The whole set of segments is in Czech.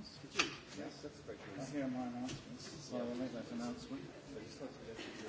Did you? Yes, that's a great news. I hear my announcements, so I will make that announcement. I just wanted to let you know,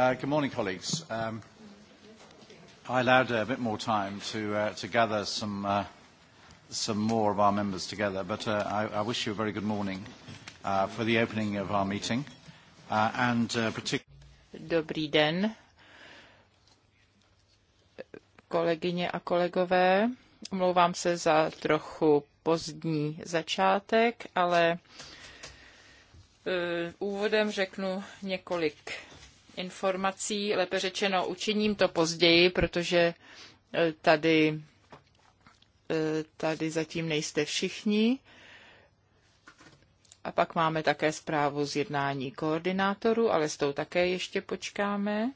Uh, good morning, colleagues. Um, I allowed a bit more time to, uh, to gather some, uh, some more of our members together, but uh, I, I wish you a very good morning uh, for the opening of our meeting. Uh, and uh, particularly... Dobrý den, kolegyně a kolegové. Omlouvám se za trochu pozdní začátek, ale uh, úvodem řeknu několik informací, lépe řečeno učiním to později, protože e, tady, e, tady zatím nejste všichni. A pak máme také zprávu z jednání koordinátorů, ale s tou také ještě počkáme.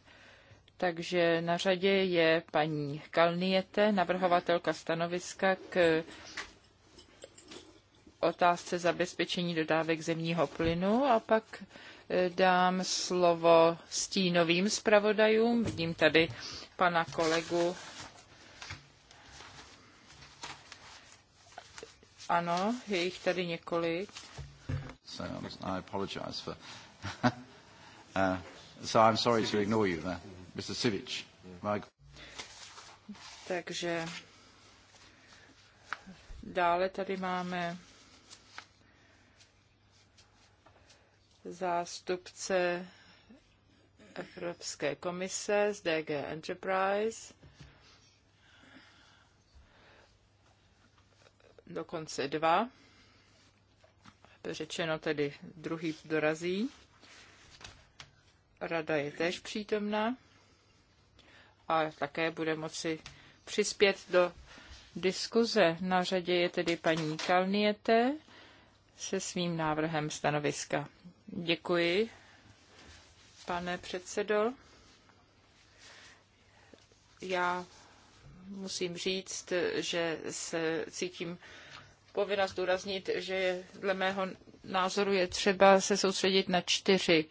Takže na řadě je paní Kalniete, navrhovatelka stanoviska k otázce zabezpečení dodávek zemního plynu a pak dám slovo stínovým zpravodajům. Vidím tady pana kolegu. Ano, je jich tady několik. Um, uh, Takže dále tady máme zástupce Evropské komise z DG Enterprise. Dokonce dva. Řečeno tedy druhý dorazí. Rada je též přítomná a také bude moci přispět do diskuze. Na řadě je tedy paní Kalniete se svým návrhem stanoviska. Děkuji, pane předsedo. Já musím říct, že se cítím povinna zdůraznit, že dle mého názoru je třeba se soustředit na čtyři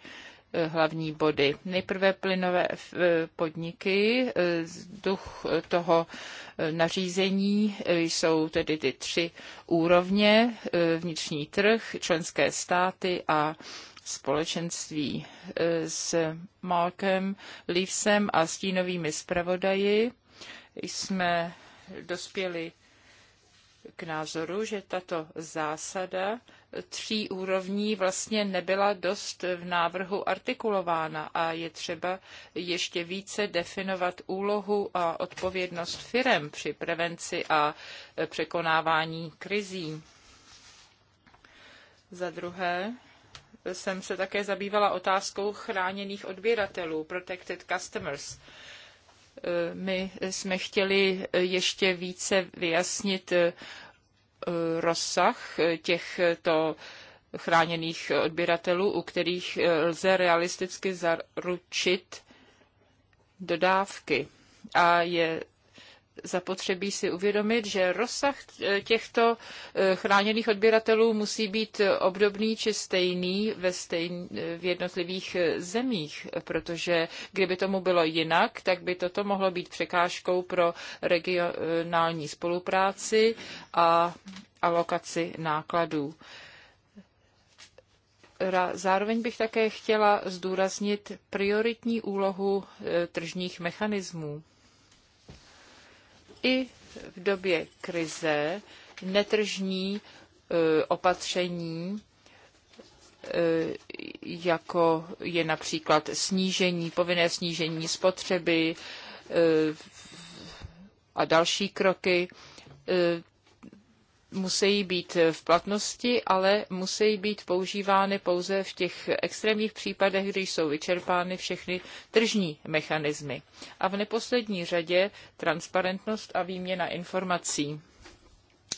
eh, hlavní body. Nejprve plynové eh, podniky, eh, duch toho nařízení jsou tedy ty tři úrovně, vnitřní trh, členské státy a společenství eh, s Malkem Leavesem a stínovými zpravodaji jsme dospěli k názoru, že tato zásada tří úrovní vlastně nebyla dost v návrhu artikulována a je třeba ještě více definovat úlohu a odpovědnost firem při prevenci a eh, překonávání krizí. Za druhé, jsem se také zabývala otázkou chráněných odběratelů, protected customers. Eh, my jsme chtěli ještě více vyjasnit eh, rozsah těchto eh, chráněných odběratelů, u kterých lze realisticky zaručit dodávky. A je zapotřebí si uvědomit, že rozsah těchto eh, chráněných odběratelů musí být obdobný či stejný ve stejn, v jednotlivých eh, zemích, protože kdyby tomu bylo jinak, tak by toto mohlo být překážkou pro regionální spolupráci a alokaci nákladů. Zároveň bych také chtěla zdůraznit prioritní úlohu eh, tržních mechanismů i v době krize netržní e, opatření e, jako je například snížení, povinné snížení spotřeby e, a další kroky, musí být v platnosti, ale musí být používány pouze v těch extrémních případech, kdy jsou vyčerpány všechny tržní mechanismy. A v neposlední řadě transparentnost a výměna informací.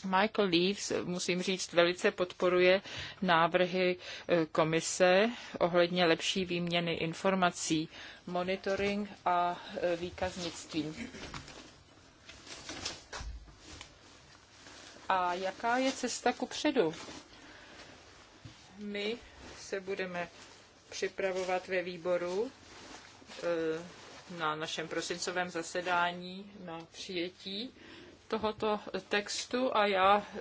Michael Leaves, musím říct, velice podporuje návrhy e, komise ohledně lepší výměny informací, monitoring a e, výkaznictví. a jaká je cesta ku předu. My se budeme připravovat ve výboru e, na našem prosincovém zasedání na přijetí tohoto textu a já e,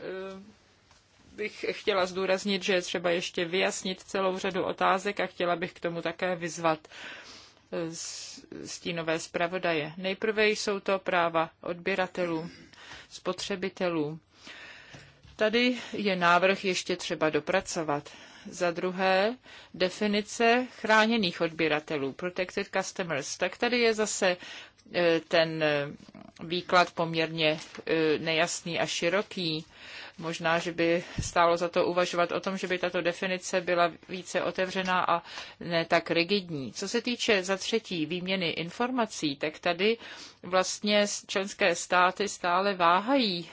bych chtěla zdůraznit, že je třeba ještě vyjasnit celou řadu otázek a chtěla bych k tomu také vyzvat e, stínové zpravodaje. Nejprve jsou to práva odběratelů, spotřebitelů. Tady je návrh ještě třeba dopracovat. Za druhé, definice chráněných odběratelů, protected customers. Tak tady je zase E, ten e, výklad poměrně e, nejasný a široký. Možná, že by stálo za to uvažovat o tom, že by tato definice byla více otevřená a ne tak rigidní. Co se týče za třetí výměny informací, tak tady vlastně členské státy stále váhají,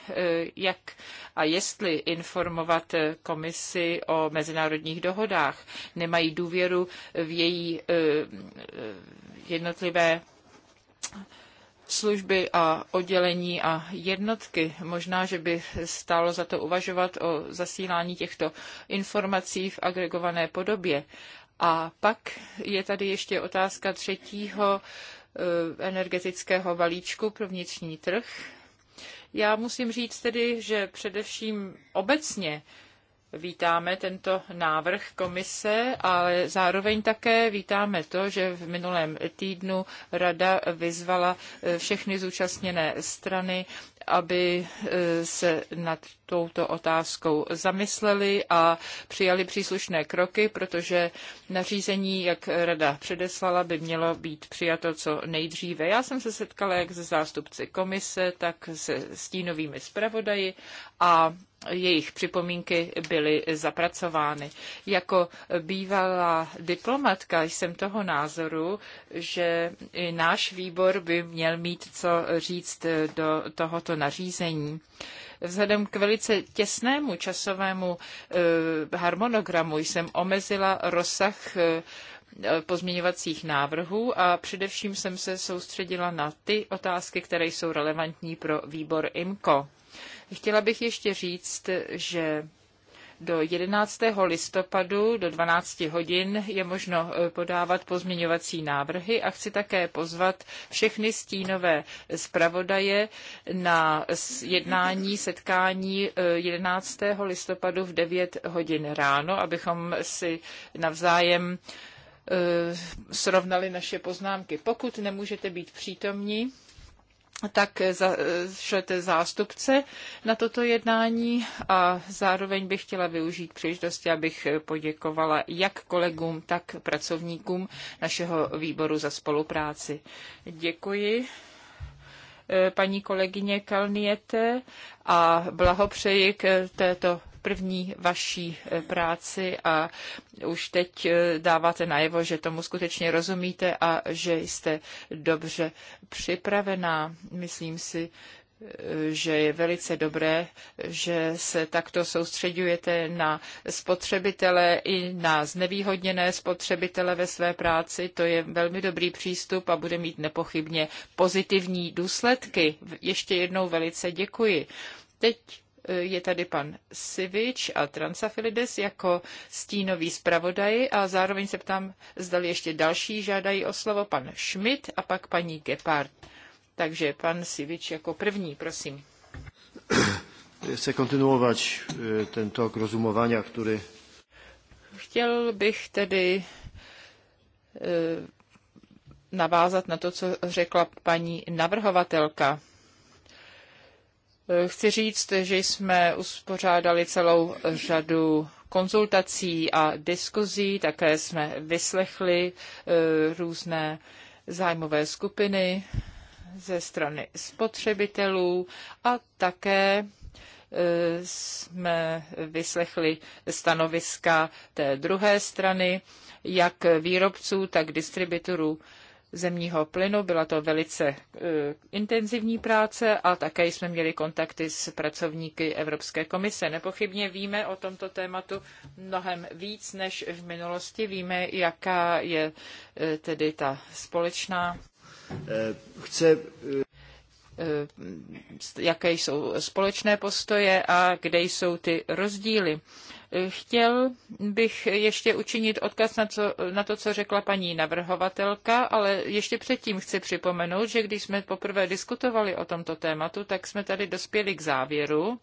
jak a jestli informovat komisi o mezinárodních dohodách. Nemají důvěru v její jednotlivé služby a oddělení a jednotky. Možná, že by stálo za to uvažovat o zasílání těchto informací v agregované podobě. A pak je tady ještě otázka třetího eh, energetického balíčku pro vnitřní trh. Já musím říct tedy, že především obecně vítáme tento návrh komise, ale zároveň také vítáme to, že v minulém týdnu rada vyzvala eh, všechny zúčastněné strany, aby eh, se nad touto otázkou zamysleli a přijali příslušné kroky, protože nařízení, jak rada předeslala, by mělo být přijato co nejdříve. Já jsem se setkala jak se zástupci komise, tak se stínovými zpravodaji a jejich připomínky byly zapracovány. Jako bývalá diplomatka jsem toho názoru, že i náš výbor by měl mít co říct do tohoto nařízení. Vzhledem k velice těsnému časovému eh, harmonogramu jsem omezila rozsah eh, pozměňovacích návrhů a především jsem se soustředila na ty otázky, které jsou relevantní pro výbor IMCO. Chtěla bych ještě říct, že do 11. listopadu do 12 hodin je možno eh, podávat pozměňovací návrhy a chci také pozvat všechny stínové zpravodaje na jednání, setkání 11. Eh, listopadu v 9 hodin ráno, abychom si navzájem eh, srovnali naše poznámky. Pokud nemůžete být přítomní, tak zašlete zástupce na toto jednání a zároveň bych chtěla využít příležitosti, abych poděkovala jak kolegům, tak pracovníkům našeho výboru za spolupráci. Děkuji eh, paní kolegyně Kalniete a blahopřeji k této první vaší eh, práci a už teď eh, dáváte najevo, že tomu skutečně rozumíte a že jste dobře připravená. Myslím si, eh, že je velice dobré, že se takto soustředujete na spotřebitele i na znevýhodněné spotřebitele ve své práci. To je velmi dobrý přístup a bude mít nepochybně pozitivní důsledky. Ještě jednou velice děkuji. Teď je tady pan Sivič a Transafilides jako stínový zpravodaj a zároveň se ptám, zdali ještě další žádají o slovo pan Schmidt a pak paní Gepard. Takže pan Sivič jako první, prosím. Chce kontinuovat eh, tento rozumování, který... Chtěl bych tedy eh, navázat na to, co řekla paní navrhovatelka Chci říct, že jsme uspořádali celou řadu konzultací a diskuzí, také jsme vyslechli eh, různé zájmové skupiny ze strany spotřebitelů a také eh, jsme vyslechli stanoviska té druhé strany, jak výrobců, tak distributorů zemního plynu. Byla to velice e, intenzivní práce a také jsme měli kontakty s pracovníky Evropské komise. Nepochybně víme o tomto tématu mnohem víc než v minulosti. Víme, jaká je e, tedy ta společná. E, chce E, jaké jsou společné postoje a kde jsou ty rozdíly. E, chtěl bych ještě učinit odkaz na, co, na to, co řekla paní navrhovatelka, ale ještě předtím chci připomenout, že když jsme poprvé diskutovali o tomto tématu, tak jsme tady dospěli k závěru,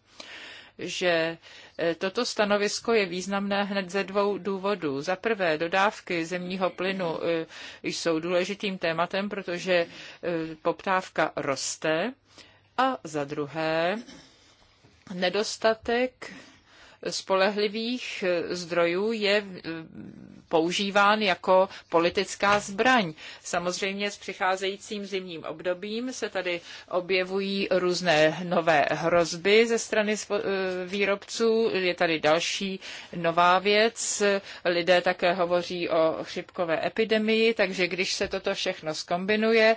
že e, toto stanovisko je významné hned ze dvou důvodů. Za prvé, dodávky zemního plynu e, jsou důležitým tématem, protože e, poptávka roste. A za druhé, nedostatek spolehlivých eh, zdrojů je eh, používán jako politická zbraň. Samozřejmě s přicházejícím zimním obdobím se tady objevují různé nové hrozby ze strany eh, výrobců. Je tady další nová věc. Lidé také hovoří o chřipkové epidemii, takže když se toto všechno skombinuje,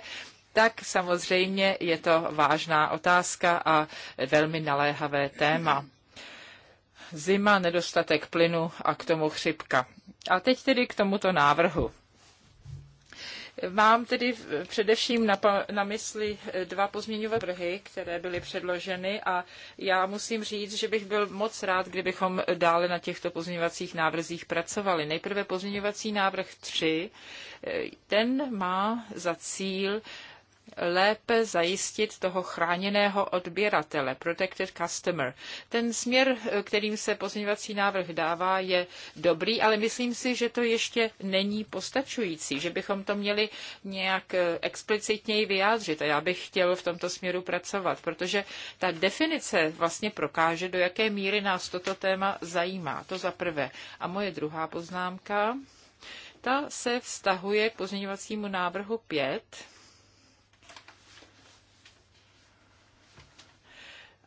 tak samozřejmě je to vážná otázka a velmi naléhavé téma zima, nedostatek plynu a k tomu chřipka. A teď tedy k tomuto návrhu. Mám tedy především na, na mysli eh, dva pozměňové prhy, které byly předloženy a já musím říct, že bych byl moc rád, kdybychom dále na těchto pozměňovacích návrzích pracovali. Nejprve pozměňovací návrh 3, eh, ten má za cíl lépe zajistit toho chráněného odběratele, protected customer. Ten směr, eh, kterým se pozměňovací návrh dává, je dobrý, ale myslím si, že to ještě není postačující, že bychom to měli nějak eh, explicitněji vyjádřit a já bych chtěl v tomto směru pracovat, protože ta definice vlastně prokáže, do jaké míry nás toto téma zajímá. To za prvé. A moje druhá poznámka, ta se vztahuje k pozměňovacímu návrhu 5,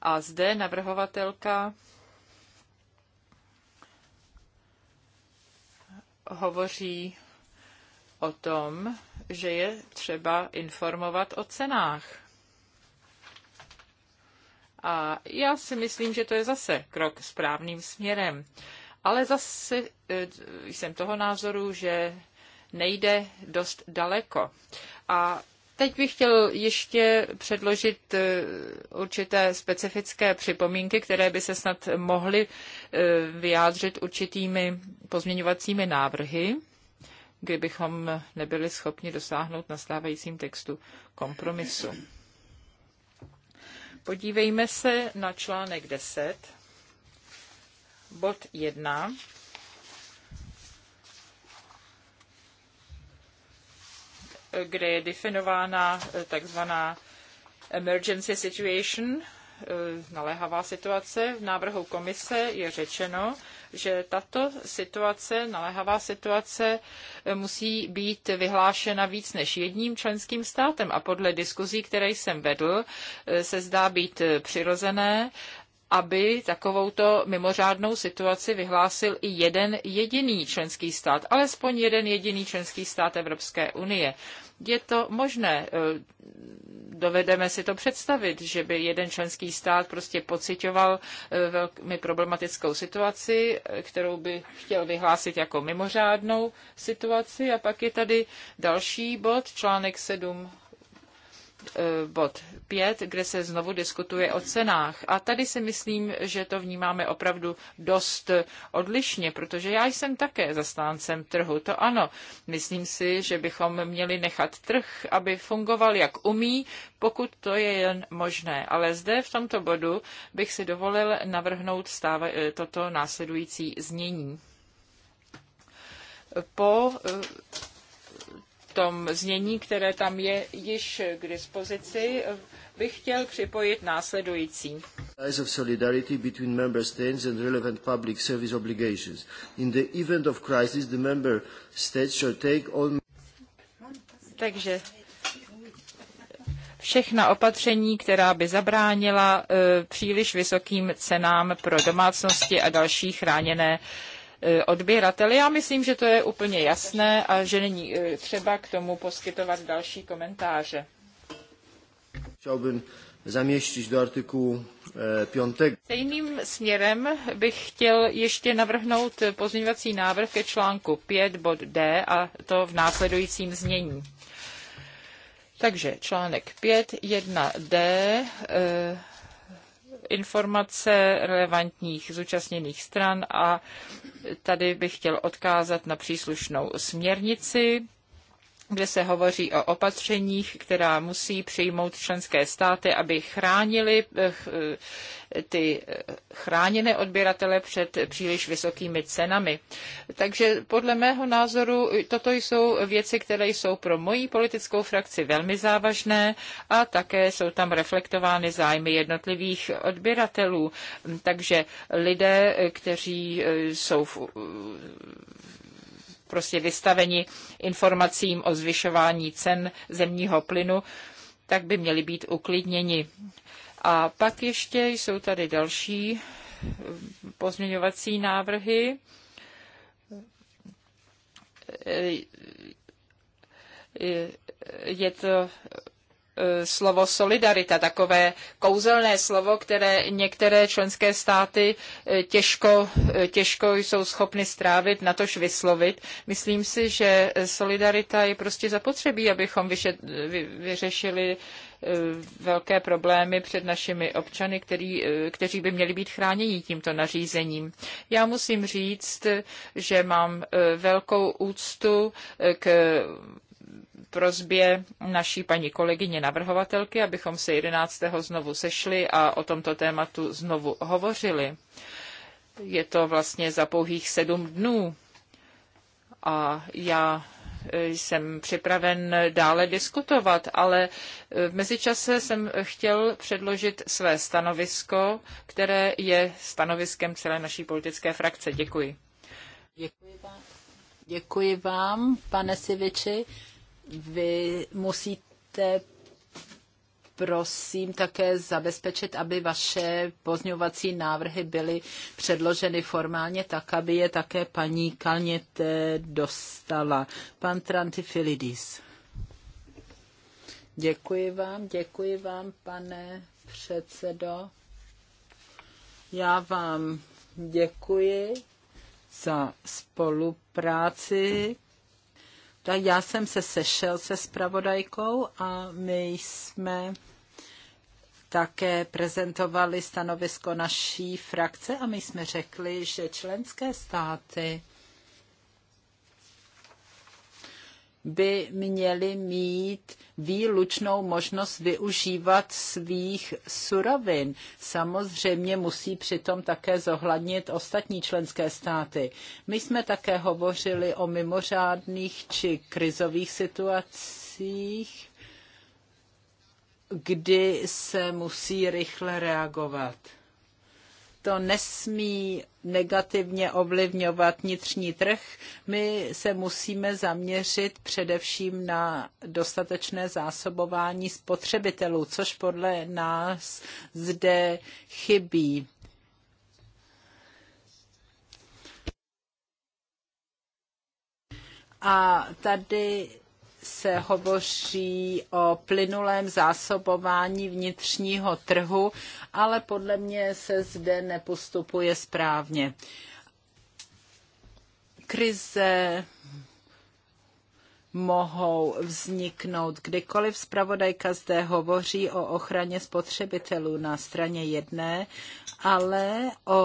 A zde navrhovatelka hovoří o tom, že je třeba informovat o cenách. A já si myslím, že to je zase krok správným směrem. Ale zase eh, jsem toho názoru, že nejde dost daleko. A Teď bych chtěl ještě předložit eh, určité specifické připomínky, které by se snad mohly eh, vyjádřit určitými pozměňovacími návrhy, kdybychom nebyli schopni dosáhnout na stávajícím textu kompromisu. Podívejme se na článek 10, bod 1 kde je definována eh, takzvaná emergency situation, eh, naléhavá situace. V návrhu komise je řečeno, že tato situace, naléhavá situace, eh, musí být vyhlášena víc než jedním členským státem a podle diskuzí, které jsem vedl, se zdá být přirozené, aby takovouto mimořádnou situaci vyhlásil i jeden jediný členský stát, alespoň jeden jediný členský stát Evropské unie. Je to možné, e, dovedeme si to představit, že by jeden členský stát prostě pocitoval e, velmi problematickou situaci, e, kterou by chtěl vyhlásit jako mimořádnou situaci. A pak je tady další bod, článek 7 E, bod 5, kde se znovu diskutuje o cenách. A tady si myslím, že to vnímáme opravdu dost odlišně, protože já jsem také zastáncem trhu. To ano, myslím si, že bychom měli nechat trh, aby fungoval jak umí, pokud to je jen možné. Ale zde v tomto bodu bych si dovolil navrhnout stáva, e, toto následující znění. Po e, tom znění, které tam je již k dispozici, bych chtěl připojit následující. of solidarity between member states and relevant public service obligations. In the event of crisis, the member states shall take all... Takže všechna opatření, která by zabránila e, příliš vysokým cenám pro domácnosti a další chráněné E, odběrateli. Já myslím, že to je úplně jasné a že není e, třeba k tomu poskytovat další komentáře. Chciałbym zamieścić do artykułu 5. E, Stejným směrem bych chtěl ještě navrhnout pozměňovací návrh ke článku 5 bod D a to v následujícím znění. Takže článek 5, 1D, informace relevantních zúčastněných stran a tady bych chtěl odkázat na příslušnou směrnici kde se hovoří o opatřeních, která musí přijmout členské státy, aby chránili eh, ty chráněné odběratele před příliš vysokými cenami. Takže podle mého názoru toto jsou věci, které jsou pro moji politickou frakci velmi závažné a také jsou tam reflektovány zájmy jednotlivých odběratelů. Takže lidé, kteří eh, jsou v, prostě vystaveni informacím o zvyšování cen zemního plynu, tak by měli být uklidněni. A pak ještě jsou tady další eh, pozměňovací návrhy eh, je to Eh, slovo solidarita, takové kouzelné slovo, které některé členské státy eh, těžko, eh, těžko jsou schopny strávit, na vyslovit. Myslím si, že solidarita je prostě zapotřebí, abychom vyšet, vy, vyřešili velké problémy před našimi občany, který, kteří by měli být chráněni tímto nařízením. Já musím říct, že mám velkou úctu k prozbě naší paní kolegyně navrhovatelky, abychom se 11. znovu sešli a o tomto tématu znovu hovořili. Je to vlastně za pouhých sedm dnů a já e, jsem připraven dále diskutovat, ale e, v mezičase jsem chtěl předložit své stanovisko, které je stanoviskem celé naší politické frakce. Děkuji. Děkuji vám. Děkuji vám, pane Siviči. Vy musíte prosím také zabezpečit, aby vaše pozňovací návrhy byly předloženy formálně tak, aby je také paní Kalněte dostala. Pan Trantifilidis. Děkuji vám, děkuji vám, pane předsedo. Já vám děkuji za spolupráci, tak já jsem se sešel se spravodajkou a my jsme také prezentovali stanovisko naší frakce a my jsme řekli, že členské státy by měli mít výlučnou možnost využívat svých surovin. Samozřejmě musí přitom také zohlednit ostatní členské státy. My jsme také hovořili o mimořádných či krizových situacích, kdy se musí rychle reagovat to nesmí negativně ovlivňovat vnitřní trh. My se musíme zaměřit především na dostatečné zásobování spotřebitelů, což podle nás zde chybí. A tady se hovoří o plynulém zásobování vnitřního trhu, ale podle mě se zde nepostupuje správně. Krize mohou vzniknout. Kdykoliv zpravodajka zde hovoří o ochraně spotřebitelů na straně jedné, ale o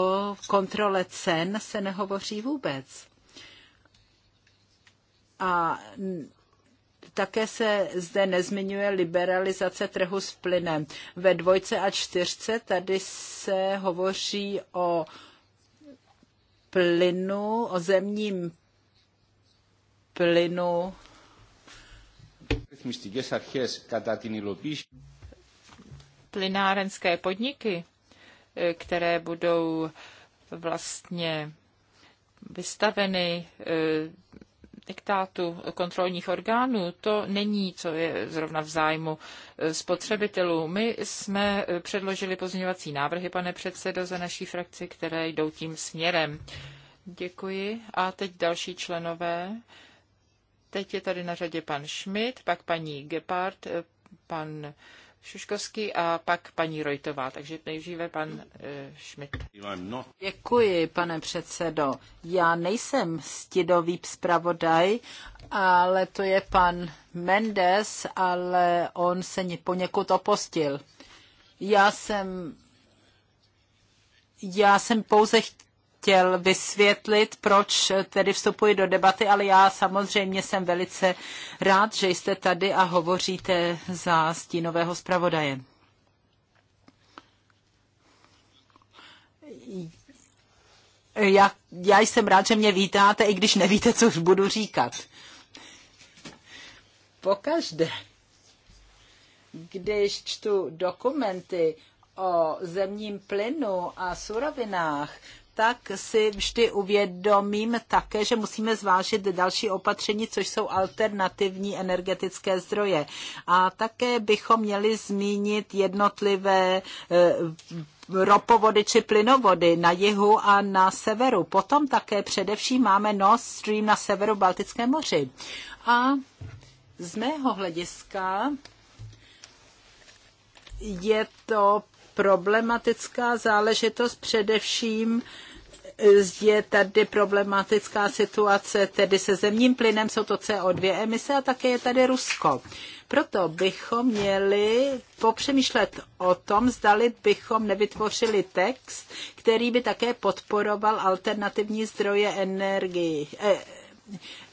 kontrole cen se nehovoří vůbec. A také se zde nezmiňuje liberalizace trhu s plynem. Ve dvojce a čtyřce tady se hovoří o plynu, o zemním plynu. Plynárenské podniky, eh, které budou vlastně vystaveny eh, diktátu kontrolních orgánů, to není, co je zrovna v zájmu eh, spotřebitelů. My jsme eh, předložili pozměňovací návrhy, pane předsedo, za naší frakci, které jdou tím směrem. Děkuji. A teď další členové. Teď je tady na řadě pan Schmidt, pak paní Gepard, eh, pan Šuškovský a pak paní Rojtová. Takže nejdříve pan eh, Schmidt. Děkuji, pane předsedo. Já nejsem stidový zpravodaj, ale to je pan Mendes, ale on se poněkud opostil. Já jsem já jsem pouze chtěl vysvětlit, proč tedy vstupuji do debaty, ale já samozřejmě jsem velice rád, že jste tady a hovoříte za stínového zpravodaje. Já, já jsem rád, že mě vítáte, i když nevíte, co už budu říkat. Pokaždé, když čtu dokumenty o zemním plynu a surovinách, tak si vždy uvědomím také, že musíme zvážit další opatření, což jsou alternativní energetické zdroje. A také bychom měli zmínit jednotlivé eh, ropovody či plynovody na jihu a na severu. Potom také především máme Nord Stream na severu Baltické moři. A z mého hlediska je to problematická záležitost, především eh, je tady problematická situace tedy se zemním plynem, jsou to CO2 emise a také je tady Rusko. Proto bychom měli popřemýšlet o tom, zdali bychom nevytvořili text, který by také podporoval alternativní zdroje energii, eh,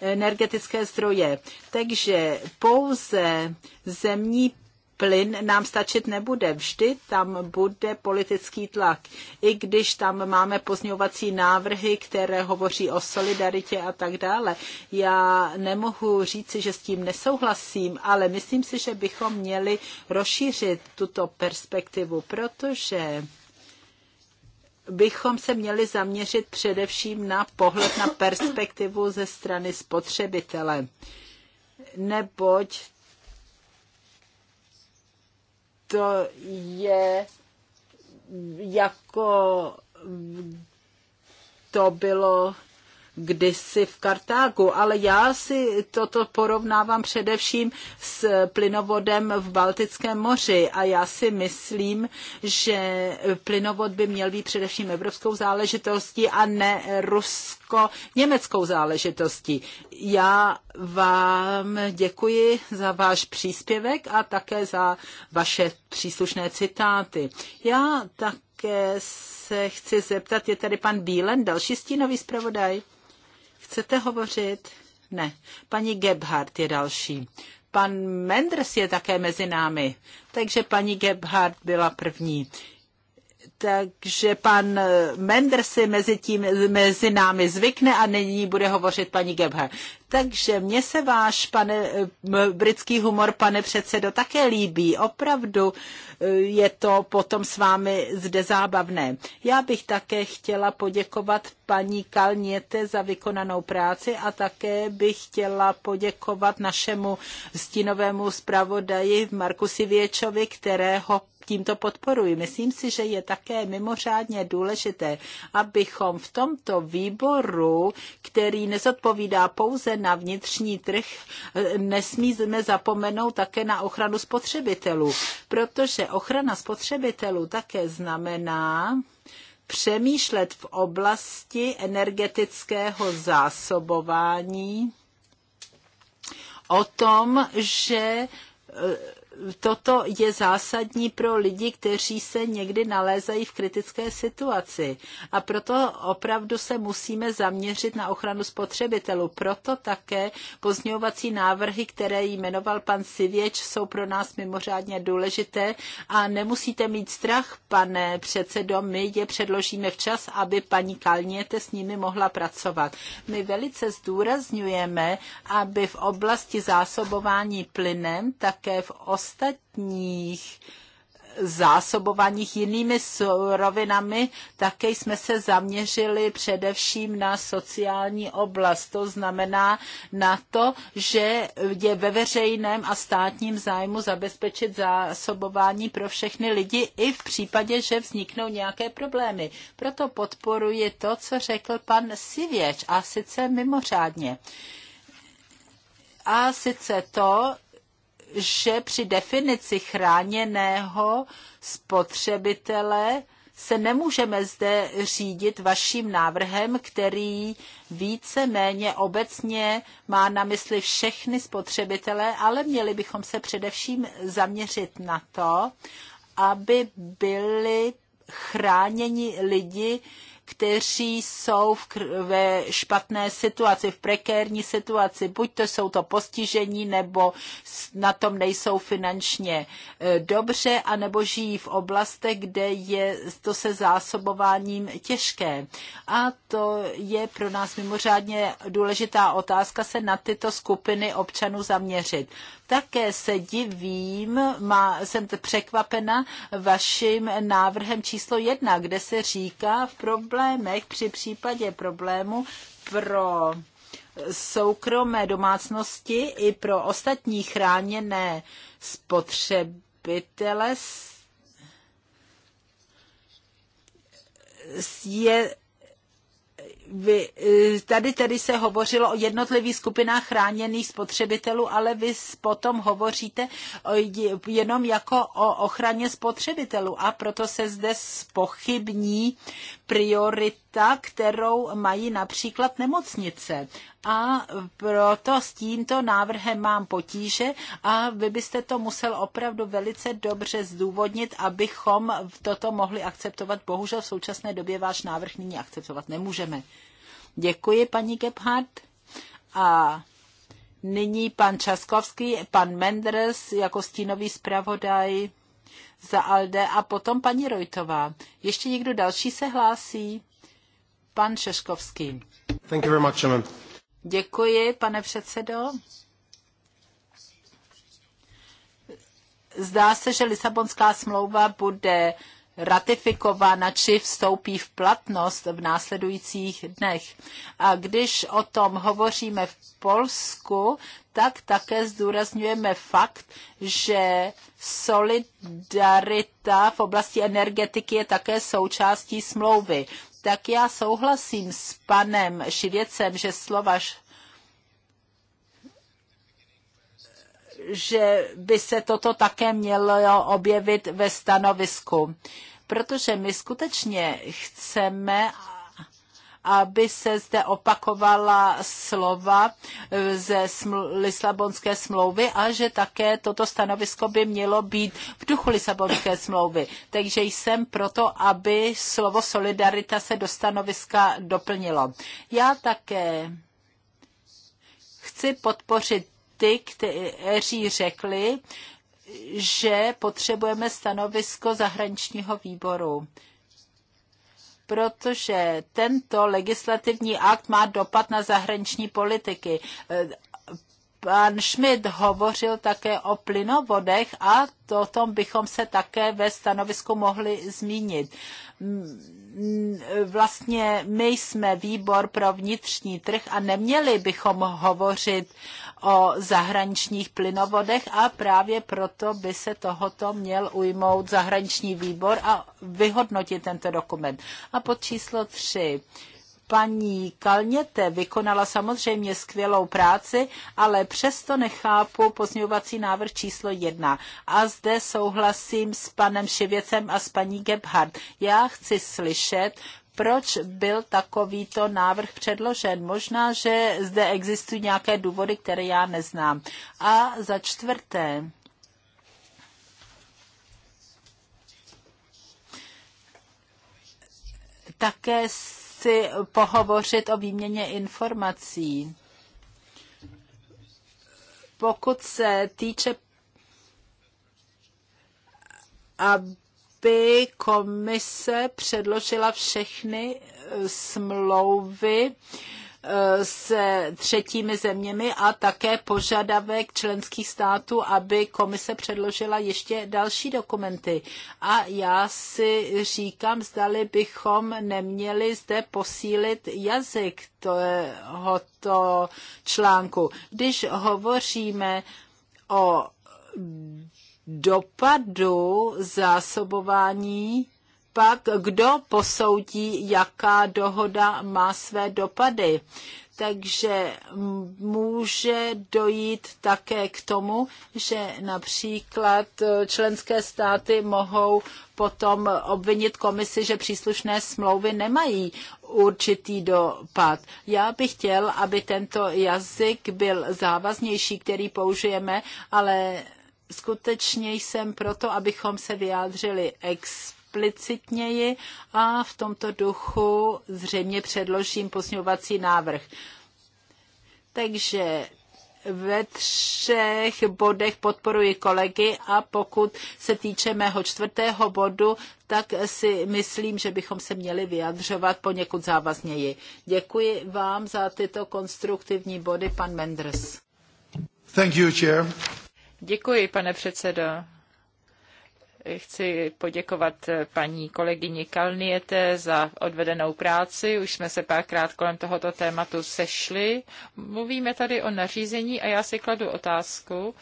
energetické zdroje. Takže pouze zemní plyn nám stačit nebude. Vždy tam bude politický tlak. I když tam máme pozňovací návrhy, které hovoří o solidaritě a tak dále. Já nemohu říci, že s tím nesouhlasím, ale myslím si, že bychom měli rozšířit tuto perspektivu, protože bychom se měli zaměřit především na pohled na perspektivu ze strany spotřebitele. Neboť to je jako to bylo kdysi v Kartágu, ale já si toto porovnávám především s plynovodem v Baltickém moři a já si myslím, že plynovod by měl být především evropskou záležitostí a ne rusko-německou záležitostí. Já vám děkuji za váš příspěvek a také za vaše příslušné citáty. Já také se chci zeptat, je tady pan Bílen, další stínový zpravodaj? Chcete hovořit? Ne. Paní Gebhardt je další. Pan Menders je také mezi námi. Takže paní Gebhardt byla první. Takže pan Mender si mezi, tím, mezi námi zvykne a nyní bude hovořit paní Gebhardt. Takže mně se váš pane, britský humor, pane předsedo, také líbí. Opravdu e, je to potom s vámi zde zábavné. Já bych také chtěla poděkovat paní Kalněte za vykonanou práci a také bych chtěla poděkovat našemu stínovému zpravodaji Marku Sivěčovi, kterého tímto podporuji. Myslím si, že je také mimořádně důležité, abychom v tomto výboru, který nezodpovídá pouze na vnitřní trh, nesmíme zapomenout také na ochranu spotřebitelů, protože ochrana spotřebitelů také znamená, přemýšlet v oblasti energetického zásobování o tom, že toto je zásadní pro lidi, kteří se někdy nalézají v kritické situaci. A proto opravdu se musíme zaměřit na ochranu spotřebitelů. Proto také pozňovací návrhy, které jmenoval pan Sivěč, jsou pro nás mimořádně důležité a nemusíte mít strach, pane předsedo, my je předložíme včas, aby paní Kalněte s nimi mohla pracovat. My velice zdůrazňujeme, aby v oblasti zásobování plynem, také v os ostatních zásobovaných jinými surovinami, také jsme se zaměřili především na sociální oblast. To znamená na to, že je ve veřejném a státním zájmu zabezpečit zásobování pro všechny lidi i v případě, že vzniknou nějaké problémy. Proto podporuji to, co řekl pan Sivěč a sice mimořádně. A sice to, že při definici chráněného spotřebitele se nemůžeme zde řídit vaším návrhem, který více-méně obecně má na mysli všechny spotřebitele, ale měli bychom se především zaměřit na to, aby byli chráněni lidi, kteří jsou v, ve špatné situaci, v prekérní situaci. Buď to jsou to postižení, nebo na tom nejsou finančně e, dobře, anebo žijí v oblastech, kde je to se zásobováním těžké. A to je pro nás mimořádně důležitá otázka se na tyto skupiny občanů zaměřit. Také se divím, má, jsem překvapena vaším návrhem číslo jedna, kde se říká v problémech, při případě problému pro soukromé domácnosti i pro ostatní chráněné spotřebitele je vy, eh, tady tedy se hovořilo o jednotlivých skupinách chráněných spotřebitelů, ale vy potom hovoříte o, jenom jako o ochraně spotřebitelů a proto se zde spochybní priority ta, kterou mají například nemocnice. A proto s tímto návrhem mám potíže a vy byste to musel opravdu velice dobře zdůvodnit, abychom toto mohli akceptovat. Bohužel v současné době váš návrh nyní akceptovat nemůžeme. Děkuji, paní Gebhardt. A nyní pan Časkovský, pan Mendres jako stínový zpravodaj za ALDE a potom paní Rojtová. Ještě někdo další se hlásí? pan Šeškovský. Thank you very much, Chairman. Děkuji, pane předsedo. Zdá se, že Lisabonská smlouva bude ratifikována či vstoupí v platnost v následujících dnech. A když o tom hovoříme v Polsku, tak také zdůrazňujeme fakt, že solidarita v oblasti energetiky je také součástí smlouvy tak já souhlasím s panem Šivěcem, že slova že by se toto také mělo objevit ve stanovisku. Protože my skutečně chceme, aby se zde opakovala slova eh, ze Lisabonské smlouvy a že také toto stanovisko by mělo být v duchu Lisabonské smlouvy. Takže jsem proto, aby slovo solidarita se do stanoviska doplnilo. Já také chci podpořit ty, kteří řekli, že potřebujeme stanovisko zahraničního výboru protože tento legislativní akt má dopad na zahraniční politiky. E, pan Schmidt hovořil také o plynovodech a to, o tom bychom se také ve stanovisku mohli zmínit. Vlastně my jsme výbor pro vnitřní trh a neměli bychom hovořit o zahraničních plynovodech a právě proto by se tohoto měl ujmout zahraniční výbor a vyhodnotit tento dokument. A pod číslo 3 paní Kalněte vykonala samozřejmě skvělou práci, ale přesto nechápu pozměňovací návrh číslo jedna. A zde souhlasím s panem Šivěcem a s paní Gebhardt. Já chci slyšet proč byl takovýto návrh předložen. Možná, že zde existují nějaké důvody, které já neznám. A za čtvrté, také si pohovořit o výměně informací. Pokud se týče, aby aby komise předložila všechny e, smlouvy e, s třetími zeměmi a také požadavek členských států, aby komise předložila ještě další dokumenty. A já si říkám, zdali bychom neměli zde posílit jazyk tohoto článku. Když hovoříme o dopadu zásobování, pak kdo posoudí, jaká dohoda má své dopady. Takže může dojít také k tomu, že například e, členské státy mohou potom obvinit komisi, že příslušné smlouvy nemají určitý dopad. Já bych chtěl, aby tento jazyk byl závaznější, který použijeme, ale skutečně jsem proto, abychom se vyjádřili explicitněji a v tomto duchu zřejmě předložím posňovací návrh. Takže ve třech bodech podporuji kolegy a pokud se týče mého čtvrtého bodu, tak si myslím, že bychom se měli vyjadřovat poněkud závazněji. Děkuji vám za tyto konstruktivní body, pan Menders. Thank you, chair. Děkuji, pane předsedo. Chci poděkovat paní kolegyni Kalniete za odvedenou práci. Už jsme se párkrát kolem tohoto tématu sešli. Mluvíme tady o nařízení a já si kladu otázku,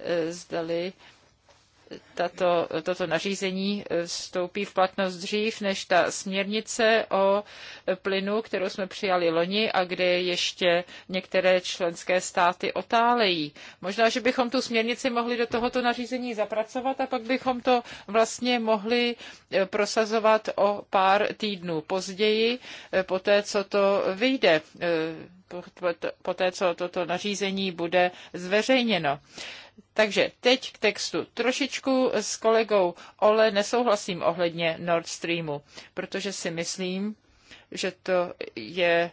eh, zdali tato, toto nařízení eh, vstoupí v platnost dřív než ta směrnice o plynu, kterou jsme přijali loni a kde ještě některé členské státy otálejí. Možná, že bychom tu směrnici mohli do tohoto nařízení zapracovat a pak bychom to vlastně mohli eh, prosazovat o pár týdnů později, eh, po té, co to vyjde, po té, co toto nařízení bude zveřejněno. Takže teď k textu. Trošičku s kolegou Ole nesouhlasím ohledně Nord Streamu, protože si myslím, že to je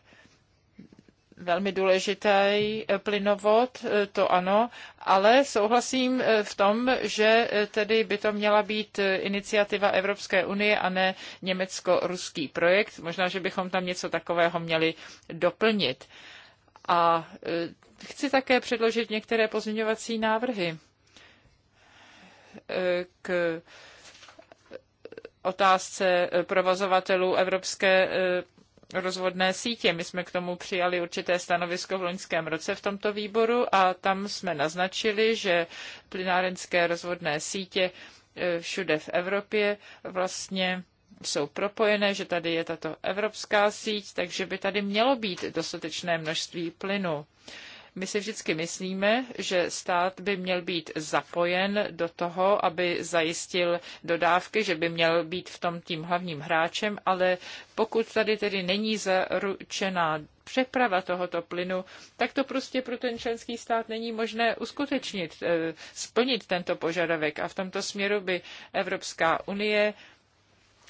velmi důležitý eh, plynovod, eh, to ano, ale souhlasím eh, v tom, že tedy by to měla být iniciativa Evropské unie a ne německo-ruský projekt. Možná, že bychom tam něco takového měli doplnit. A e, chci také předložit některé pozměňovací návrhy e, k otázce e, provozovatelů evropské rozvodné sítě. My jsme k tomu přijali určité stanovisko v loňském roce v tomto výboru a tam jsme naznačili, že plynárenské rozvodné sítě všude v Evropě vlastně jsou propojené, že tady je tato evropská síť, takže by tady mělo být dostatečné množství plynu. My si vždycky myslíme, že stát by měl být zapojen do toho, aby zajistil dodávky, že by měl být v tom tím hlavním hráčem, ale pokud tady tedy není zaručená přeprava tohoto plynu, tak to prostě pro ten členský stát není možné uskutečnit, eh, splnit tento požadavek. A v tomto směru by Evropská unie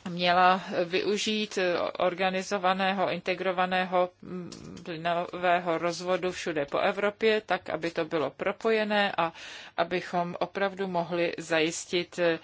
měla využít organizovaného, integrovaného mm, plynového rozvodu všude po Evropě, tak aby to bylo propojené a abychom opravdu mohli zajistit eh,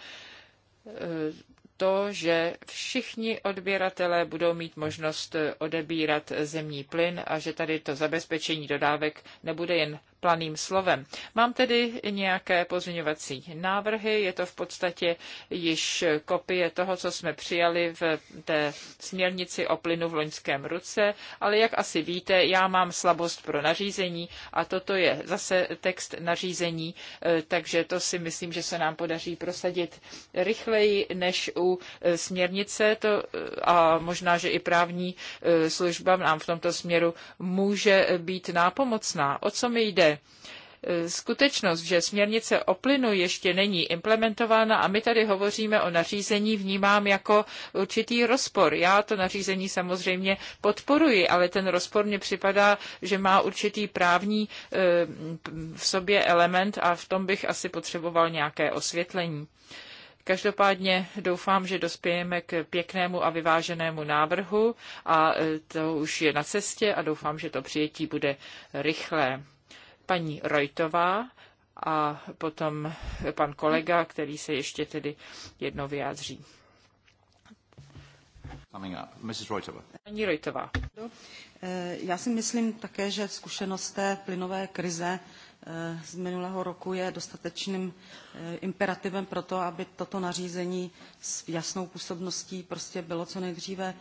to, že všichni odběratelé budou mít možnost eh, odebírat zemní plyn a že tady to zabezpečení dodávek nebude jen planým slovem. Mám tedy nějaké pozměňovací návrhy, je to v podstatě již kopie toho, co jsme přijali v té směrnici o plynu v loňském ruce, ale jak asi víte, já mám slabost pro nařízení a toto je zase text nařízení, eh, takže to si myslím, že se nám podaří prosadit rychleji než u eh, směrnice to, eh, a možná, že i právní služba nám v tomto směru může být nápomocná. O co mi jde? skutečnost, že směrnice o plynu ještě není implementována a my tady hovoříme o nařízení, vnímám jako určitý rozpor. Já to nařízení samozřejmě podporuji, ale ten rozpor mně připadá, že má určitý právní eh, v sobě element a v tom bych asi potřeboval nějaké osvětlení. Každopádně doufám, že dospějeme k pěknému a vyváženému návrhu a eh, to už je na cestě a doufám, že to přijetí bude rychlé paní Rojtová a potom pan kolega, který se ještě tedy jednou vyjádří. Paní Rojtová. Eh, já si myslím také, že zkušenost té plynové krize eh, z minulého roku je dostatečným eh, imperativem pro to, aby toto nařízení s jasnou působností prostě bylo co nejdříve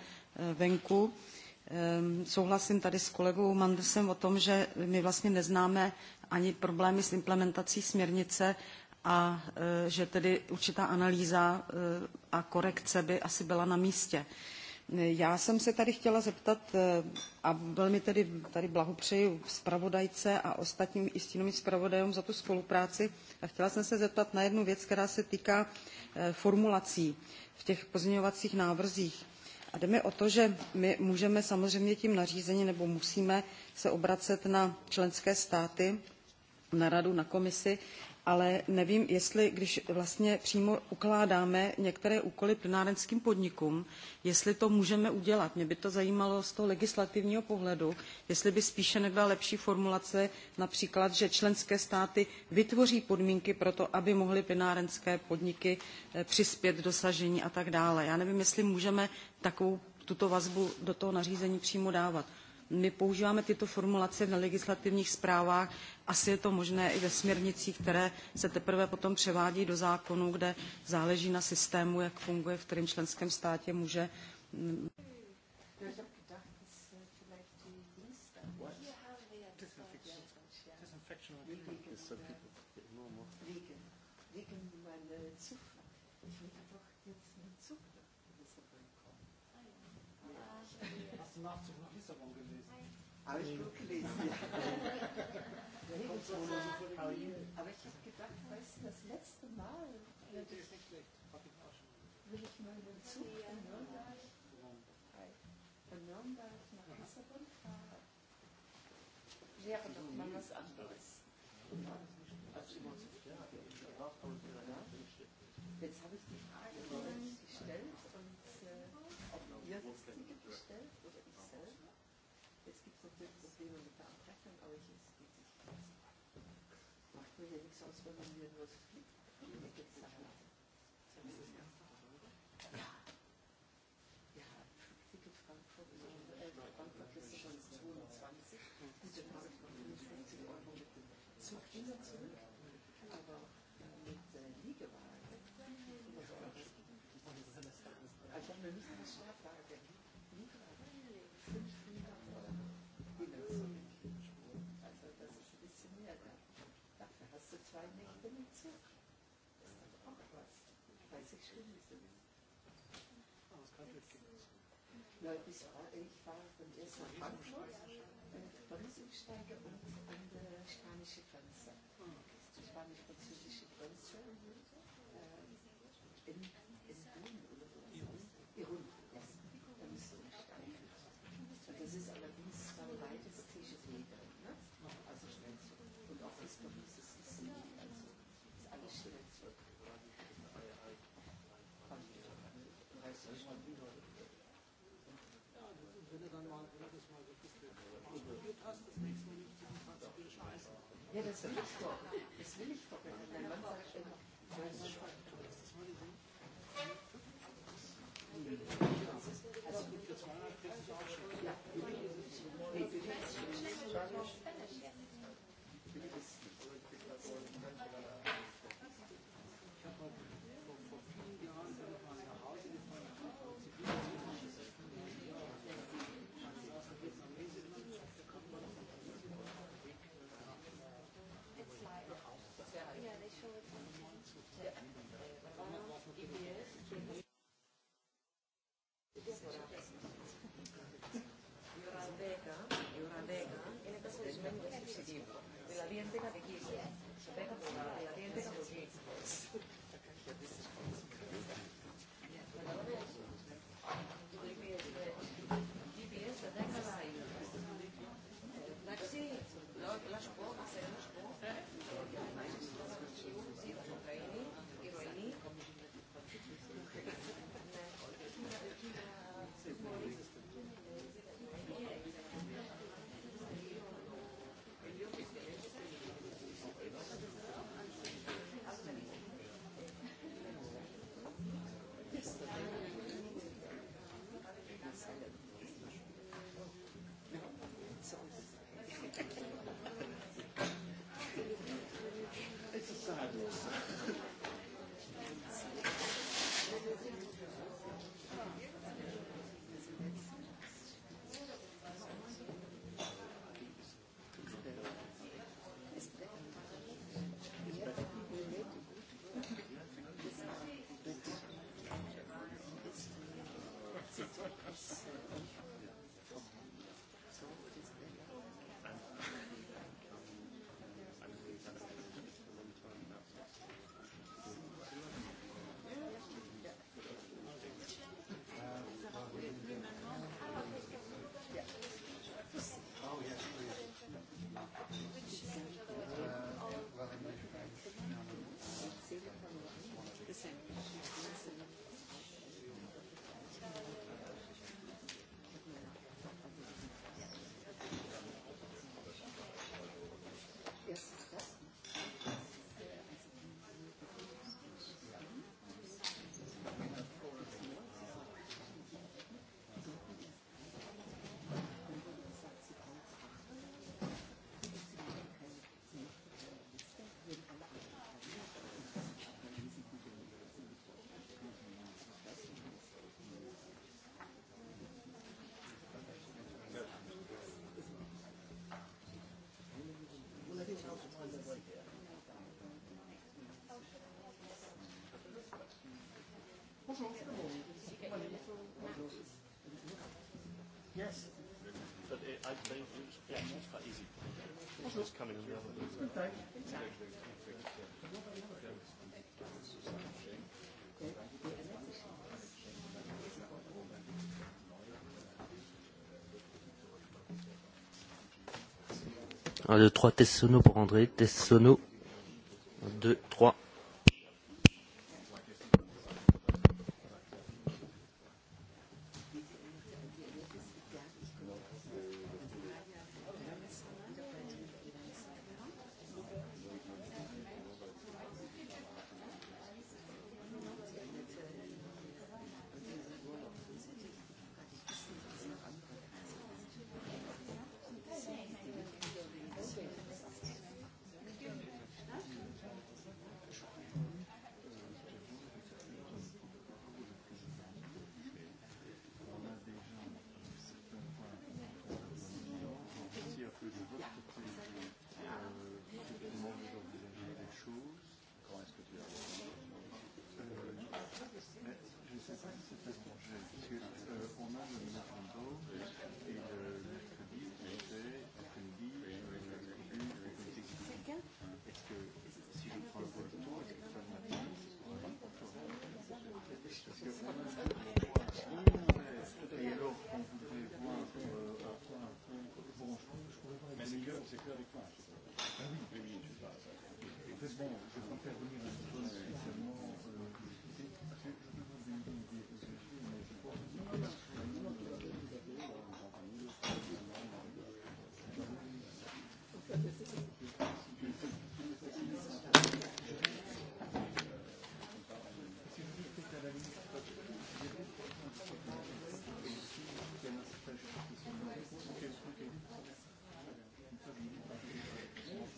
venku Ehm, souhlasím tady s kolegou Mandesem o tom, že my vlastně neznáme ani problémy s implementací směrnice a eh, že tedy určitá analýza eh, a korekce by asi byla na místě. Já jsem se tady chtěla zeptat eh, a velmi tedy tady blahopřeju zpravodajce a ostatním i stínovým zpravodajům za tu spolupráci. A chtěla jsem se zeptat na jednu věc, která se týká formulací v těch pozměňovacích návrzích a jde mi o to, že my můžeme samozřejmě tím nařízením nebo musíme se obracet na členské státy, na radu, na komisi, ale nevím, jestli když vlastně přímo ukládáme některé úkoly plynárenským podnikům, jestli to můžeme udělat. Mě by to zajímalo z toho legislativního pohledu, jestli by spíše nebyla lepší formulace například, že členské státy vytvoří podmínky pro to, aby mohly plynárenské podniky eh, přispět dosažení a tak dále. Já nevím, jestli můžeme takovou tuto vazbu do toho nařízení přímo dávat. My používáme tyto formulace v legislativních zprávách, asi je to možné i ve směrnicích, které se teprve potom převádí do zákonu, kde záleží na systému, jak funguje, v kterém členském státě může Aber ich gut gelesen. Aber ich habe gedacht, weißt du, das letzte Mal. Ja, die ist nicht schlecht. Habe ich auch schon. Will ich mal in den Zug in Nürnberg, von Nürnberg nach Lissabon fahren? Wäre doch Probleme mit der Abrechnung, aber ich, ich, ich macht mir hier nichts aus, wenn man hier nur Na, ich fahre, ich fahre von erst nach Frankfurt, Bremsumsteige und an der spanische Grenze. Die spanisch-französische Grenze äh, Ja, das will ich doch. Das will ich doch. Wenn della rientrata di chi? Sapete della rientrata di chi? Yes. Yes. But it, I, but it, yeah, it's quite easy. It's just coming in the other way. Okay. Un, deux, trois, test sono pour André, test sono. Un, deux, trois.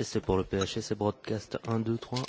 Testez pour le PHS et broadcast 1, 2, 3.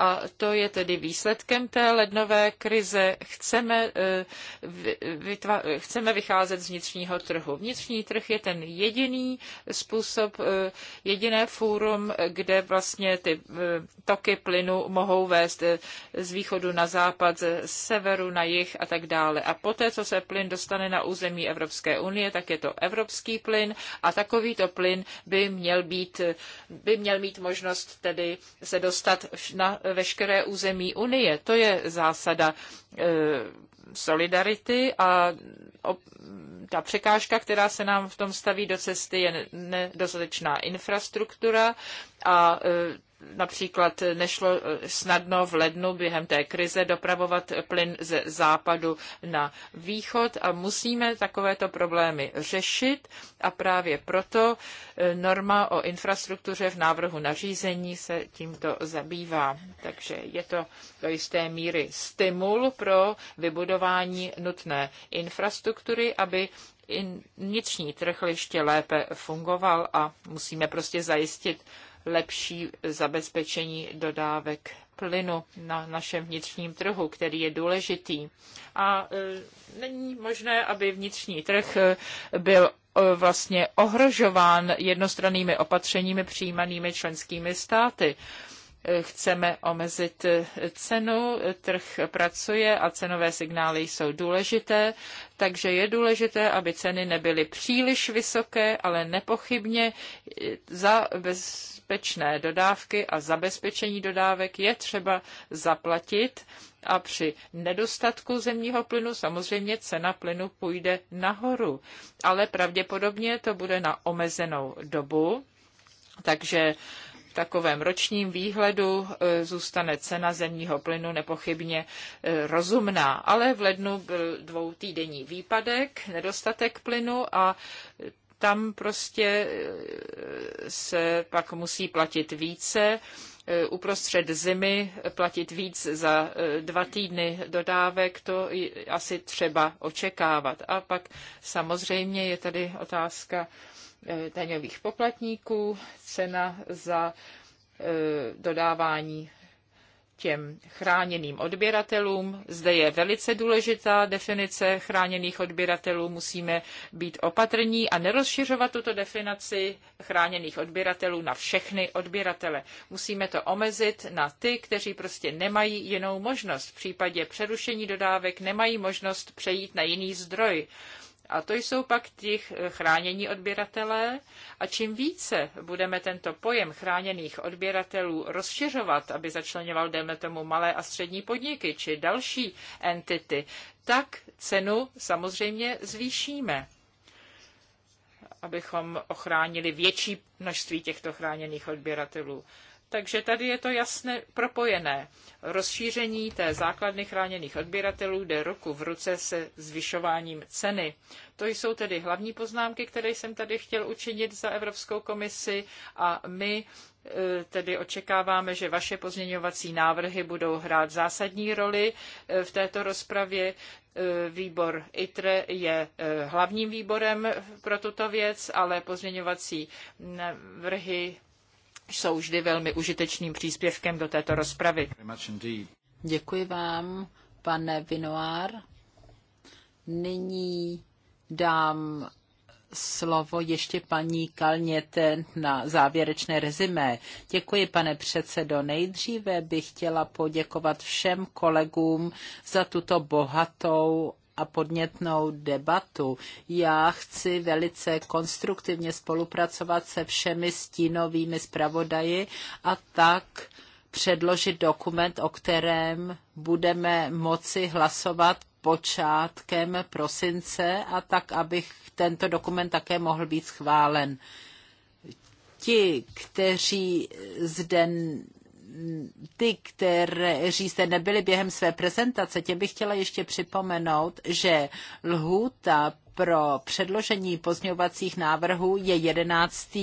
A to je tedy výsledkem té lednové krize. Chceme eh, chceme vycházet z vnitřního trhu. Vnitřní trh je ten jediný způsob, eh, jediné fórum, kde vlastně ty eh, toky plynu mohou vést eh, z východu na západ, z severu na jih a tak dále. A poté, co se plyn dostane na území Evropské unie, tak je to evropský plyn a takovýto plyn by měl, být, by měl mít možnost tedy se dostat na veškeré území Unie. To je zásada solidarity a ta překážka, která se nám v tom staví do cesty, je nedostatečná infrastruktura a e, například nešlo eh, snadno v lednu během té krize dopravovat plyn ze západu na východ a musíme takovéto problémy řešit a právě proto eh, norma o infrastruktuře v návrhu nařízení se tímto zabývá. Takže je to do jisté míry stimul pro vybudování nutné infrastruktury, aby vnitřní trh ještě lépe fungoval a musíme prostě zajistit lepší zabezpečení dodávek plynu na našem vnitřním trhu, který je důležitý. A e, není možné, aby vnitřní trh e, byl e, vlastně ohrožován jednostrannými opatřeními přijímanými členskými státy chceme omezit cenu, trh pracuje a cenové signály jsou důležité, takže je důležité, aby ceny nebyly příliš vysoké, ale nepochybně za bezpečné dodávky a zabezpečení dodávek je třeba zaplatit a při nedostatku zemního plynu samozřejmě cena plynu půjde nahoru, ale pravděpodobně to bude na omezenou dobu, takže v takovém ročním výhledu e, zůstane cena zemního plynu nepochybně e, rozumná, ale v lednu byl dvoutýdenní výpadek, nedostatek plynu a tam prostě e, se pak musí platit více, uprostřed zimy platit víc za dva týdny dodávek, to asi třeba očekávat. A pak samozřejmě je tady otázka Eh, daňových poplatníků, cena za eh, dodávání těm chráněným odběratelům. Zde je velice důležitá definice chráněných odběratelů. Musíme být opatrní a nerozšiřovat tuto definici chráněných odběratelů na všechny odběratele. Musíme to omezit na ty, kteří prostě nemají jinou možnost. V případě přerušení dodávek nemají možnost přejít na jiný zdroj. A to jsou pak ti chránění odběratelé. A čím více budeme tento pojem chráněných odběratelů rozšiřovat, aby začlenoval, dejme tomu, malé a střední podniky či další entity, tak cenu samozřejmě zvýšíme abychom ochránili větší množství těchto chráněných odběratelů. Takže tady je to jasně propojené. Rozšíření té základny chráněných odběratelů jde ruku v ruce se zvyšováním ceny. To jsou tedy hlavní poznámky, které jsem tady chtěl učinit za Evropskou komisi a my e, tedy očekáváme, že vaše pozměňovací návrhy budou hrát zásadní roli e, v této rozpravě. E, výbor ITRE je hlavním výborem pro tuto věc, ale pozměňovací návrhy jsou vždy velmi užitečným příspěvkem do této rozpravy. Děkuji vám, pane Vinoár. Nyní dám slovo ještě paní Kalněte na závěrečné rezimé. Děkuji, pane předsedo. Nejdříve bych chtěla poděkovat všem kolegům za tuto bohatou a podnětnou debatu. Já chci velice konstruktivně spolupracovat se všemi stínovými zpravodaji a tak předložit dokument, o kterém budeme moci hlasovat počátkem prosince a tak, abych tento dokument také mohl být schválen. Ti, kteří zde ty, kteří jste nebyli během své prezentace, tě bych chtěla ještě připomenout, že lhůta pro předložení pozměňovacích návrhů je 11.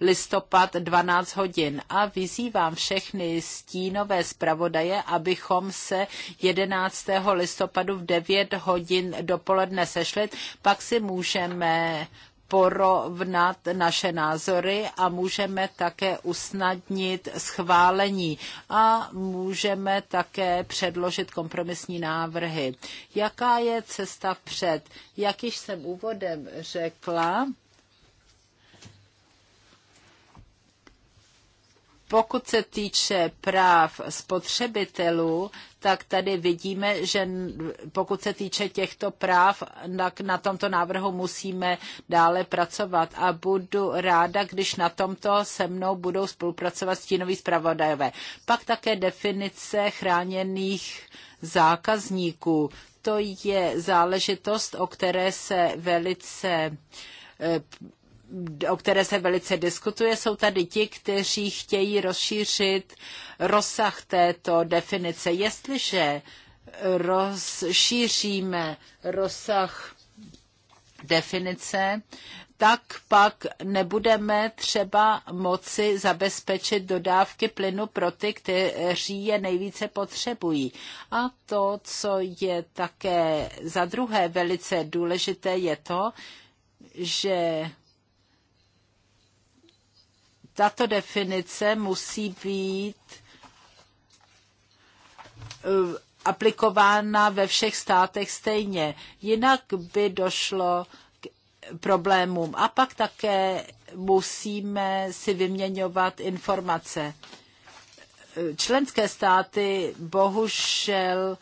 listopad 12 hodin a vyzývám všechny stínové zpravodaje, abychom se 11. listopadu v 9 hodin dopoledne sešli, pak si můžeme porovnat naše názory a můžeme také usnadnit schválení a můžeme také předložit kompromisní návrhy. Jaká je cesta před? Jak již jsem úvodem řekla, pokud se týče práv spotřebitelů, tak tady vidíme, že pokud se týče těchto práv, tak na tomto návrhu musíme dále pracovat a budu ráda, když na tomto se mnou budou spolupracovat stínoví zpravodajové. Pak také definice chráněných zákazníků. To je záležitost, o které se velice eh, o které se velice diskutuje, jsou tady ti, kteří chtějí rozšířit rozsah této definice. Jestliže rozšíříme rozsah definice, tak pak nebudeme třeba moci zabezpečit dodávky plynu pro ty, kteří je nejvíce potřebují. A to, co je také za druhé velice důležité, je to, že tato definice musí být eh, aplikována ve všech státech stejně. Jinak by došlo k problémům. A pak také musíme si vyměňovat informace. Eh, členské státy bohužel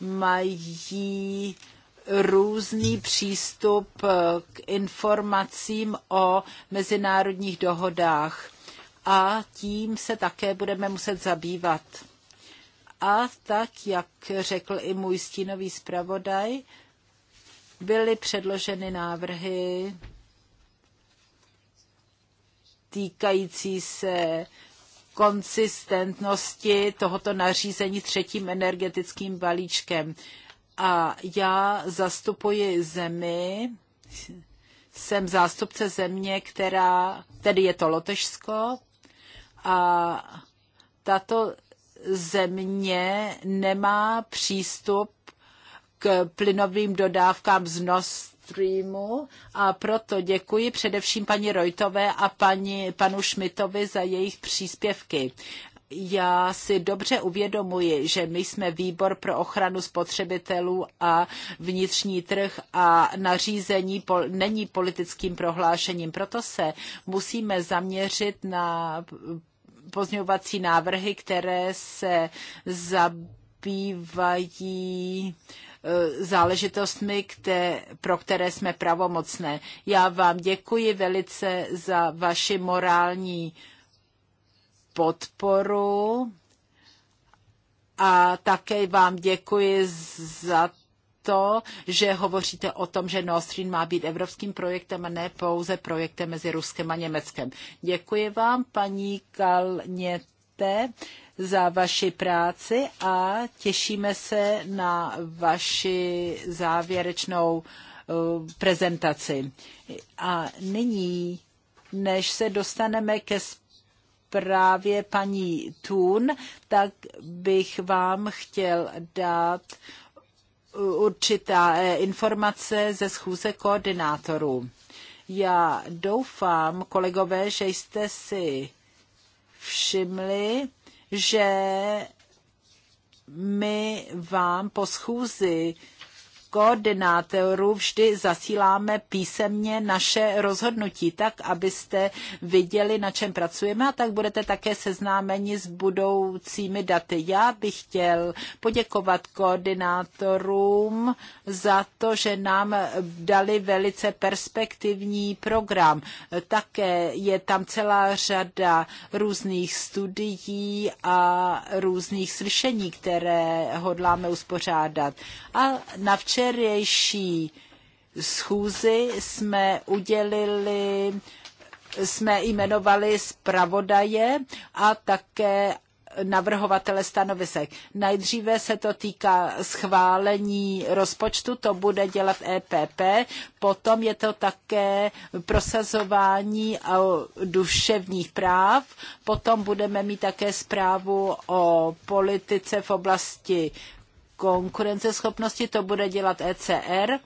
mají různý přístup eh, k informacím o mezinárodních dohodách a tím se také budeme muset zabývat. A tak, jak řekl i můj stínový zpravodaj, byly předloženy návrhy týkající se konsistentnosti tohoto nařízení třetím energetickým balíčkem a já zastupuji zemi, jsem zástupce země, která, tedy je to Lotešsko, a tato země nemá přístup k plynovým dodávkám z Nord Streamu a proto děkuji především paní Rojtové a paní, panu Šmitovi za jejich příspěvky já si dobře uvědomuji, že my jsme výbor pro ochranu spotřebitelů a vnitřní trh a nařízení pol, není politickým prohlášením. Proto se musíme zaměřit na pozňovací návrhy, které se zabývají e, záležitostmi, kte, pro které jsme pravomocné. Já vám děkuji velice za vaši morální podporu a také vám děkuji za to, že hovoříte o tom, že Nord Stream má být evropským projektem a ne pouze projektem mezi Ruskem a Německem. Děkuji vám, paní Kalněte, za vaši práci a těšíme se na vaši závěrečnou uh, prezentaci. A nyní, než se dostaneme ke právě paní Thun, tak bych vám chtěl dát určitá eh, informace ze schůze koordinátorů. Já doufám, kolegové, že jste si všimli, že my vám po schůzi koordinátorů vždy zasíláme písemně naše rozhodnutí, tak abyste viděli, na čem pracujeme a tak budete také seznámeni s budoucími daty. Já bych chtěl poděkovat koordinátorům za to, že nám dali velice perspektivní program. Také je tam celá řada různých studií a různých slyšení, které hodláme uspořádat. A na včer včerejší schůzi jsme udělili, jsme jmenovali zpravodaje a také navrhovatele stanovisek. Nejdříve se to týká schválení rozpočtu, to bude dělat EPP, potom je to také prosazování duševních práv, potom budeme mít také zprávu o politice v oblasti konkurenceschopnosti, to bude dělat ECR.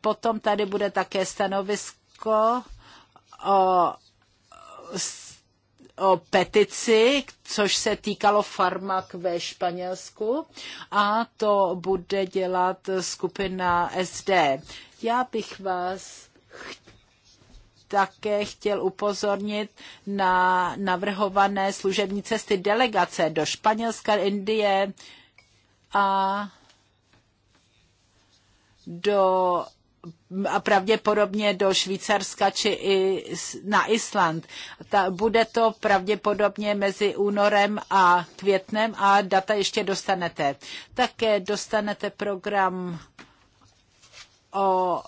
Potom tady bude také stanovisko o, o petici, což se týkalo farmak ve Španělsku a to bude dělat skupina SD. Já bych vás také chtěl upozornit na navrhované služební cesty delegace do Španělska, Indie a do a pravděpodobně do Švýcarska či i na Island. Ta, bude to pravděpodobně mezi únorem a květnem a data ještě dostanete. Také dostanete program o e,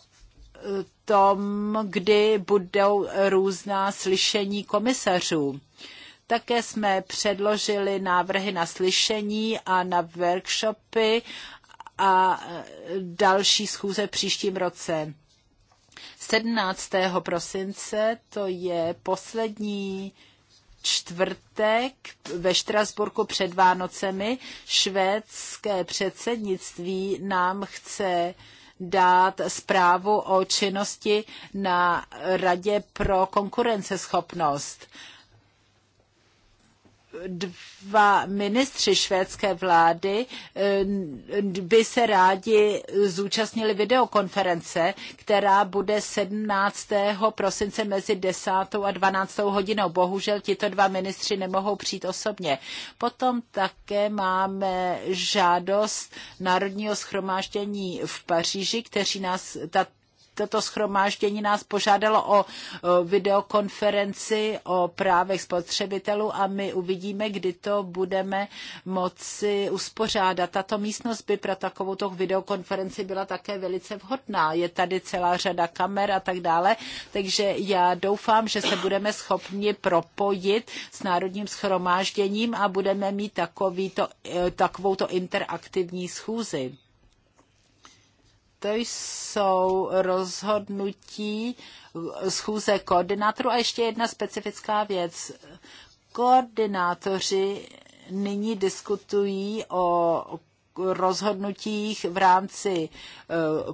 tom, kdy budou různá slyšení komisařů. Také jsme předložili návrhy na slyšení a na workshopy a e, další schůze v příštím roce. 17. prosince to je poslední čtvrtek ve Štrasburku před Vánocemi švédské předsednictví nám chce dát zprávu o činnosti na Radě pro konkurenceschopnost dva ministři švédské vlády eh, by se rádi zúčastnili videokonference, která bude 17. prosince mezi 10. a 12. hodinou. Bohužel tito dva ministři nemohou přijít osobně. Potom také máme žádost Národního schromáždění v Paříži, kteří nás, ta, toto schromáždění nás požádalo o videokonferenci o právech spotřebitelů a my uvidíme, kdy to budeme moci uspořádat. Tato místnost by pro takovouto videokonferenci byla také velice vhodná. Je tady celá řada kamer a tak dále, takže já doufám, že se budeme schopni propojit s Národním schromážděním a budeme mít takovýto, e, takovouto interaktivní schůzi to jsou rozhodnutí schůze koordinátorů A ještě jedna specifická věc. Koordinátoři nyní diskutují o rozhodnutích v rámci e,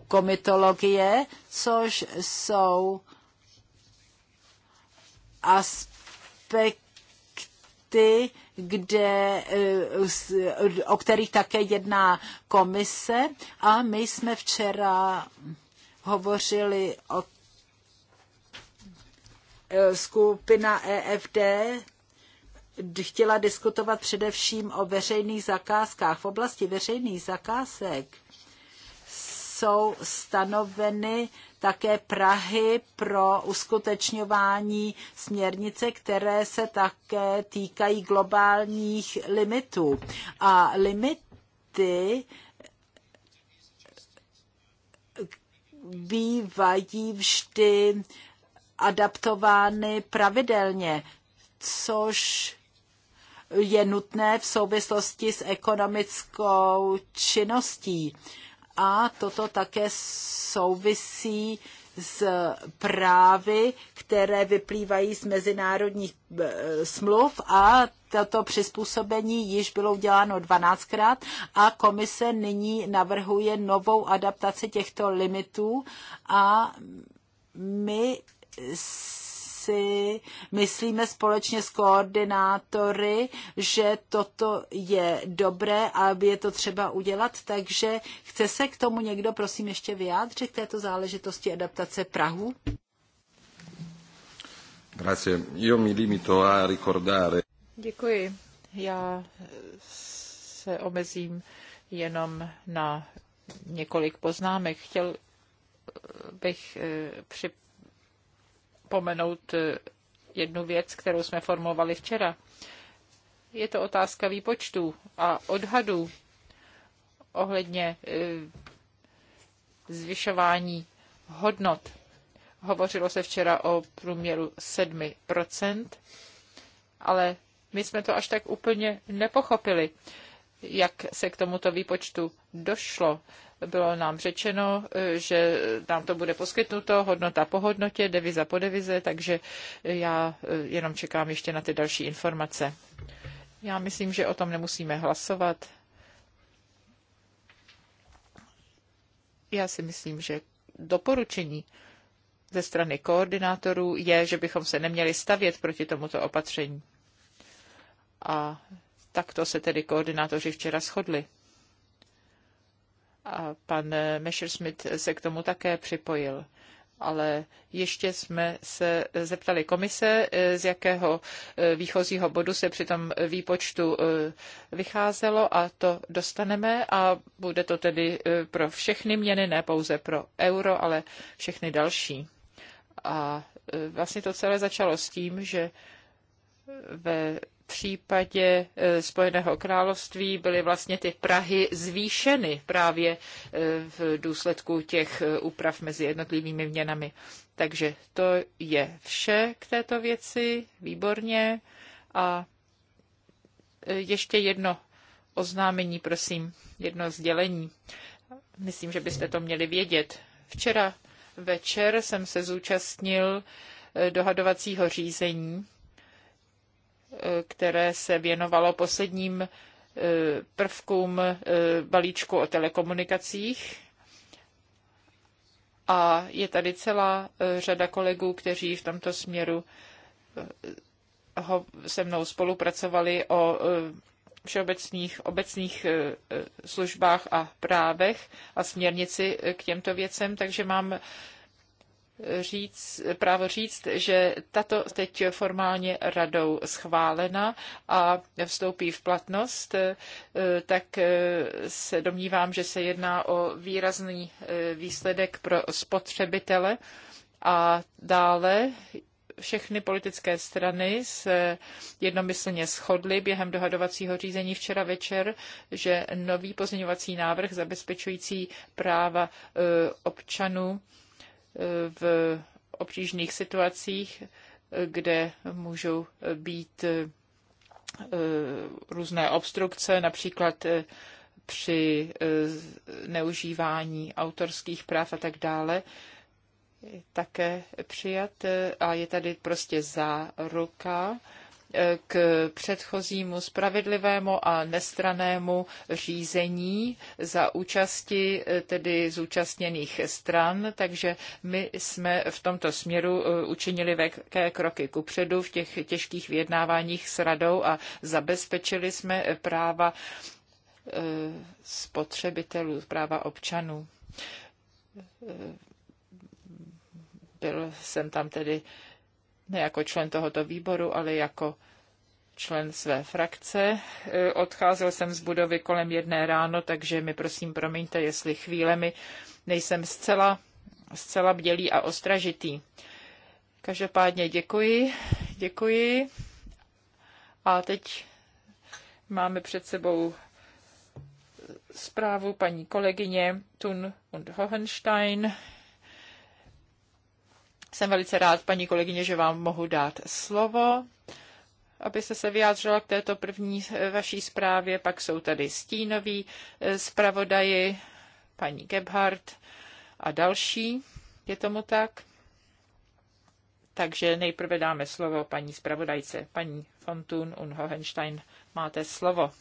komitologie, což jsou aspekty, kde, eh, o kterých také jedná komise a my jsme včera hovořili o eh, skupina EFD chtěla diskutovat především o veřejných zakázkách. V oblasti veřejných zakázek jsou stanoveny také Prahy pro uskutečňování směrnice, které se také týkají globálních limitů. A limity bývají vždy adaptovány pravidelně, což je nutné v souvislosti s ekonomickou činností a toto také souvisí z právy, které vyplývají z mezinárodních eh, smluv a toto přizpůsobení již bylo uděláno 12krát a komise nyní navrhuje novou adaptaci těchto limitů a my si myslíme společně s koordinátory, že toto je dobré a je to třeba udělat, takže chce se k tomu někdo, prosím, ještě vyjádřit k této záležitosti adaptace Prahu? Grazie. Io mi limito a ricordare. Děkuji. Já se omezím jenom na několik poznámek. Chtěl bych připravit eh, pomenout eh, jednu věc, kterou jsme formovali včera. Je to otázka výpočtu a odhadu ohledně eh, zvyšování hodnot. Hovořilo se včera o průměru 7%, ale my jsme to až tak úplně nepochopili jak se k tomuto výpočtu došlo. Bylo nám řečeno, eh, že nám to bude poskytnuto hodnota po hodnotě, deviza po devize, takže já eh, jenom čekám ještě na ty další informace. Já myslím, že o tom nemusíme hlasovat. Já si myslím, že doporučení ze strany koordinátorů je, že bychom se neměli stavět proti tomuto opatření. A Takto se tedy koordinátoři včera shodli. A pan Messerschmidt se k tomu také připojil ale ještě jsme se zeptali komise, z jakého e, výchozího bodu se při tom výpočtu e, vycházelo a to dostaneme a bude to tedy e, pro všechny měny, ne pouze pro euro, ale všechny další. A vlastně to celé začalo s tím, že ve případě eh, Spojeného království byly vlastně ty Prahy zvýšeny právě eh, v důsledku těch eh, úprav mezi jednotlivými měnami. Takže to je vše k této věci, výborně. A ještě jedno oznámení, prosím, jedno sdělení. Myslím, že byste to měli vědět. Včera večer jsem se zúčastnil dohadovacího řízení které se věnovalo posledním eh, prvkům eh, balíčku o telekomunikacích. A je tady celá eh, řada kolegů, kteří v tomto směru se mnou spolupracovali o všeobecných obecných službách a právech a směrnici k těmto věcem, takže mám říct, právo říct, že tato teď formálně radou schválena a vstoupí v platnost, eh, tak eh, se domnívám, že se jedná o výrazný eh, výsledek pro spotřebitele. A dále všechny politické strany se jednomyslně shodly během dohadovacího řízení včera večer, že nový pozměňovací návrh zabezpečující práva občanů v obtížných situacích, kde můžou být eh, různé obstrukce, například eh, při eh, neužívání autorských práv a tak dále, také přijat. A je tady prostě záruka, k předchozímu spravedlivému a nestranému řízení za účasti tedy zúčastněných stran, takže my jsme v tomto směru e, učinili velké kroky kupředu v těch těžkých vyjednáváních s radou a zabezpečili jsme práva e, spotřebitelů, práva občanů. E, byl jsem tam tedy ne jako člen tohoto výboru, ale jako člen své frakce. E, odcházel jsem z budovy kolem jedné ráno, takže mi prosím promiňte, jestli chvílemi nejsem zcela, zcela bdělý a ostražitý. Každopádně děkuji, děkuji. A teď máme před sebou zprávu paní kolegyně Thun und Hohenstein. Jsem velice rád, paní kolegyně, že vám mohu dát slovo abyste se vyjádřila k této první eh, vaší zprávě. Pak jsou tady stínoví eh, zpravodaji, paní Gebhardt a další. Je tomu tak? Takže nejprve dáme slovo paní zpravodajce. Paní Fontun und Hohenstein, máte slovo.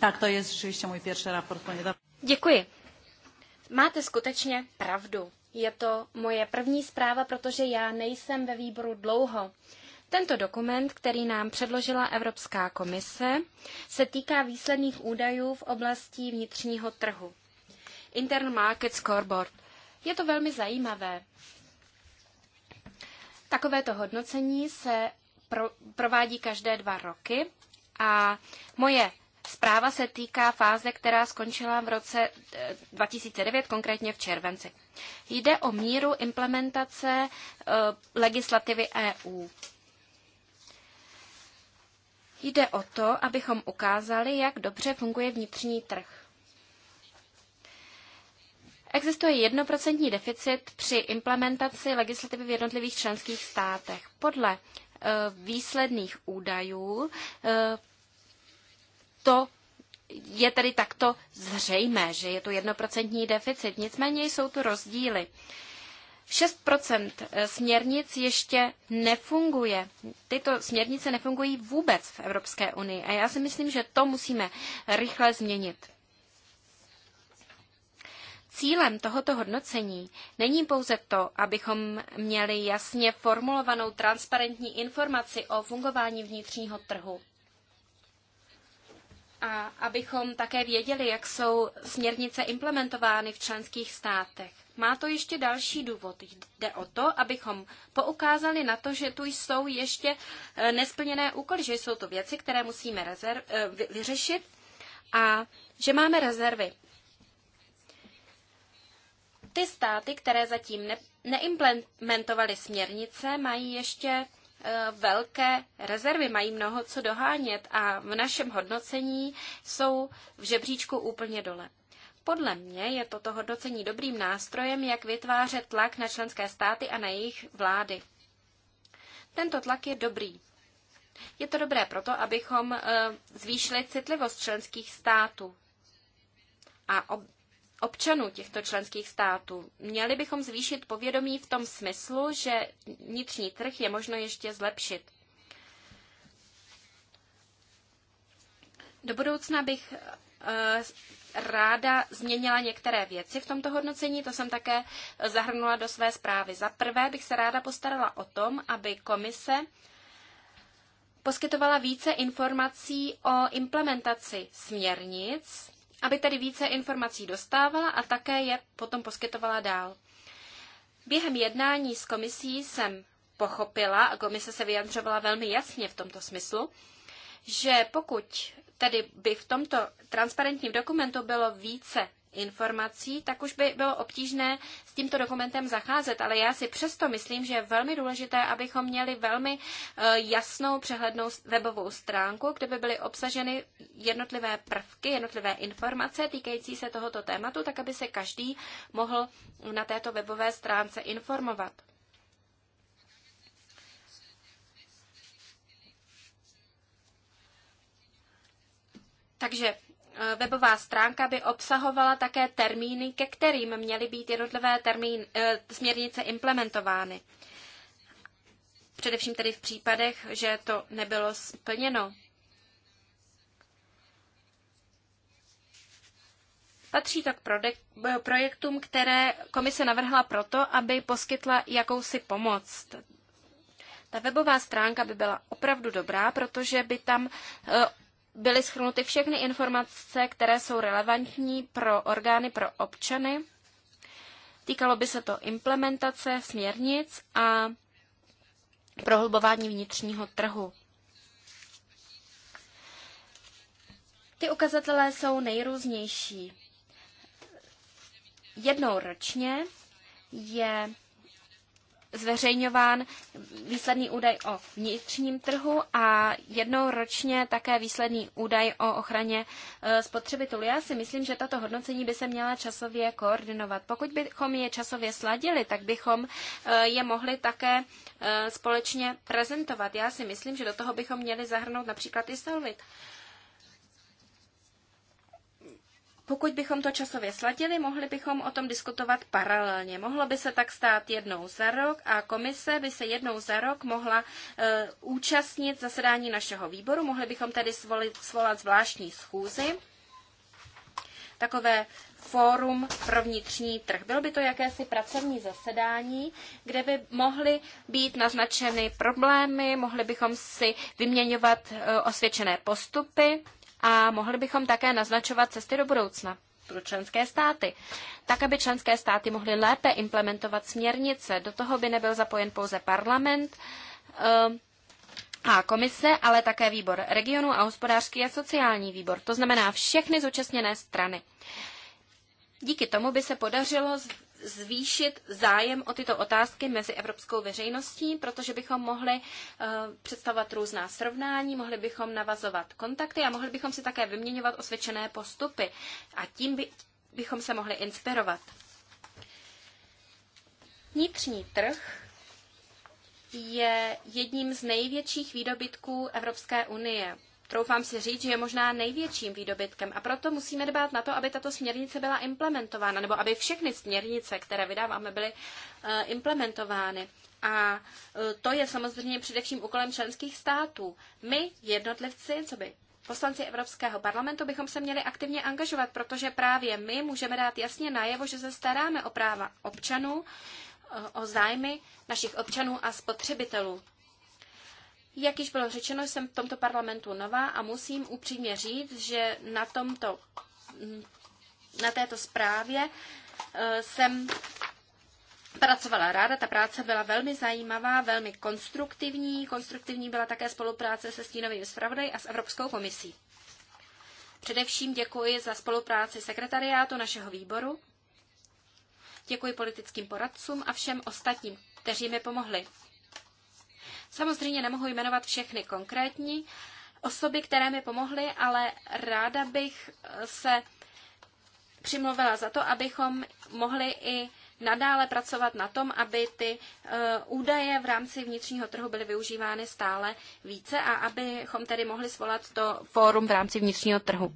Tak to je ještě můj první raport. Děkuji. Máte skutečně pravdu. Je to moje první zpráva, protože já nejsem ve výboru dlouho. Tento dokument, který nám předložila Evropská komise, se týká výsledných údajů v oblasti vnitřního trhu. Intern Market Scoreboard. Je to velmi zajímavé. Takovéto hodnocení se pro, provádí každé dva roky a moje Zpráva se týká fáze, která skončila v roce 2009, eh, konkrétně v červenci. Jde o míru implementace eh, legislativy EU. Jde o to, abychom ukázali, jak dobře funguje vnitřní trh. Existuje jednoprocentní deficit při implementaci legislativy v jednotlivých členských státech. Podle eh, výsledných údajů to je tedy takto zřejmé, že je to jednoprocentní deficit. Nicméně jsou tu rozdíly. 6 eh, směrnic ještě nefunguje. Tyto směrnice nefungují vůbec v Evropské unii a já si myslím, že to musíme rychle změnit. Cílem tohoto hodnocení není pouze to, abychom měli jasně formulovanou transparentní informaci o fungování vnitřního trhu a abychom také věděli, jak jsou směrnice implementovány v členských státech. Má to ještě další důvod. Jde o to, abychom poukázali na to, že tu jsou ještě eh, nesplněné úkoly, že jsou to věci, které musíme rezerv, eh, vyřešit a že máme rezervy. Ty státy, které zatím ne, neimplementovaly směrnice, mají ještě Eh, velké rezervy, mají mnoho co dohánět a v našem hodnocení jsou v žebříčku úplně dole. Podle mě je toto hodnocení dobrým nástrojem, jak vytvářet tlak na členské státy a na jejich vlády. Tento tlak je dobrý. Je to dobré proto, abychom eh, zvýšili citlivost členských států a občanů těchto členských států. Měli bychom zvýšit povědomí v tom smyslu, že vnitřní trh je možno ještě zlepšit. Do budoucna bych eh, ráda změnila některé věci v tomto hodnocení, to jsem také zahrnula do své zprávy. Za prvé bych se ráda postarala o tom, aby komise poskytovala více informací o implementaci směrnic aby tedy více informací dostávala a také je potom poskytovala dál. Během jednání s komisí jsem pochopila, a komise se vyjadřovala velmi jasně v tomto smyslu, že pokud tedy by v tomto transparentním dokumentu bylo více informací, tak už by bylo obtížné s tímto dokumentem zacházet, ale já si přesto myslím, že je velmi důležité, abychom měli velmi eh, jasnou přehlednou webovou stránku, kde by byly obsaženy jednotlivé prvky, jednotlivé informace týkající se tohoto tématu, tak aby se každý mohl na této webové stránce informovat. Takže Eh, webová stránka by obsahovala také termíny, ke kterým měly být jednotlivé termín, eh, směrnice implementovány. Především tedy v případech, že to nebylo splněno. Patří to k eh, projektům, které komise navrhla proto, aby poskytla jakousi pomoc. Ta webová stránka by byla opravdu dobrá, protože by tam byly schrnuty všechny informace, které jsou relevantní pro orgány, pro občany. Týkalo by se to implementace směrnic a prohlubování vnitřního trhu. Ty ukazatelé jsou nejrůznější. Jednou ročně je zveřejňován výsledný údaj o vnitřním trhu a jednou ročně také výsledný údaj o ochraně e, spotřebitelů. Já si myslím, že tato hodnocení by se měla časově koordinovat. Pokud bychom je časově sladili, tak bychom e, je mohli také e, společně prezentovat. Já si myslím, že do toho bychom měli zahrnout například i Solvit. Pokud bychom to časově sladili, mohli bychom o tom diskutovat paralelně. Mohlo by se tak stát jednou za rok a komise by se jednou za rok mohla e, účastnit zasedání našeho výboru. Mohli bychom tedy svolit, svolat zvláštní schůzi, takové fórum pro vnitřní trh. Bylo by to jakési pracovní zasedání, kde by mohly být naznačeny problémy, mohli bychom si vyměňovat e, osvědčené postupy a mohli bychom také naznačovat cesty do budoucna pro členské státy, tak aby členské státy mohly lépe implementovat směrnice. Do toho by nebyl zapojen pouze parlament eh, a komise, ale také výbor regionu a hospodářský a sociální výbor, to znamená všechny zúčastněné strany. Díky tomu by se podařilo zvýšit zájem o tyto otázky mezi evropskou veřejností, protože bychom mohli eh, představovat různá srovnání, mohli bychom navazovat kontakty a mohli bychom si také vyměňovat osvědčené postupy a tím by, bychom se mohli inspirovat. Vnitřní trh je jedním z největších výdobytků Evropské unie troufám si říct, že je možná největším výdobytkem a proto musíme dbát na to, aby tato směrnice byla implementována, nebo aby všechny směrnice, které vydáváme, byly eh, implementovány. A eh, to je samozřejmě především úkolem členských států. My, jednotlivci, co by Poslanci Evropského parlamentu bychom se měli aktivně angažovat, protože právě my můžeme dát jasně najevo, že se staráme o práva občanů, eh, o zájmy našich občanů a spotřebitelů. Jak již bylo řečeno, jsem v tomto parlamentu nová a musím upřímně říct, že na, tomto, na této zprávě e, jsem pracovala ráda, ta práce byla velmi zajímavá, velmi konstruktivní. Konstruktivní byla také spolupráce se stínovým zpravodaj a s Evropskou komisí. Především děkuji za spolupráci sekretariátu našeho výboru, děkuji politickým poradcům a všem ostatním, kteří mi pomohli Samozřejmě nemohu jmenovat všechny konkrétní osoby, které mi pomohly, ale ráda bych se přimluvila za to, abychom mohli i nadále pracovat na tom, aby ty e, údaje v rámci vnitřního trhu byly využívány stále více a abychom tedy mohli svolat to fórum v rámci vnitřního trhu.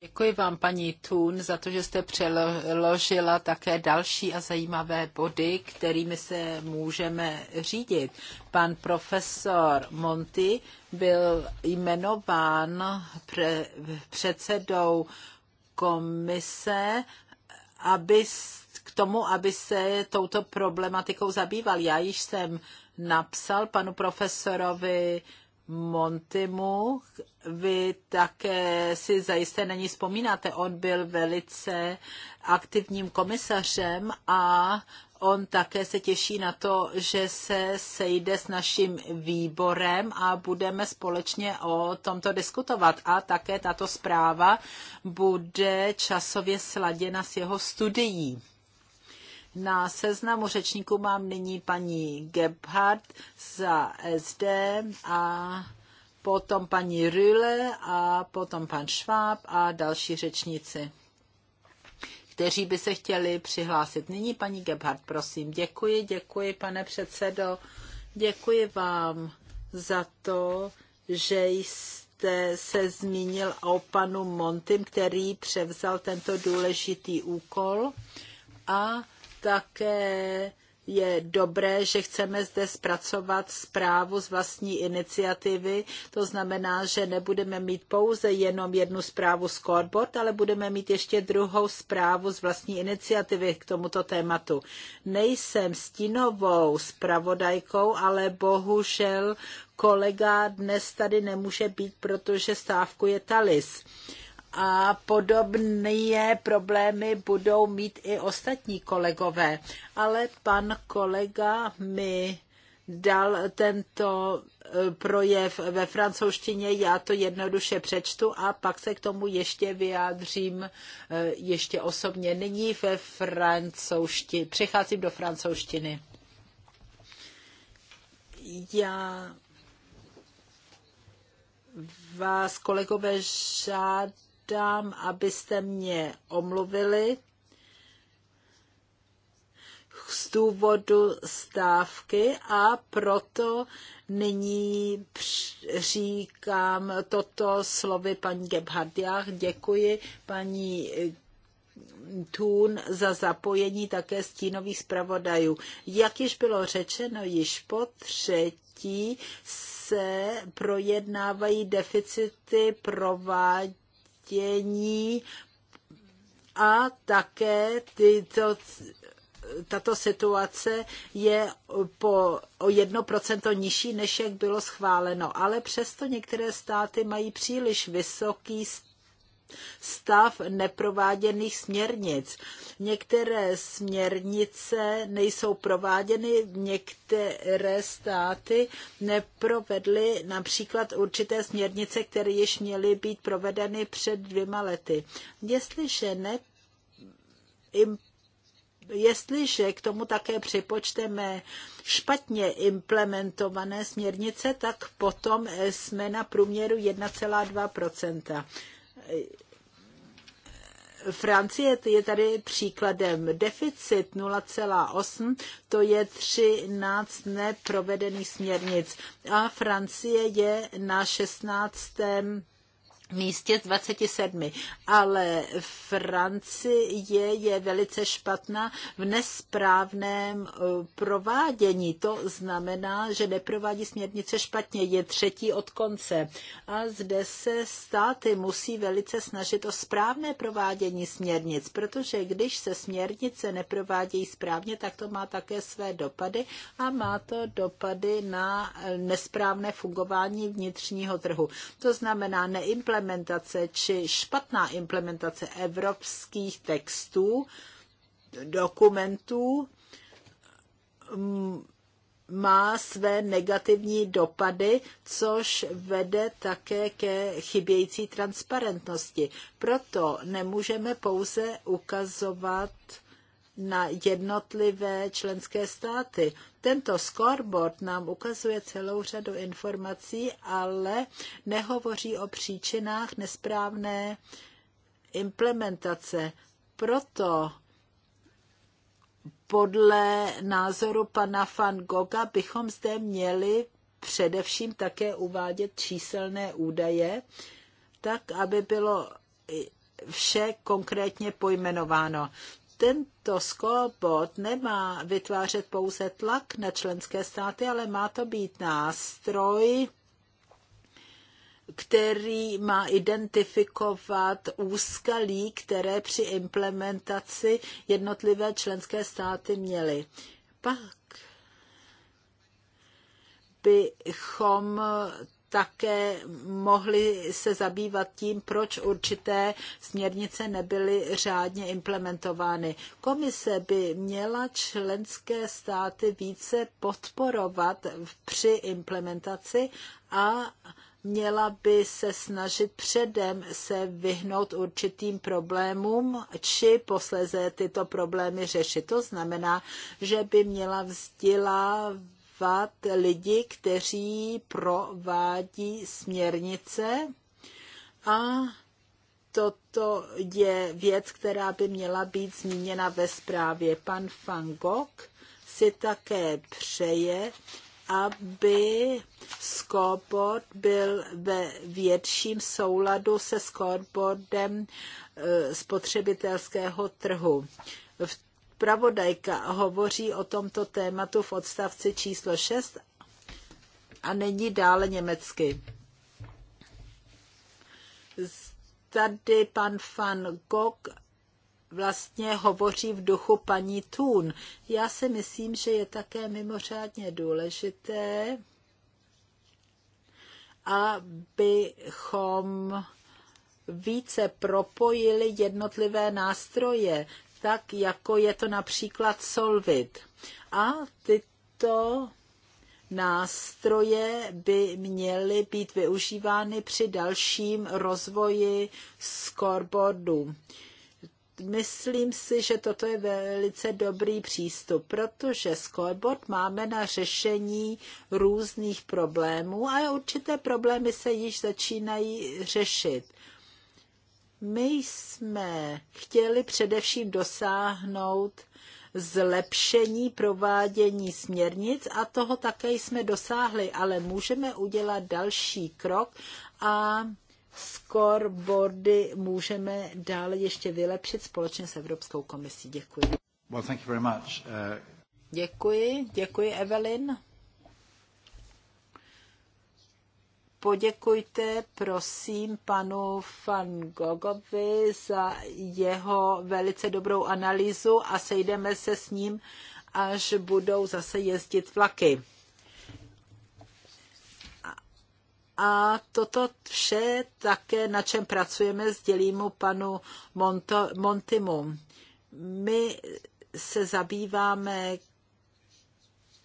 Děkuji vám, paní Thun, za to, že jste přeložila také další a zajímavé body, kterými se můžeme řídit. Pan profesor Monty byl jmenován pre, předsedou komise, aby k tomu, aby se touto problematikou zabýval. Já již jsem napsal panu profesorovi Montimu. Vy také si zajisté na ní vzpomínáte. On byl velice aktivním komisařem a on také se těší na to, že se sejde s naším výborem a budeme společně o tomto diskutovat. A také tato zpráva bude časově sladěna s jeho studií. Na seznamu řečníků mám nyní paní Gebhardt za SD a potom paní Rühle a potom pan Schwab a další řečníci kteří by se chtěli přihlásit. Nyní paní Gebhardt, prosím. Děkuji, děkuji, pane předsedo. Děkuji vám za to, že jste se zmínil o panu Montim, který převzal tento důležitý úkol a také je dobré, že chceme zde zpracovat zprávu z vlastní iniciativy. To znamená, že nebudeme mít pouze jenom jednu zprávu z ale budeme mít ještě druhou zprávu z vlastní iniciativy k tomuto tématu. Nejsem stínovou zpravodajkou, ale bohužel kolega dnes tady nemůže být, protože stávku je Talis a podobné problémy budou mít i ostatní kolegové. Ale pan kolega mi dal tento e, projev ve francouzštině, já to jednoduše přečtu a pak se k tomu ještě vyjádřím e, ještě osobně. Nyní ve francouzštině, přecházím do francouzštiny. Já vás, kolegové, žádám žádám, abyste mě omluvili z důvodu stávky a proto nyní říkám toto slovy paní Gebhardiach. Děkuji paní Tún za zapojení také stínových zpravodajů. Jak již bylo řečeno, již po třetí se projednávají deficity provádí dění a také tyto, tato situace je po, o jedno procento nižší, než jak bylo schváleno. Ale přesto některé státy mají příliš vysoký stav neprováděných směrnic. Některé směrnice nejsou prováděny, některé státy neprovedly například určité směrnice, které již měly být provedeny před dvěma lety. Jestliže ne jestliže k tomu také připočteme špatně implementované směrnice, tak potom jsme na průměru 1,2 Francie je tady příkladem. Deficit 0,8, to je 13 neprovedených směrnic. A Francie je na 16 místě z 27, ale Francie je velice špatná v nesprávném eh, provádění. To znamená, že neprovádí směrnice špatně, je třetí od konce. A zde se státy musí velice snažit o správné provádění směrnic, protože když se směrnice neprovádějí správně, tak to má také své dopady a má to dopady na eh, nesprávné fungování vnitřního trhu. To znamená neimplementování implementace či špatná implementace evropských textů, dokumentů má své negativní dopady, což vede také ke chybějící transparentnosti. Proto nemůžeme pouze ukazovat na jednotlivé členské státy. Tento scoreboard nám ukazuje celou řadu informací, ale nehovoří o příčinách nesprávné implementace. Proto podle názoru pana Van Goga bychom zde měli především také uvádět číselné údaje, tak aby bylo vše konkrétně pojmenováno tento skobot nemá vytvářet pouze tlak na členské státy, ale má to být nástroj, který má identifikovat úskalí, které při implementaci jednotlivé členské státy měly. Pak bychom také mohli se zabývat tím, proč určité směrnice nebyly řádně implementovány. Komise by měla členské státy více podporovat při implementaci a měla by se snažit předem se vyhnout určitým problémům, či posléze tyto problémy řešit. To znamená, že by měla vzdělávat jmenovat lidi, kteří provádí směrnice a toto je věc, která by měla být zmíněna ve zprávě. Pan Van Gogh si také přeje, aby scoreboard byl ve větším souladu se scoreboardem eh, spotřebitelského trhu. V Zpravodajka hovoří o tomto tématu v odstavci číslo 6 a není dále německy. Tady pan Van Gogh vlastně hovoří v duchu paní Thun. Já si myslím, že je také mimořádně důležité, abychom více propojili jednotlivé nástroje tak jako je to například Solvit. A tyto nástroje by měly být využívány při dalším rozvoji scoreboardu. Myslím si, že toto je velice dobrý přístup, protože scoreboard máme na řešení různých problémů a určité problémy se již začínají řešit. My jsme chtěli především dosáhnout zlepšení provádění směrnic a toho také jsme dosáhli, ale můžeme udělat další krok a scoreboardy můžeme dále ještě vylepšit společně s Evropskou komisí. Děkuji. Well, thank you very much. Uh... Děkuji, děkuji Evelyn. Poděkujte prosím panu Van Gogovi za jeho velice dobrou analýzu a sejdeme se s ním, až budou zase jezdit vlaky. A toto vše také, na čem pracujeme, sdělím mu panu Monto, Montimu. My se zabýváme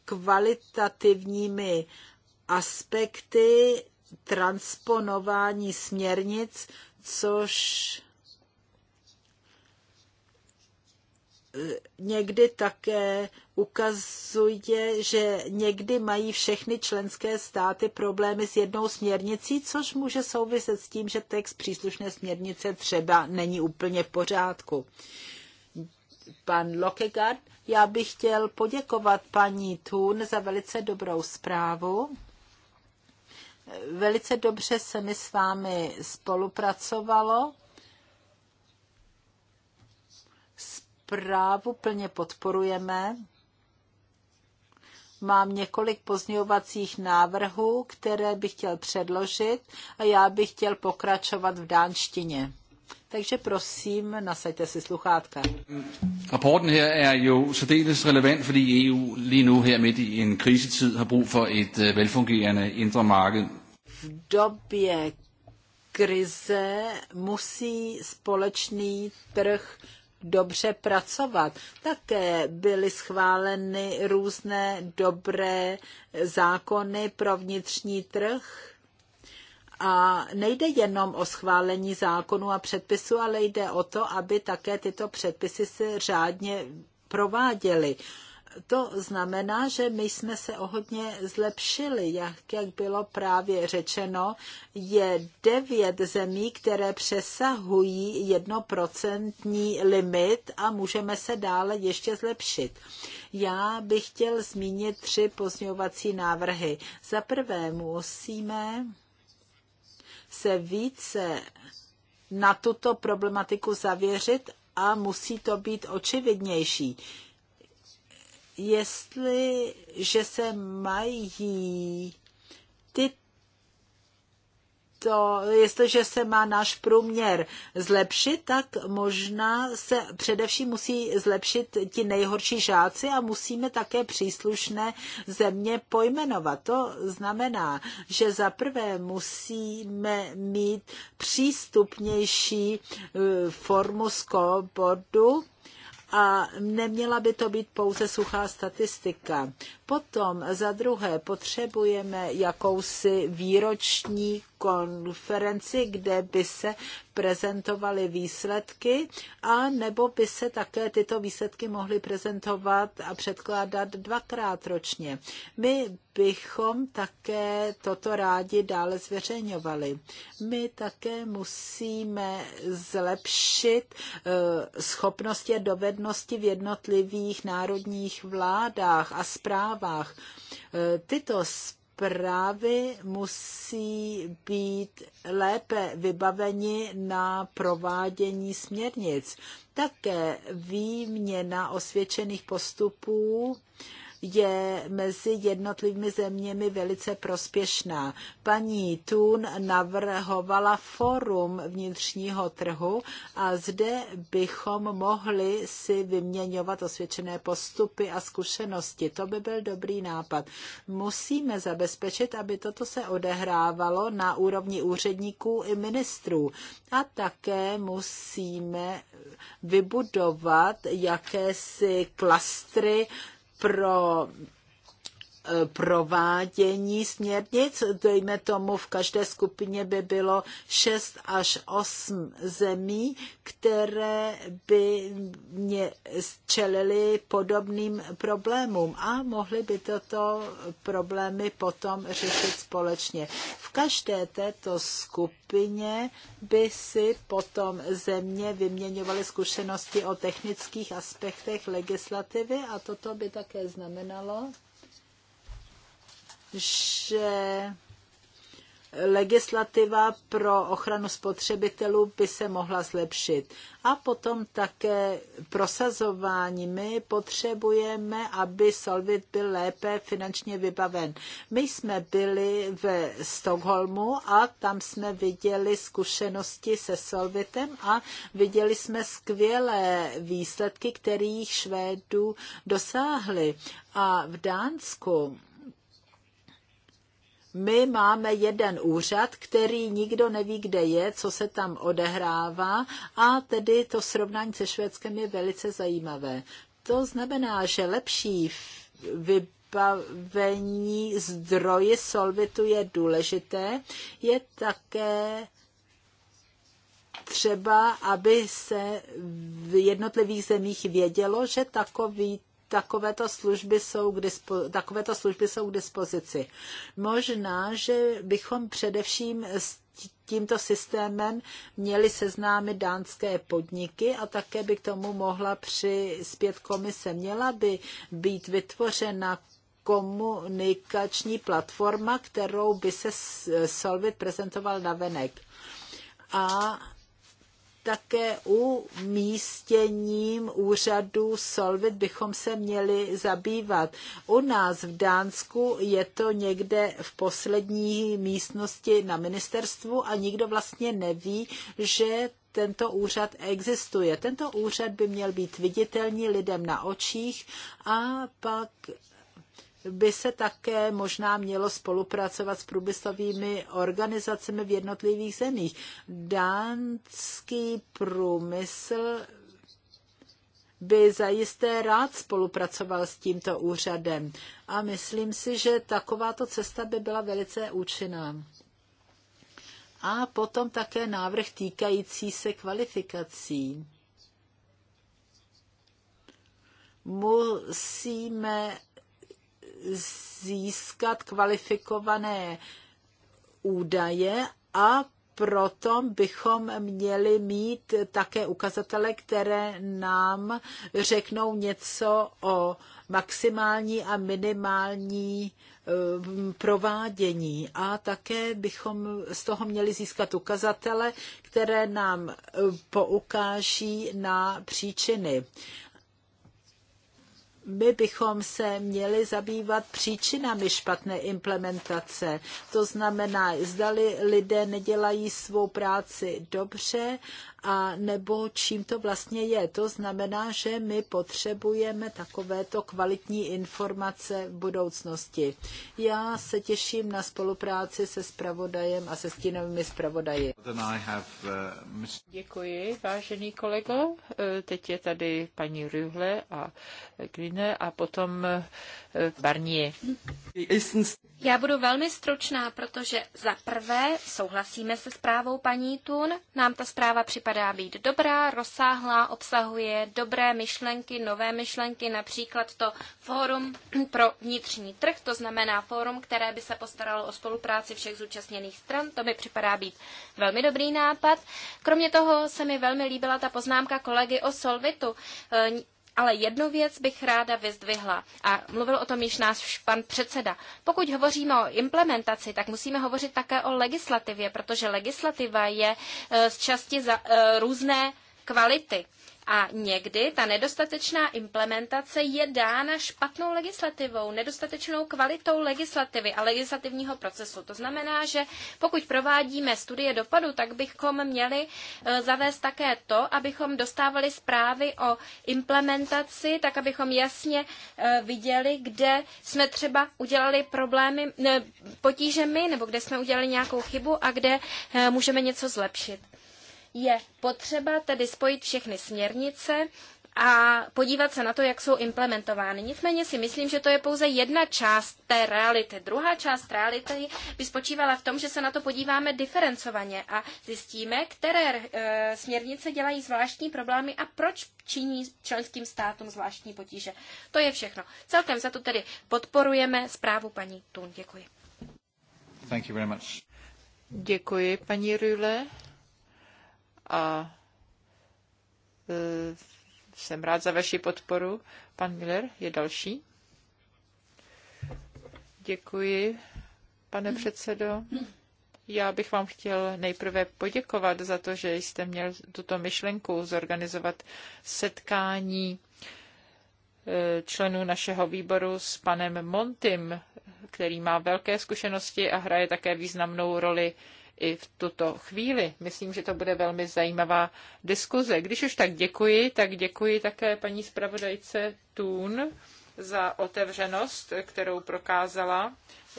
kvalitativními aspekty transponování směrnic, což eh, někdy také ukazuje, že někdy mají všechny členské státy problémy s jednou směrnicí, což může souviset s tím, že text příslušné směrnice třeba není úplně v pořádku. Pan Lokegard, já bych chtěl poděkovat paní Thun za velice dobrou zprávu. Velice dobře se mi s vámi spolupracovalo. Zprávu plně podporujeme. Mám několik pozňovacích návrhů, které bych chtěl předložit a já bych chtěl pokračovat v dánštině takže prosím, nasaďte si sluchátka. Rapporten her er jo særdeles relevant, fordi EU lige nu her midt i en krisetid har brug for et øh, velfungerende indre marked. V době krize musí společný trh dobře pracovat. Také byly schváleny různé dobré zákony pro vnitřní trh a nejde jenom o schválení zákonu a předpisu, ale jde o to, aby také tyto předpisy se řádně prováděly. To znamená, že my jsme se o hodně zlepšili. Jak, jak bylo právě řečeno, je devět zemí, které přesahují jednoprocentní limit a můžeme se dále ještě zlepšit. Já bych chtěl zmínit tři pozňovací návrhy. Za prvé musíme se více na tuto problematiku zavěřit a musí to být očividnější. Jestliže se mají ty to, jestliže se má náš průměr zlepšit, tak možná se především musí zlepšit ti nejhorší žáci a musíme také příslušné země pojmenovat. To znamená, že za prvé musíme mít přístupnější eh, formu scoreboardu, a neměla by to být pouze suchá statistika. Potom za druhé potřebujeme jakousi výroční konferenci, kde by se prezentovaly výsledky a nebo by se také tyto výsledky mohly prezentovat a předkládat dvakrát ročně. My bychom také toto rádi dále zveřejňovali. My také musíme zlepšit eh, schopnosti a dovednosti v jednotlivých národních vládách a zprávách zprávách. E, tyto zprávy musí být lépe vybaveni na provádění směrnic. Také výměna osvědčených postupů je mezi jednotlivými zeměmi velice prospěšná. Paní Thun navrhovala forum vnitřního trhu a zde bychom mohli si vyměňovat osvědčené postupy a zkušenosti. To by byl dobrý nápad. Musíme zabezpečit, aby toto se odehrávalo na úrovni úředníků i ministrů. A také musíme vybudovat jakési klastry pro provádění směrnic. Dejme tomu, v každé skupině by bylo 6 až 8 zemí, které by mě čelily podobným problémům a mohly by toto problémy potom řešit společně. V každé této skupině by si potom země vyměňovaly zkušenosti o technických aspektech legislativy a toto by také znamenalo, že legislativa pro ochranu spotřebitelů by se mohla zlepšit. A potom také prosazování. My potřebujeme, aby Solvit byl lépe finančně vybaven. My jsme byli v Stockholmu a tam jsme viděli zkušenosti se Solvitem a viděli jsme skvělé výsledky, kterých Švédů dosáhli. A v Dánsku my máme jeden úřad, který nikdo neví, kde je, co se tam odehrává a tedy to srovnání se Švédskem je velice zajímavé. To znamená, že lepší vybavení zdroje solvitu je důležité, je také třeba, aby se v jednotlivých zemích vědělo, že takový takovéto služby jsou k, dispo, takovéto služby jsou k dispozici. Možná, že bychom především s tímto systémem měli seznámit dánské podniky a také by k tomu mohla přispět komise. Měla by být vytvořena komunikační platforma, kterou by se Solvit prezentoval na venek. A také umístěním úřadu Solvit bychom se měli zabývat. U nás v Dánsku je to někde v poslední místnosti na ministerstvu a nikdo vlastně neví, že tento úřad existuje. Tento úřad by měl být viditelný lidem na očích a pak by se také možná mělo spolupracovat s průmyslovými organizacemi v jednotlivých zemích. Dánský průmysl by zajisté rád spolupracoval s tímto úřadem. A myslím si, že takováto cesta by byla velice účinná. A potom také návrh týkající se kvalifikací. Musíme získat kvalifikované údaje a proto bychom měli mít také ukazatele, které nám řeknou něco o maximální a minimální eh, provádění. A také bychom z toho měli získat ukazatele, které nám eh, poukáží na příčiny my bychom se měli zabývat příčinami špatné implementace. To znamená, zdali lidé nedělají svou práci dobře a nebo čím to vlastně je. To znamená, že my potřebujeme takovéto kvalitní informace v budoucnosti. Já se těším na spolupráci se spravodajem a se stínovými spravodaji. Uh, Děkuji, vážený kolego. Eh, teď je tady paní Rühle a Grine a potom eh, Barnier. Já budu velmi stručná, protože za prvé souhlasíme se zprávou paní Tun. Nám ta zpráva připadá vypadá být dobrá, rozsáhlá, obsahuje dobré myšlenky, nové myšlenky, například to fórum pro vnitřní trh, to znamená fórum, které by se postaralo o spolupráci všech zúčastněných stran. To mi připadá být velmi dobrý nápad. Kromě toho se mi velmi líbila ta poznámka kolegy o Solvitu. Ale jednu věc bych ráda vyzdvihla a mluvil o tom již náš pan předseda. Pokud hovoříme o implementaci, tak musíme hovořit také o legislativě, protože legislativa je eh, z části za, eh, různé kvality. A někdy ta nedostatečná implementace je dána špatnou legislativou, nedostatečnou kvalitou legislativy a legislativního procesu. To znamená, že pokud provádíme studie dopadu, tak bychom měli e, zavést také to, abychom dostávali zprávy o implementaci, tak abychom jasně e, viděli, kde jsme třeba udělali problémy, ne, nebo kde jsme udělali nějakou chybu a kde e, můžeme něco zlepšit. Je potřeba tedy spojit všechny směrnice a podívat se na to, jak jsou implementovány. Nicméně si myslím, že to je pouze jedna část té reality. Druhá část reality by spočívala v tom, že se na to podíváme diferencovaně a zjistíme, které e, směrnice dělají zvláštní problémy a proč činí členským státům zvláštní potíže. To je všechno. Celkem za to tedy podporujeme zprávu paní Tun. Děkuji. Thank you very much. Děkuji, paní Rüle a e, jsem rád za vaši podporu. Pan Miller je další. Děkuji, pane předsedo. Já bych vám chtěl nejprve poděkovat za to, že jste měl tuto myšlenku zorganizovat setkání e, členů našeho výboru s panem Montym, který má velké zkušenosti a hraje také významnou roli i v tuto chvíli. Myslím, že to bude velmi zajímavá diskuze. Když už tak děkuji, tak děkuji také paní zpravodajce Tún za otevřenost, kterou prokázala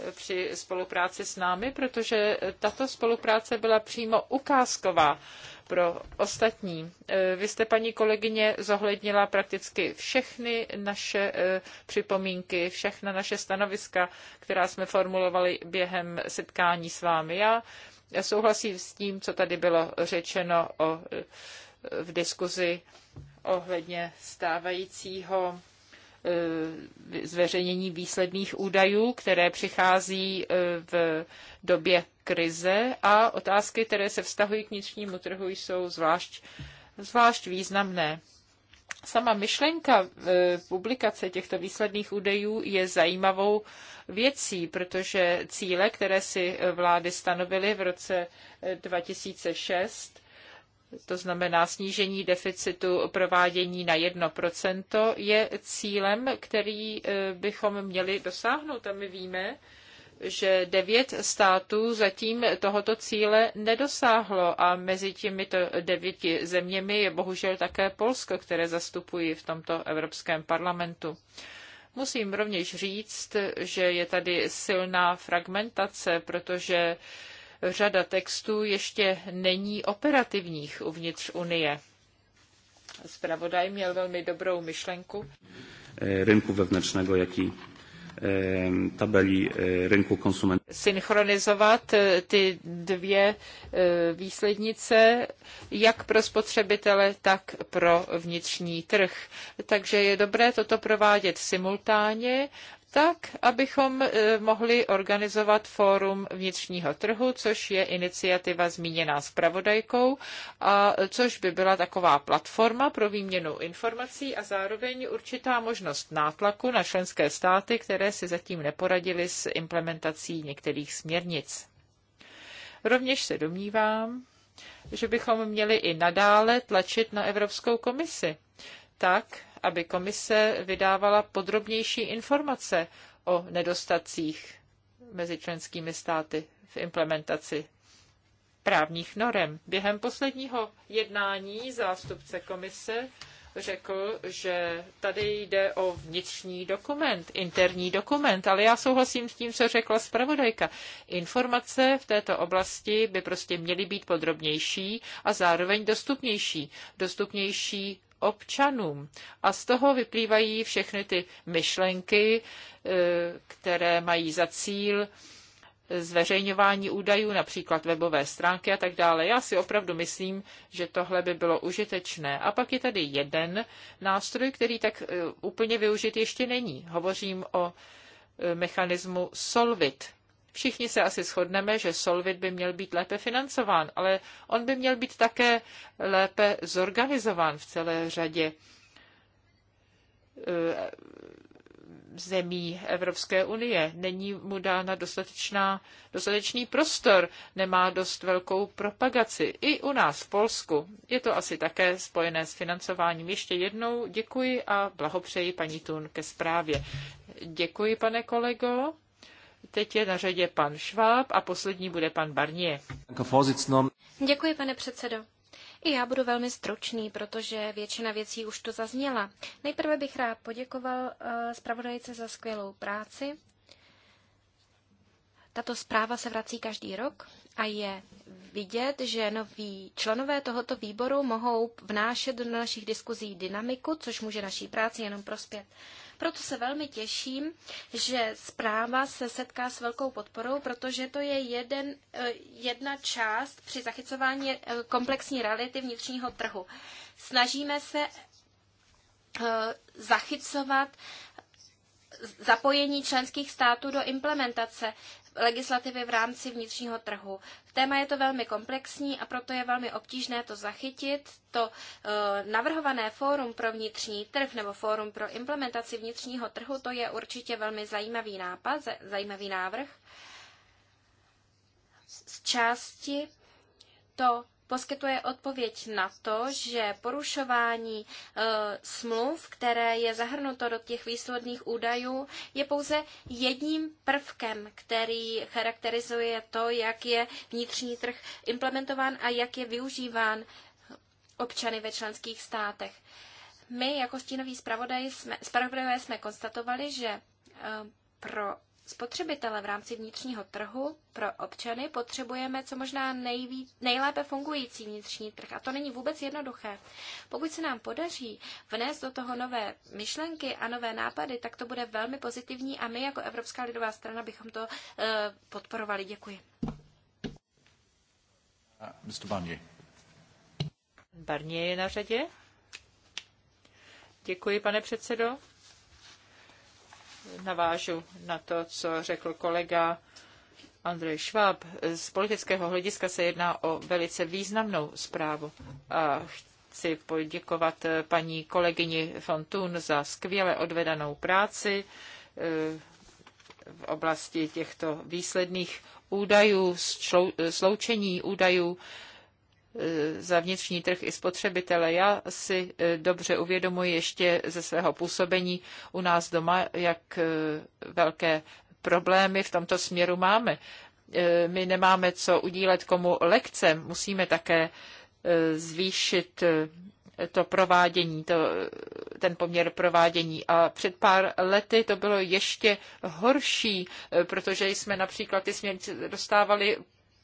eh, při spolupráci s námi, protože tato spolupráce byla přímo ukázková pro ostatní. Eh, vy jste, paní kolegyně, zohlednila prakticky všechny naše eh, připomínky, všechna naše stanoviska, která jsme formulovali během setkání s vámi. Já já souhlasím s tím, co tady bylo řečeno o, v diskuzi ohledně stávajícího e, zveřejnění výsledných údajů, které přichází e, v době krize a otázky, které se vztahují k vnitřnímu trhu, jsou zvlášť, zvlášť významné sama myšlenka e, publikace těchto výsledných údajů je zajímavou věcí, protože cíle, které si vlády stanovily v roce 2006, e, to znamená snížení deficitu provádění na 1%, je cílem, který e, bychom měli dosáhnout. A my víme, že devět států zatím tohoto cíle nedosáhlo a mezi těmito devěti zeměmi je bohužel také Polsko, které zastupují v tomto Evropském parlamentu. Musím rovněž říct, že je tady silná fragmentace, protože řada textů ještě není operativních uvnitř Unie. Zpravodaj měl velmi dobrou myšlenku. Eh, rynku wewnętrznego, jak i Eh, tabelí eh, rynku konsumentů. Synchronizovat eh, ty dvě výslednice, jak pro spotřebitele, tak pro vnitřní trh. Takže je dobré toto provádět simultánně tak, abychom eh, mohli organizovat fórum vnitřního trhu, což je iniciativa zmíněná zpravodajkou, a což by byla taková platforma pro výměnu informací a zároveň určitá možnost nátlaku na členské státy, které si zatím neporadily s implementací některých směrnic. Rovněž se domnívám, že bychom měli i nadále tlačit na Evropskou komisi tak, aby komise vydávala podrobnější informace o nedostacích mezi členskými státy v implementaci právních norem. Během posledního jednání zástupce komise řekl, že tady jde o vnitřní dokument, interní dokument, ale já souhlasím s tím, co řekla zpravodajka. Informace v této oblasti by prostě měly být podrobnější a zároveň dostupnější. Dostupnější občanům. A z toho vyplývají všechny ty myšlenky, e, které mají za cíl zveřejňování údajů, například webové stránky a tak dále. Já si opravdu myslím, že tohle by bylo užitečné. A pak je tady jeden nástroj, který tak e, úplně využit ještě není. Hovořím o e, mechanismu Solvit. Všichni se asi shodneme, že Solvit by měl být lépe financován, ale on by měl být také lépe zorganizován v celé řadě eh, zemí Evropské unie. Není mu dána dostatečná, dostatečný prostor, nemá dost velkou propagaci. I u nás v Polsku je to asi také spojené s financováním. Ještě jednou děkuji a blahopřeji paní Tun ke zprávě. Děkuji, pane kolego. Teď je na řadě pan Šváb a poslední bude pan Barnier. Děkuji, pane předsedo. I já budu velmi stručný, protože většina věcí už to zazněla. Nejprve bych rád poděkoval eh, zpravodajce za skvělou práci. Tato zpráva se vrací každý rok a je vidět, že noví členové tohoto výboru mohou vnášet do našich diskuzí dynamiku, což může naší práci jenom prospět. Proto se velmi těším, že zpráva se setká s velkou podporou, protože to je jeden, eh, jedna část při zachycování eh, komplexní reality vnitřního trhu. Snažíme se eh, zachycovat zapojení členských států do implementace legislativy v rámci vnitřního trhu. Téma je to velmi komplexní a proto je velmi obtížné to zachytit. To eh, navrhované fórum pro vnitřní trh nebo fórum pro implementaci vnitřního trhu, to je určitě velmi zajímavý nápad, zajímavý návrh. Z části to poskytuje odpověď na to, že porušování e, smluv, které je zahrnuto do těch výsledných údajů, je pouze jedním prvkem, který charakterizuje to, jak je vnitřní trh implementován a jak je využíván občany ve členských státech. My jako stínoví zpravodaj jsme, zpravodajové jsme konstatovali, že e, pro spotřebitele v rámci vnitřního trhu pro občany potřebujeme co možná nejví, nejlépe fungující vnitřní trh. A to není vůbec jednoduché. Pokud se nám podaří vnést do toho nové myšlenky a nové nápady, tak to bude velmi pozitivní a my jako Evropská lidová strana bychom to e, podporovali. Děkuji. Mr. Barnier. Barnier je na řadě. Děkuji, pane předsedo navážu na to, co řekl kolega Andrej Schwab. Z politického hlediska se jedná o velice významnou zprávu. A chci poděkovat eh, paní kolegyni Fontun za skvěle odvedanou práci eh, v oblasti těchto výsledných údajů, sloučení údajů za vnitřní trh i spotřebitele. Já si e, dobře uvědomuji ještě ze svého působení u nás doma, jak e, velké problémy v tomto směru máme. E, my nemáme co udílet komu lekce, musíme také zvýšit to provádění, to, ten poměr provádění. A před pár lety to bylo ještě horší, protože jsme například ty směrnice dostávali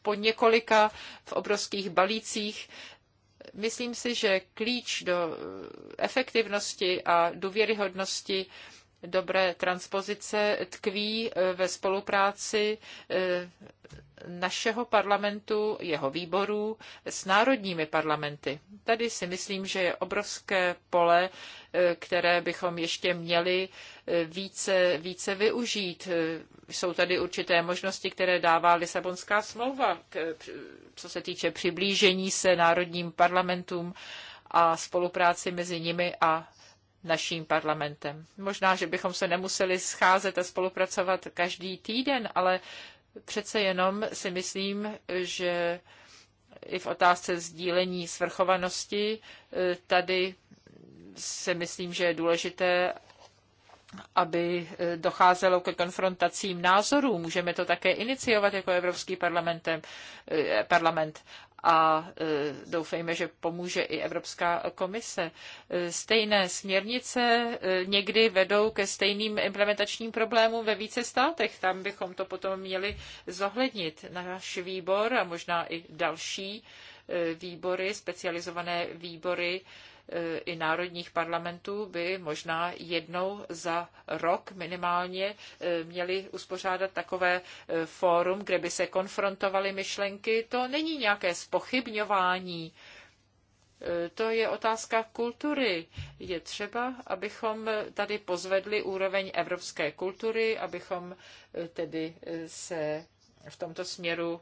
po několika v obrovských balících. Myslím si, že klíč do eh, efektivnosti a důvěryhodnosti dobré transpozice tkví e, ve spolupráci e, našeho parlamentu, jeho výborů s národními parlamenty. Tady si myslím, že je obrovské pole, e, které bychom ještě měli více, více využít. Jsou tady určité možnosti, které dává Lisabonská smlouva, co se týče přiblížení se národním parlamentům a spolupráci mezi nimi a naším parlamentem. Možná, že bychom se nemuseli scházet a spolupracovat každý týden, ale přece jenom si myslím, že i v otázce sdílení svrchovanosti eh, tady si myslím, že je důležité, aby eh, docházelo ke konfrontacím názorů. Můžeme to také iniciovat jako Evropský parlamentem, eh, parlament a e, doufejme, že pomůže i Evropská komise. E, stejné směrnice e, někdy vedou ke stejným implementačním problémům ve více státech. Tam bychom to potom měli zohlednit. Náš výbor a možná i další výbory, specializované výbory, Eh, i národních parlamentů by možná jednou za rok minimálně eh, měli uspořádat takové eh, fórum, kde by se konfrontovaly myšlenky. To není nějaké spochybňování to je otázka kultury. Je třeba, abychom tady pozvedli úroveň evropské kultury, abychom tedy se v tomto směru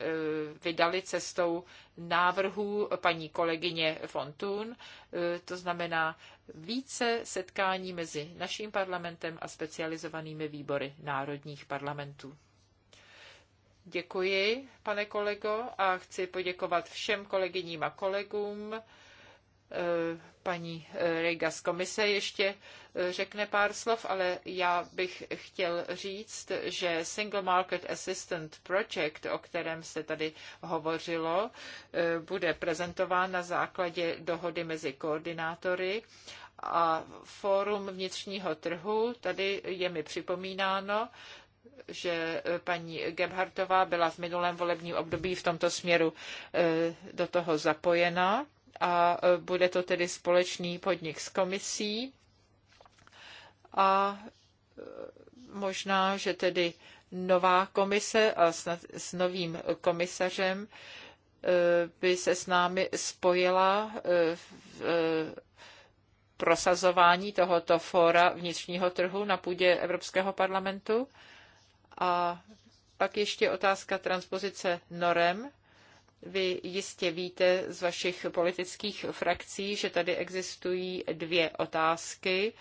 Eh, vydali cestou návrhů paní kolegyně Fontun, eh, to znamená více setkání mezi naším parlamentem a specializovanými výbory národních parlamentů. Děkuji, pane kolego, a chci poděkovat všem kolegyním a kolegům Eh, paní eh, Rega z komise ještě eh, řekne pár slov, ale já bych chtěl říct, že Single Market Assistant Project, o kterém se tady hovořilo, bude prezentován na základě dohody mezi koordinátory a Fórum vnitřního trhu, tady je mi připomínáno, že paní Gebhartová byla v minulém volebním období v tomto směru do toho zapojena a e, bude to tedy společný podnik s komisí. A e, možná, že tedy nová komise a snad s novým komisařem e, by se s námi spojila v prosazování tohoto fóra vnitřního trhu na půdě Evropského parlamentu. A pak ještě otázka transpozice norem. Vy jistě víte z vašich politických frakcí, že tady existují dvě otázky,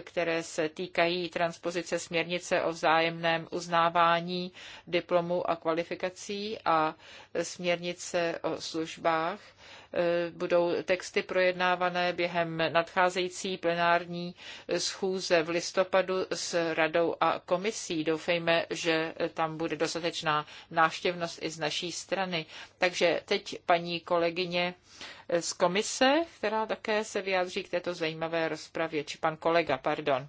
které se týkají transpozice směrnice o vzájemném uznávání diplomů a kvalifikací a směrnice o službách. Eh, budou texty projednávané během nadcházející plenární schůze v listopadu s radou a komisí. Doufejme, že tam bude dostatečná návštěvnost i z naší strany. Takže teď paní kolegyně z komise, která také se vyjádří k této zajímavé rozpravě, či pan kolega, pardon.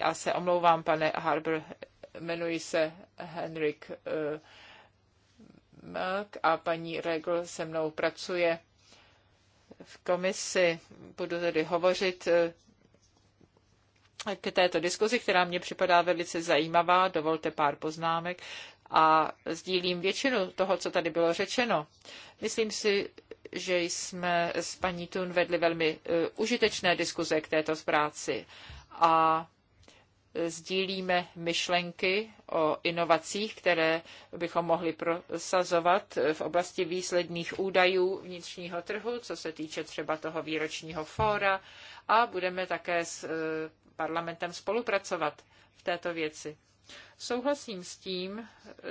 Já se omlouvám, pane Harbour, jmenuji se Henrik. Uh, Milk a paní Regl se mnou pracuje v komisi. Budu tedy hovořit eh, k této diskuzi, která mě připadá velice zajímavá. Dovolte pár poznámek a sdílím většinu toho, co tady bylo řečeno. Myslím si, že jsme s paní Tun vedli velmi eh, užitečné diskuze k této zpráci a sdílíme myšlenky o inovacích, které bychom mohli prosazovat v oblasti výsledných údajů vnitřního trhu, co se týče třeba toho výročního fóra a budeme také s e, parlamentem spolupracovat v této věci. Souhlasím s tím,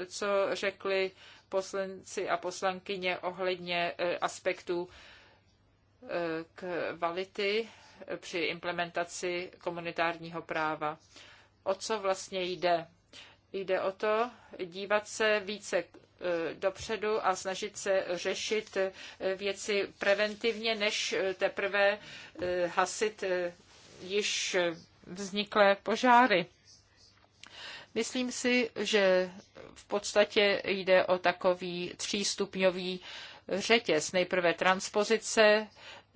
co řekli poslanci a poslankyně ohledně e, aspektů e, kvality při implementaci komunitárního práva o co vlastně jde. Jde o to dívat se více eh, dopředu a snažit se řešit eh, věci preventivně, než eh, teprve hasit již vzniklé požáry. Myslím si, že v podstatě jde o takový třístupňový řetěz. Nejprve transpozice,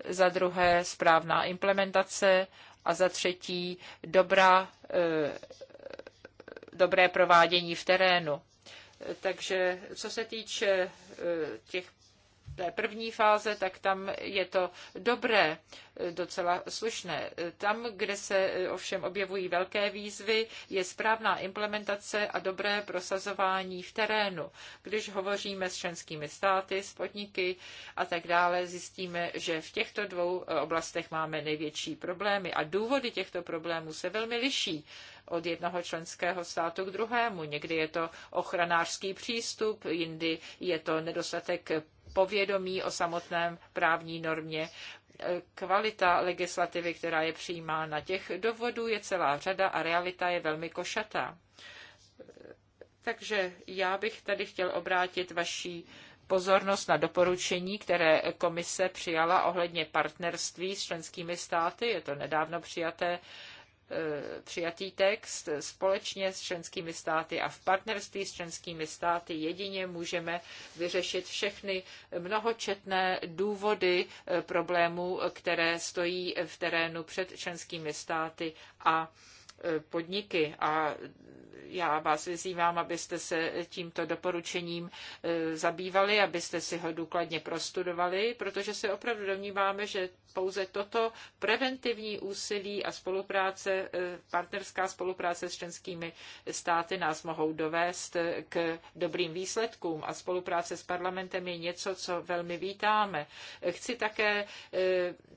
za druhé správná implementace a za třetí dobrá, eh, dobré provádění v terénu. Takže co se týče eh, těch té první fáze, tak tam je to dobré, eh, docela slušné. Eh, tam, kde se eh, ovšem objevují velké výzvy, je správná implementace a dobré prosazování v terénu. Když hovoříme s členskými státy, s podniky a tak dále, zjistíme, že v těchto dvou oblastech máme největší problémy a důvody těchto problémů se velmi liší od jednoho členského státu k druhému. Někdy je to ochranářský přístup, jindy je to nedostatek povědomí o samotném právní normě. Kvalita legislativy, která je přijímána, těch dovodů je celá řada a realita je velmi košatá. Takže já bych tady chtěl obrátit vaší pozornost na doporučení, které komise přijala ohledně partnerství s členskými státy. Je to nedávno přijaté Eh, přijatý text společně s členskými státy a v partnerství s členskými státy jedině můžeme vyřešit všechny mnohočetné důvody eh, problémů, které stojí v terénu před členskými státy a podniky a já vás vyzývám, abyste se tímto doporučením e, zabývali, abyste si ho důkladně prostudovali, protože se opravdu domníváme, že pouze toto preventivní úsilí a spolupráce, e, partnerská spolupráce s členskými státy nás mohou dovést e, k dobrým výsledkům a spolupráce s parlamentem je něco, co velmi vítáme. Chci také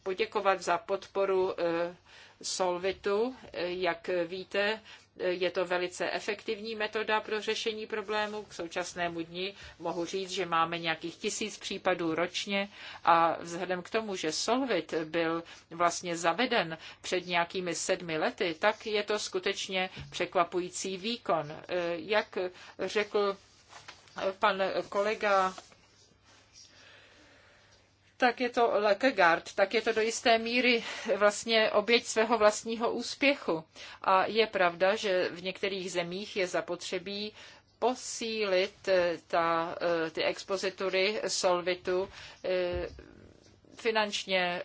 poděkovat za podporu Solvitu. Jak víte, je to velice efektivní metoda pro řešení problémů. K současnému dni mohu říct, že máme nějakých tisíc případů ročně a vzhledem k tomu, že Solvit byl vlastně zaveden před nějakými sedmi lety, tak je to skutečně překvapující výkon. Jak řekl pan kolega tak je to Lekegard, tak je to do jisté míry vlastně oběť svého vlastního úspěchu. A je pravda, že v některých zemích je zapotřebí posílit eh, ta, eh, ty expozitury Solvitu eh, finančně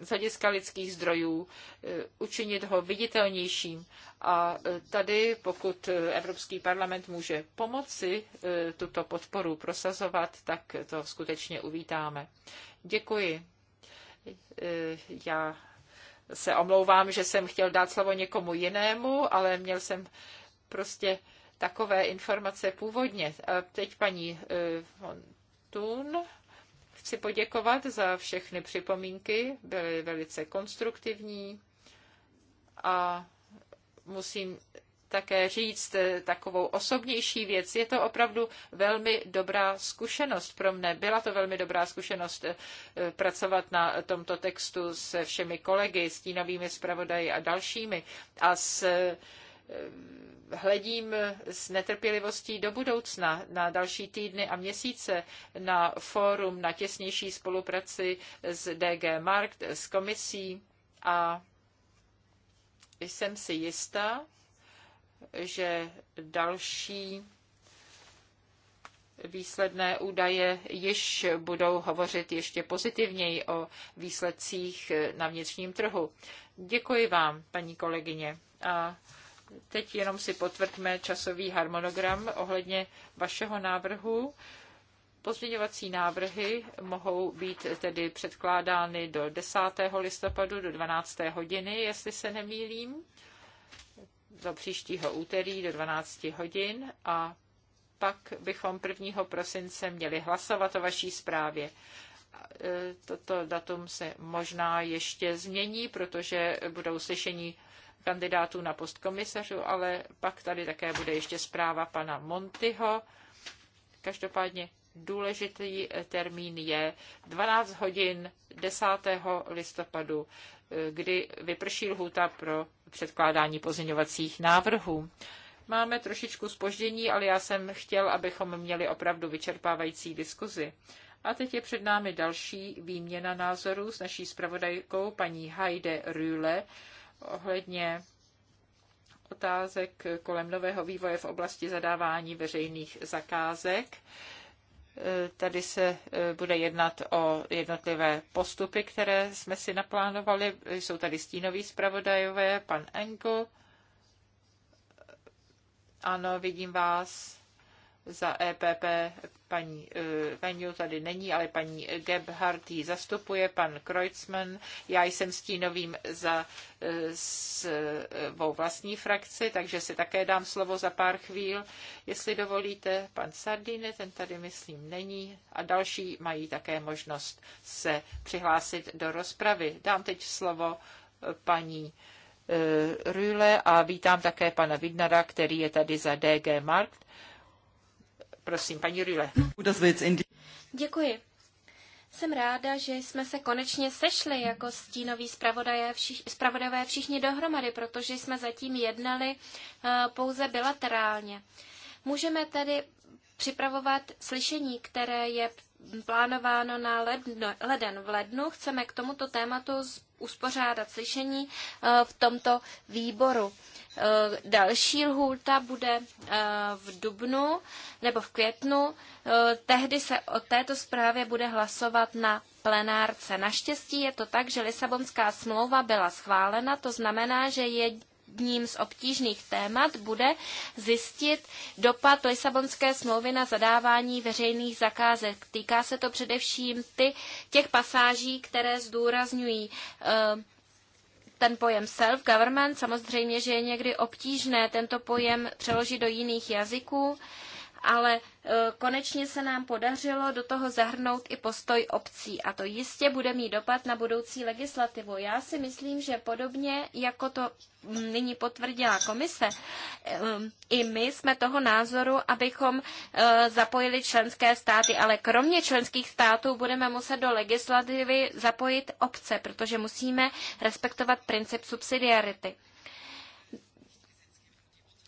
z hlediska lidských zdrojů, eh, učinit ho viditelnějším. A eh, tady, pokud eh, Evropský parlament může pomoci tuto podporu prosazovat, tak to skutečně uvítáme. Děkuji. Já se omlouvám, že jsem chtěl dát slovo někomu jinému, ale měl jsem prostě takové informace původně. teď paní von Thun. Chci poděkovat za všechny připomínky, byly velice konstruktivní a musím také říct takovou osobnější věc. Je to opravdu velmi dobrá zkušenost pro mne. Byla to velmi dobrá zkušenost eh, pracovat na tomto textu se všemi kolegy, stínovými zpravodaji a dalšími a s hledím s netrpělivostí do budoucna na další týdny a měsíce na fórum na těsnější spolupráci s DG Markt, s komisí a jsem si jistá, že další výsledné údaje již budou hovořit ještě pozitivněji o výsledcích na vnitřním trhu. Děkuji vám, paní kolegyně. A Teď jenom si potvrďme časový harmonogram ohledně vašeho návrhu. Pozměňovací návrhy mohou být tedy předkládány do 10. listopadu do 12. hodiny, jestli se nemýlím, do příštího úterý do 12 hodin a pak bychom 1. prosince měli hlasovat o vaší zprávě. Toto datum se možná ještě změní, protože budou slyšení kandidátů na post komisařů, ale pak tady také bude ještě zpráva pana Montyho. Každopádně důležitý eh, termín je 12 hodin 10. listopadu, eh, kdy vyprší lhůta pro předkládání pozměňovacích návrhů. Máme trošičku spoždění, ale já jsem chtěl, abychom měli opravdu vyčerpávající diskuzi. A teď je před námi další výměna názorů s naší zpravodajkou paní Heide Rühle ohledně otázek kolem nového vývoje v oblasti zadávání veřejných zakázek. Tady se eh, bude jednat o jednotlivé postupy, které jsme si naplánovali. Jsou tady stínoví zpravodajové, pan Engel. Ano, vidím vás za EPP paní eh, Venio tady není, ale paní Gebhardt ji zastupuje, pan Kreutzmann. Já jsem stínovým za eh, svou vlastní frakci, takže si také dám slovo za pár chvíl. Jestli dovolíte, pan Sardine, ten tady myslím není a další mají také možnost se přihlásit do rozpravy. Dám teď slovo eh, paní Rühle a vítám také pana Vidnara, který je tady za DG Markt Prosím, paní Rüle. Děkuji. Jsem ráda, že jsme se konečně sešli jako stínoví všichni, zpravodajové všichni dohromady, protože jsme zatím jednali eh, pouze bilaterálně. Můžeme tedy připravovat slyšení, které je plánováno na ledno, leden. V lednu chceme k tomuto tématu uspořádat slyšení eh, v tomto výboru. Eh, další lhůta bude eh, v dubnu nebo v květnu. Eh, tehdy se o této zprávě bude hlasovat na plenárce. Naštěstí je to tak, že Lisabonská smlouva byla schválena, to znamená, že je jedním z obtížných témat bude zjistit dopad Lisabonské smlouvy na zadávání veřejných zakázek. Týká se to především ty, těch pasáží, které zdůrazňují ten pojem self-government. Samozřejmě, že je někdy obtížné tento pojem přeložit do jiných jazyků ale e, konečně se nám podařilo do toho zahrnout i postoj obcí a to jistě bude mít dopad na budoucí legislativu. Já si myslím, že podobně jako to mm, nyní potvrdila komise, e, mm, i my jsme toho názoru, abychom e, zapojili členské státy, ale kromě členských států budeme muset do legislativy zapojit obce, protože musíme respektovat princip subsidiarity.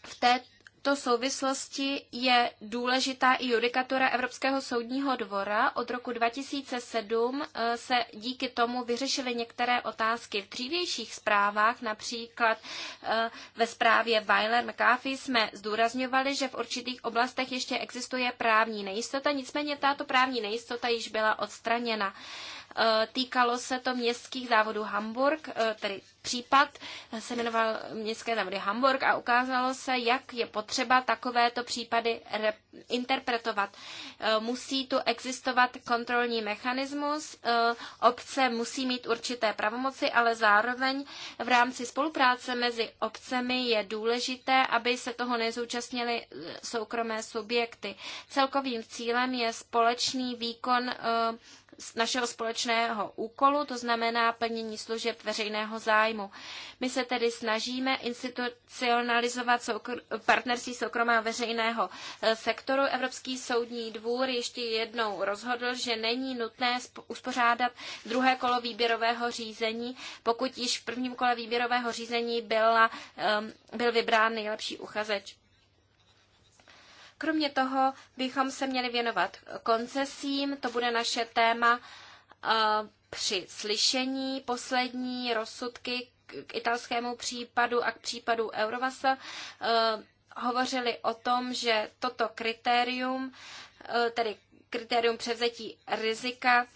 V té této souvislosti je důležitá i judikatura Evropského soudního dvora. Od roku 2007 eh, se díky tomu vyřešily některé otázky. V dřívějších zprávách, například eh, ve zprávě Weiler McAfee, jsme zdůrazňovali, že v určitých oblastech ještě existuje právní nejistota, nicméně tato právní nejistota již byla odstraněna. Eh, týkalo se to městských závodů Hamburg, eh, tedy případ se jmenoval Městské závody Hamburg a ukázalo se, jak je potřeba takovéto případy interpretovat. Eh, musí tu existovat kontrolní mechanismus, obce musí mít určité pravomoci, ale zároveň v rámci spolupráce mezi obcemi je důležité, aby se toho nezúčastnili soukromé subjekty. Celkovým cílem je společný výkon našeho společného úkolu, to znamená plnění služeb veřejného zájmu. My se tedy snažíme institucionalizovat soukr- partnerství soukromého veřejného eh, sektoru. Evropský soudní dvůr ještě jednou rozhodl, že není nutné uspořádat druhé kolo výběrového řízení, pokud již v prvním kole výběrového řízení byla, ehm, byl vybrán nejlepší uchazeč. Kromě toho bychom se měli věnovat koncesím, to bude naše téma eh, při slyšení poslední rozsudky k italskému případu a k případu Eurovasa eh, hovořili o tom, že toto kritérium, eh, tedy kritérium převzetí rizika,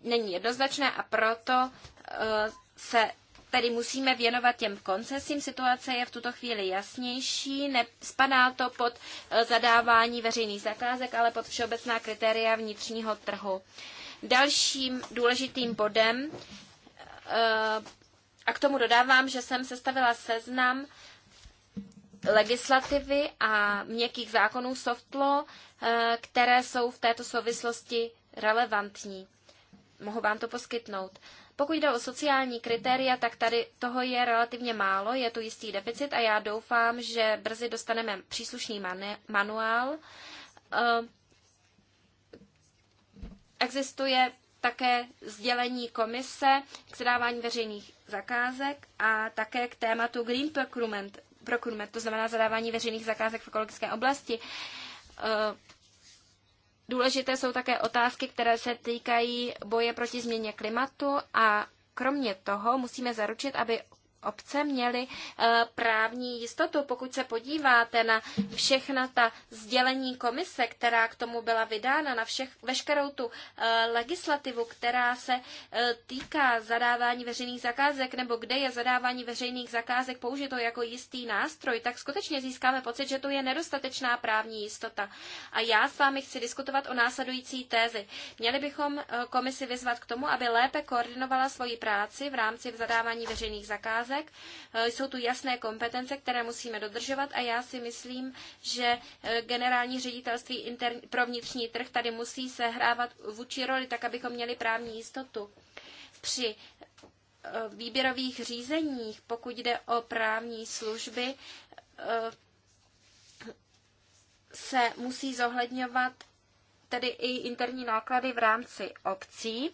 není jednoznačné a proto se tedy musíme věnovat těm koncesím. Situace je v tuto chvíli jasnější, nespadá to pod eh, zadávání veřejných zakázek, ale pod všeobecná kritéria vnitřního trhu. Dalším důležitým bodem, eh, a k tomu dodávám, že jsem sestavila seznam legislativy a měkkých zákonů soft law, eh, které jsou v této souvislosti relevantní. Mohu vám to poskytnout. Pokud jde o sociální kritéria, tak tady toho je relativně málo, je tu jistý deficit a já doufám, že brzy dostaneme příslušný manuál. Eh, existuje také sdělení komise k zadávání veřejných zakázek a také k tématu Green Procurement, procurement to znamená zadávání veřejných zakázek v ekologické oblasti. Eh, Důležité jsou také otázky, které se týkají boje proti změně klimatu a kromě toho musíme zaručit, aby obce měly eh, právní jistotu. Pokud se podíváte na všechna ta sdělení komise, která k tomu byla vydána, na všech, veškerou tu eh, legislativu, která se eh, týká zadávání veřejných zakázek, nebo kde je zadávání veřejných zakázek použito jako jistý nástroj, tak skutečně získáme pocit, že to je nedostatečná právní jistota. A já s vámi chci diskutovat o následující tézi. Měli bychom komisi vyzvat k tomu, aby lépe koordinovala svoji práci v rámci zadávání veřejných zakázek závazek. Eh, jsou tu jasné kompetence, které musíme dodržovat a já si myslím, že eh, generální ředitelství pro vnitřní trh tady musí sehrávat vůči roli, tak abychom měli právní jistotu. Při eh, výběrových řízeních, pokud jde o právní služby, se musí zohledňovat tedy i interní náklady v rámci obcí.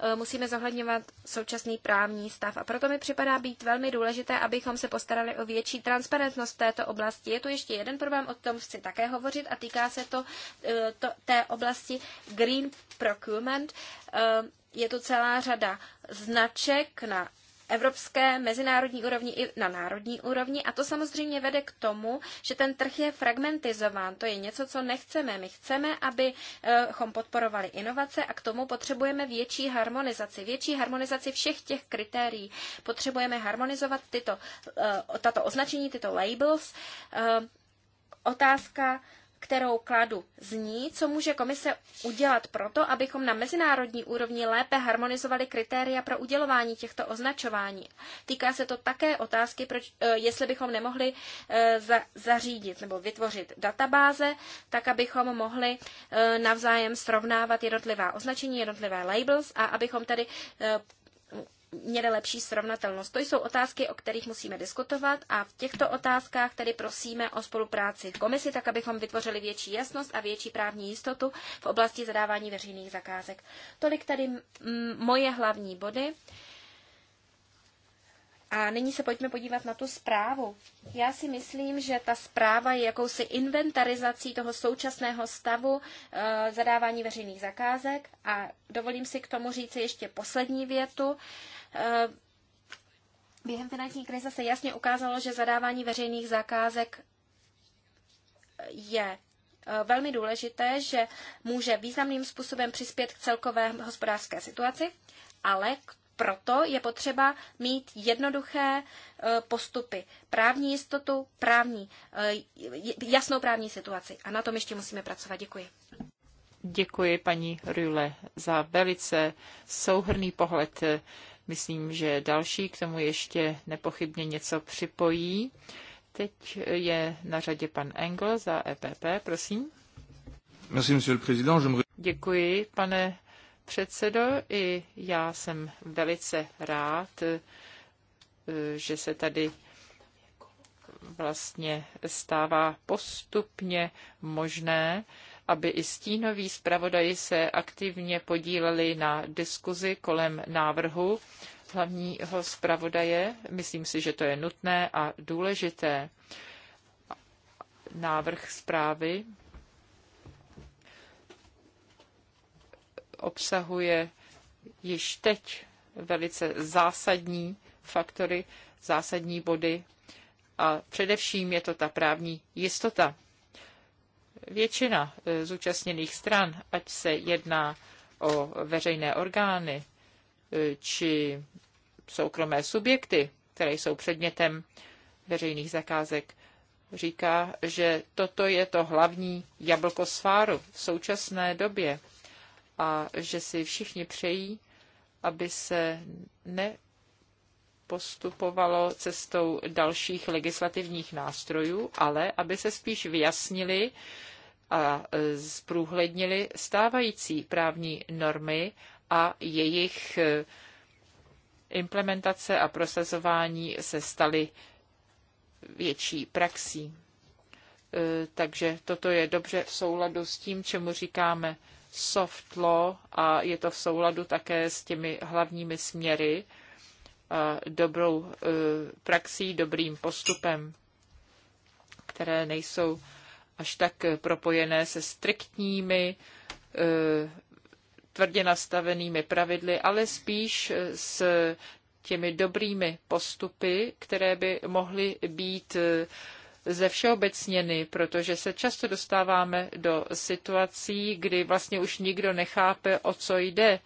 Eh, musíme zohledňovat současný právní stav. A proto mi připadá být velmi důležité, abychom se postarali o větší transparentnost v této oblasti. Je tu ještě jeden problém, o tom chci také hovořit a týká se to, eh, to té oblasti Green Procurement. Eh, je tu celá řada značek na evropské, mezinárodní úrovni i na národní úrovni. A to samozřejmě vede k tomu, že ten trh je fragmentizován. To je něco, co nechceme. My chceme, abychom eh, podporovali inovace a k tomu potřebujeme větší harmonizaci. Větší harmonizaci všech těch kritérií. Potřebujeme harmonizovat tyto, eh, tato označení, tyto labels. Eh, otázka kterou kladu, zní, co může komise udělat proto, abychom na mezinárodní úrovni lépe harmonizovali kritéria pro udělování těchto označování. Týká se to také otázky, proč, eh, jestli bychom nemohli eh, zařídit nebo vytvořit databáze, tak abychom mohli eh, navzájem srovnávat jednotlivá označení, jednotlivé labels a abychom tedy měli lepší srovnatelnost. To jsou otázky, o kterých musíme diskutovat a v těchto otázkách tedy prosíme o spolupráci komisi, tak abychom vytvořili větší jasnost a větší právní jistotu v oblasti zadávání veřejných zakázek. Tolik tedy moje hlavní body. A nyní se pojďme podívat na tu zprávu. Já si myslím, že ta zpráva je jakousi inventarizací toho současného stavu e, zadávání veřejných zakázek a dovolím si k tomu říct ještě poslední větu. E, během finanční krize se jasně ukázalo, že zadávání veřejných zakázek je eh, velmi důležité, že může významným způsobem přispět k celkové hospodářské situaci, ale k proto je potřeba mít jednoduché e, postupy, právní jistotu, právní, e, jasnou právní situaci. A na tom ještě musíme pracovat. Děkuji. Děkuji paní Rule, za velice souhrný pohled. Myslím, že další k tomu ještě nepochybně něco připojí. Teď je na řadě pan Engel za EPP, prosím. Děkuji, pane předsedo, i já jsem velice rád, eh, že se tady vlastně stává postupně možné, aby i stínoví zpravodaji se aktivně podíleli na diskuzi kolem návrhu hlavního zpravodaje. Myslím si, že to je nutné a důležité. Návrh zprávy obsahuje již teď velice zásadní faktory, zásadní body a především je to ta právní jistota. Většina e, zúčastněných stran, ať se jedná o veřejné orgány e, či soukromé subjekty, které jsou předmětem veřejných zakázek, říká, že toto je to hlavní jablko sváru v současné době a že si všichni přejí, aby se ne postupovalo cestou dalších legislativních nástrojů, ale aby se spíš vyjasnili a e, zprůhlednili stávající právní normy a jejich e, implementace a prosazování se staly větší praxí. E, takže toto je dobře v souladu s tím, čemu říkáme soft law a je to v souladu také s těmi hlavními směry a dobrou e, praxí, dobrým postupem, které nejsou až tak propojené se striktními, e, tvrdě nastavenými pravidly, ale spíš e, s těmi dobrými postupy, které by mohly být ze všeobecněny, protože se často dostáváme do situací, kdy vlastně už nikdo nechápe, o co jde.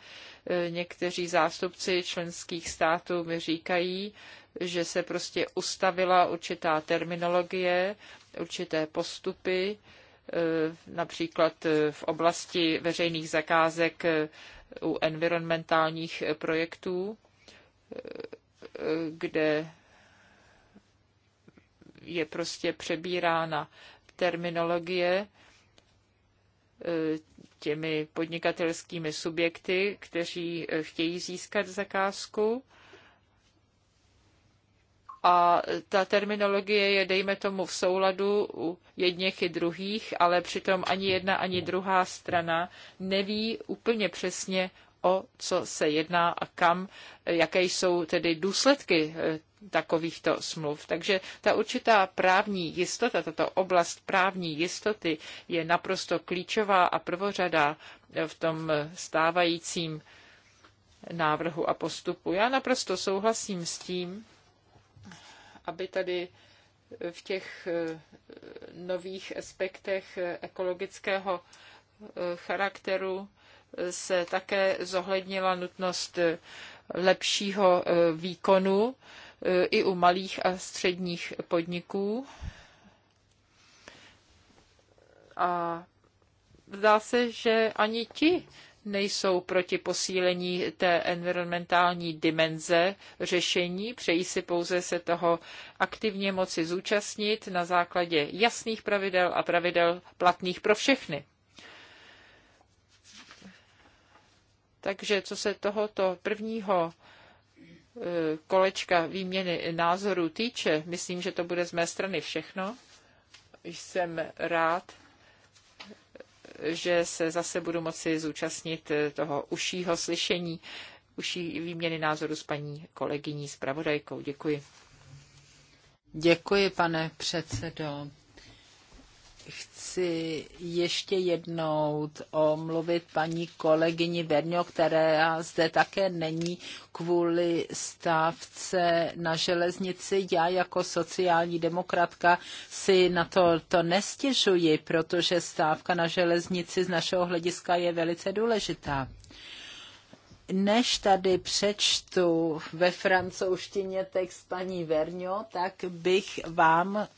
E, někteří zástupci členských států mi říkají, že se prostě ustavila určitá terminologie, určité postupy, e, například e, v oblasti veřejných zakázek u environmentálních projektů, kde je prostě přebírána terminologie e, těmi podnikatelskými subjekty, kteří e, chtějí získat zakázku. A ta terminologie je, dejme tomu, v souladu u jedněch i druhých, ale přitom ani jedna, ani druhá strana neví úplně přesně, o co se jedná a kam, jaké jsou tedy důsledky eh, takovýchto smluv. Takže ta určitá právní jistota, tato oblast právní jistoty je naprosto klíčová a prvořadá eh, v tom eh, stávajícím návrhu a postupu. Já naprosto souhlasím s tím, aby tady v těch nových aspektech ekologického charakteru se také zohlednila nutnost lepšího eh, výkonu eh, i u malých a středních podniků. A zdá se, že ani ti nejsou proti posílení té environmentální dimenze řešení, přejí si pouze se toho aktivně moci zúčastnit na základě jasných pravidel a pravidel platných pro všechny. Takže co se tohoto prvního e, kolečka výměny názorů týče, myslím, že to bude z mé strany všechno. Jsem rád, že se zase budu moci zúčastnit e, toho užšího slyšení, užší výměny názoru s paní kolegyní zpravodajkou. Děkuji. Děkuji, pane předsedo chci ještě jednou omluvit paní kolegyni Verňo, která zde také není kvůli stávce na železnici. Já jako sociální demokratka si na to, to nestěžuji, protože stávka na železnici z našeho hlediska je velice důležitá než tady přečtu ve francouzštině text paní Verňo, tak bych vám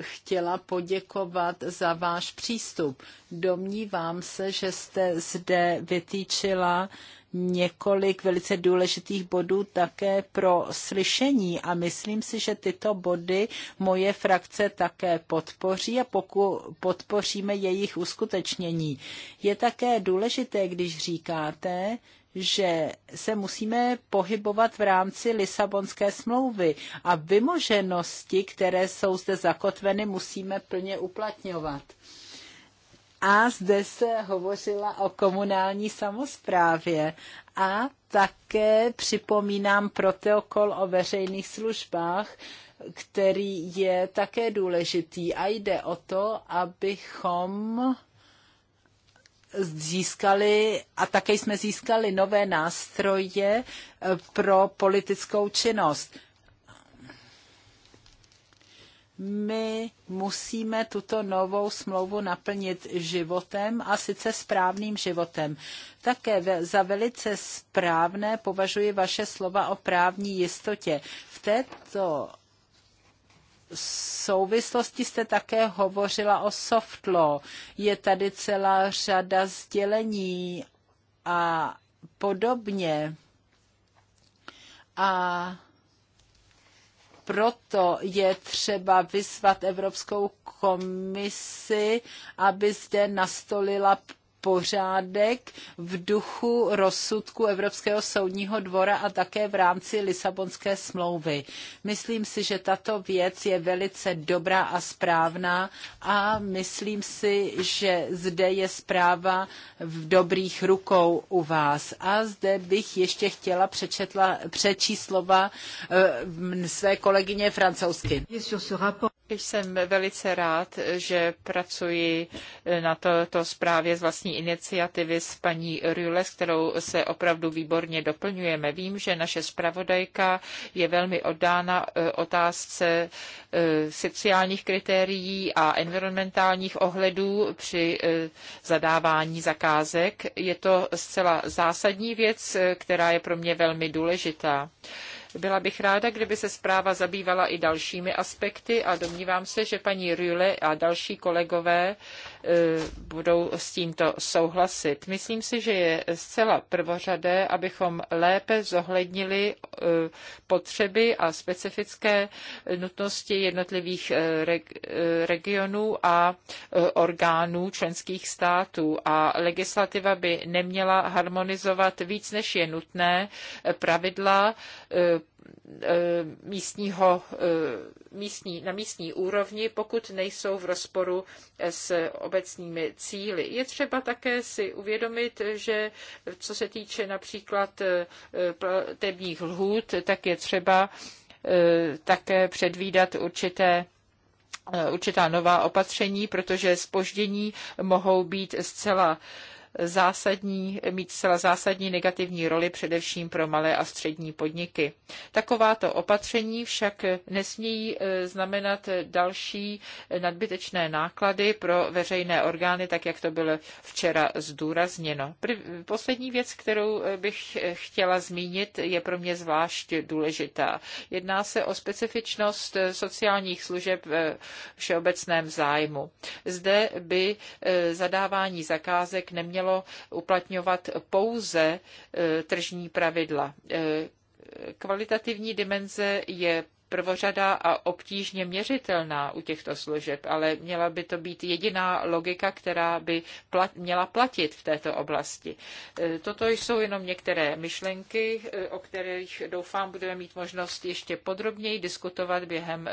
chtěla poděkovat za váš přístup. Domnívám se, že jste zde vytýčila několik velice důležitých bodů také pro slyšení a myslím si, že tyto body moje frakce také podpoří a pokud podpoříme jejich uskutečnění. Je také důležité, když říkáte, že se musíme pohybovat v rámci Lisabonské smlouvy a vymoženosti, které jsou zde zakotveny, musíme plně uplatňovat. A zde se hovořila o komunální samozprávě a také připomínám protokol o veřejných službách, který je také důležitý a jde o to, abychom získali a také jsme získali nové nástroje eh, pro politickou činnost. My musíme tuto novou smlouvu naplnit životem a sice správným životem. Také za velice správné považuji vaše slova o právní jistotě. V této souvislosti jste také hovořila o soft law. Je tady celá řada sdělení a podobně. A proto je třeba vyzvat Evropskou komisi, aby zde nastolila pořádek v duchu rozsudku Evropského soudního dvora a také v rámci Lisabonské smlouvy. Myslím si, že tato věc je velice dobrá a správná a myslím si, že zde je zpráva v dobrých rukou u vás. A zde bych ještě chtěla přečetla, přečíst slova eh, své kolegyně francouzsky. Jsem velice rád, že pracuji na této zprávě z vlastní iniciativy s paní Rule, s kterou se opravdu výborně doplňujeme. Vím, že naše zpravodajka je velmi oddána e, otázce e, sociálních kritérií a environmentálních ohledů při e, zadávání zakázek. Je to zcela zásadní věc, která je pro mě velmi důležitá. Byla bych ráda, kdyby se zpráva zabývala i dalšími aspekty a domnívám se, že paní Rüle a další kolegové budou s tímto souhlasit. Myslím si, že je zcela prvořadé, abychom lépe zohlednili e, potřeby a specifické nutnosti jednotlivých e, e, regionů a orgánů členských států a legislativa by neměla harmonizovat víc, než je nutné pravidla místního, místní, na místní úrovni, pokud nejsou v rozporu s obecným obecnými cíly. Je třeba také si uvědomit, že co se týče například eh, platebních lhůt, tak je třeba eh, také předvídat určité eh, určitá nová opatření, protože spoždění mohou být zcela uh, zásadní, mít zcela zásadní negativní roli především pro malé a střední podniky. Takováto opatření však nesmějí e, znamenat další nadbytečné náklady pro veřejné orgány, tak jak to bylo včera zdůrazněno. Poslední věc, kterou e, bych e, chtěla zmínit, je pro mě zvlášť důležitá. Jedná se o specifičnost sociálních služeb ve všeobecném zájmu. Zde by zadávání zakázek nemělo mělo uplatňovat pouze e, tržní pravidla. E, kvalitativní dimenze je prvořada a obtížně měřitelná u těchto služeb, ale měla by to být jediná logika, která by plat, měla platit v této oblasti. E, toto jsou jenom některé myšlenky, o kterých doufám budeme mít možnost ještě podrobněji diskutovat během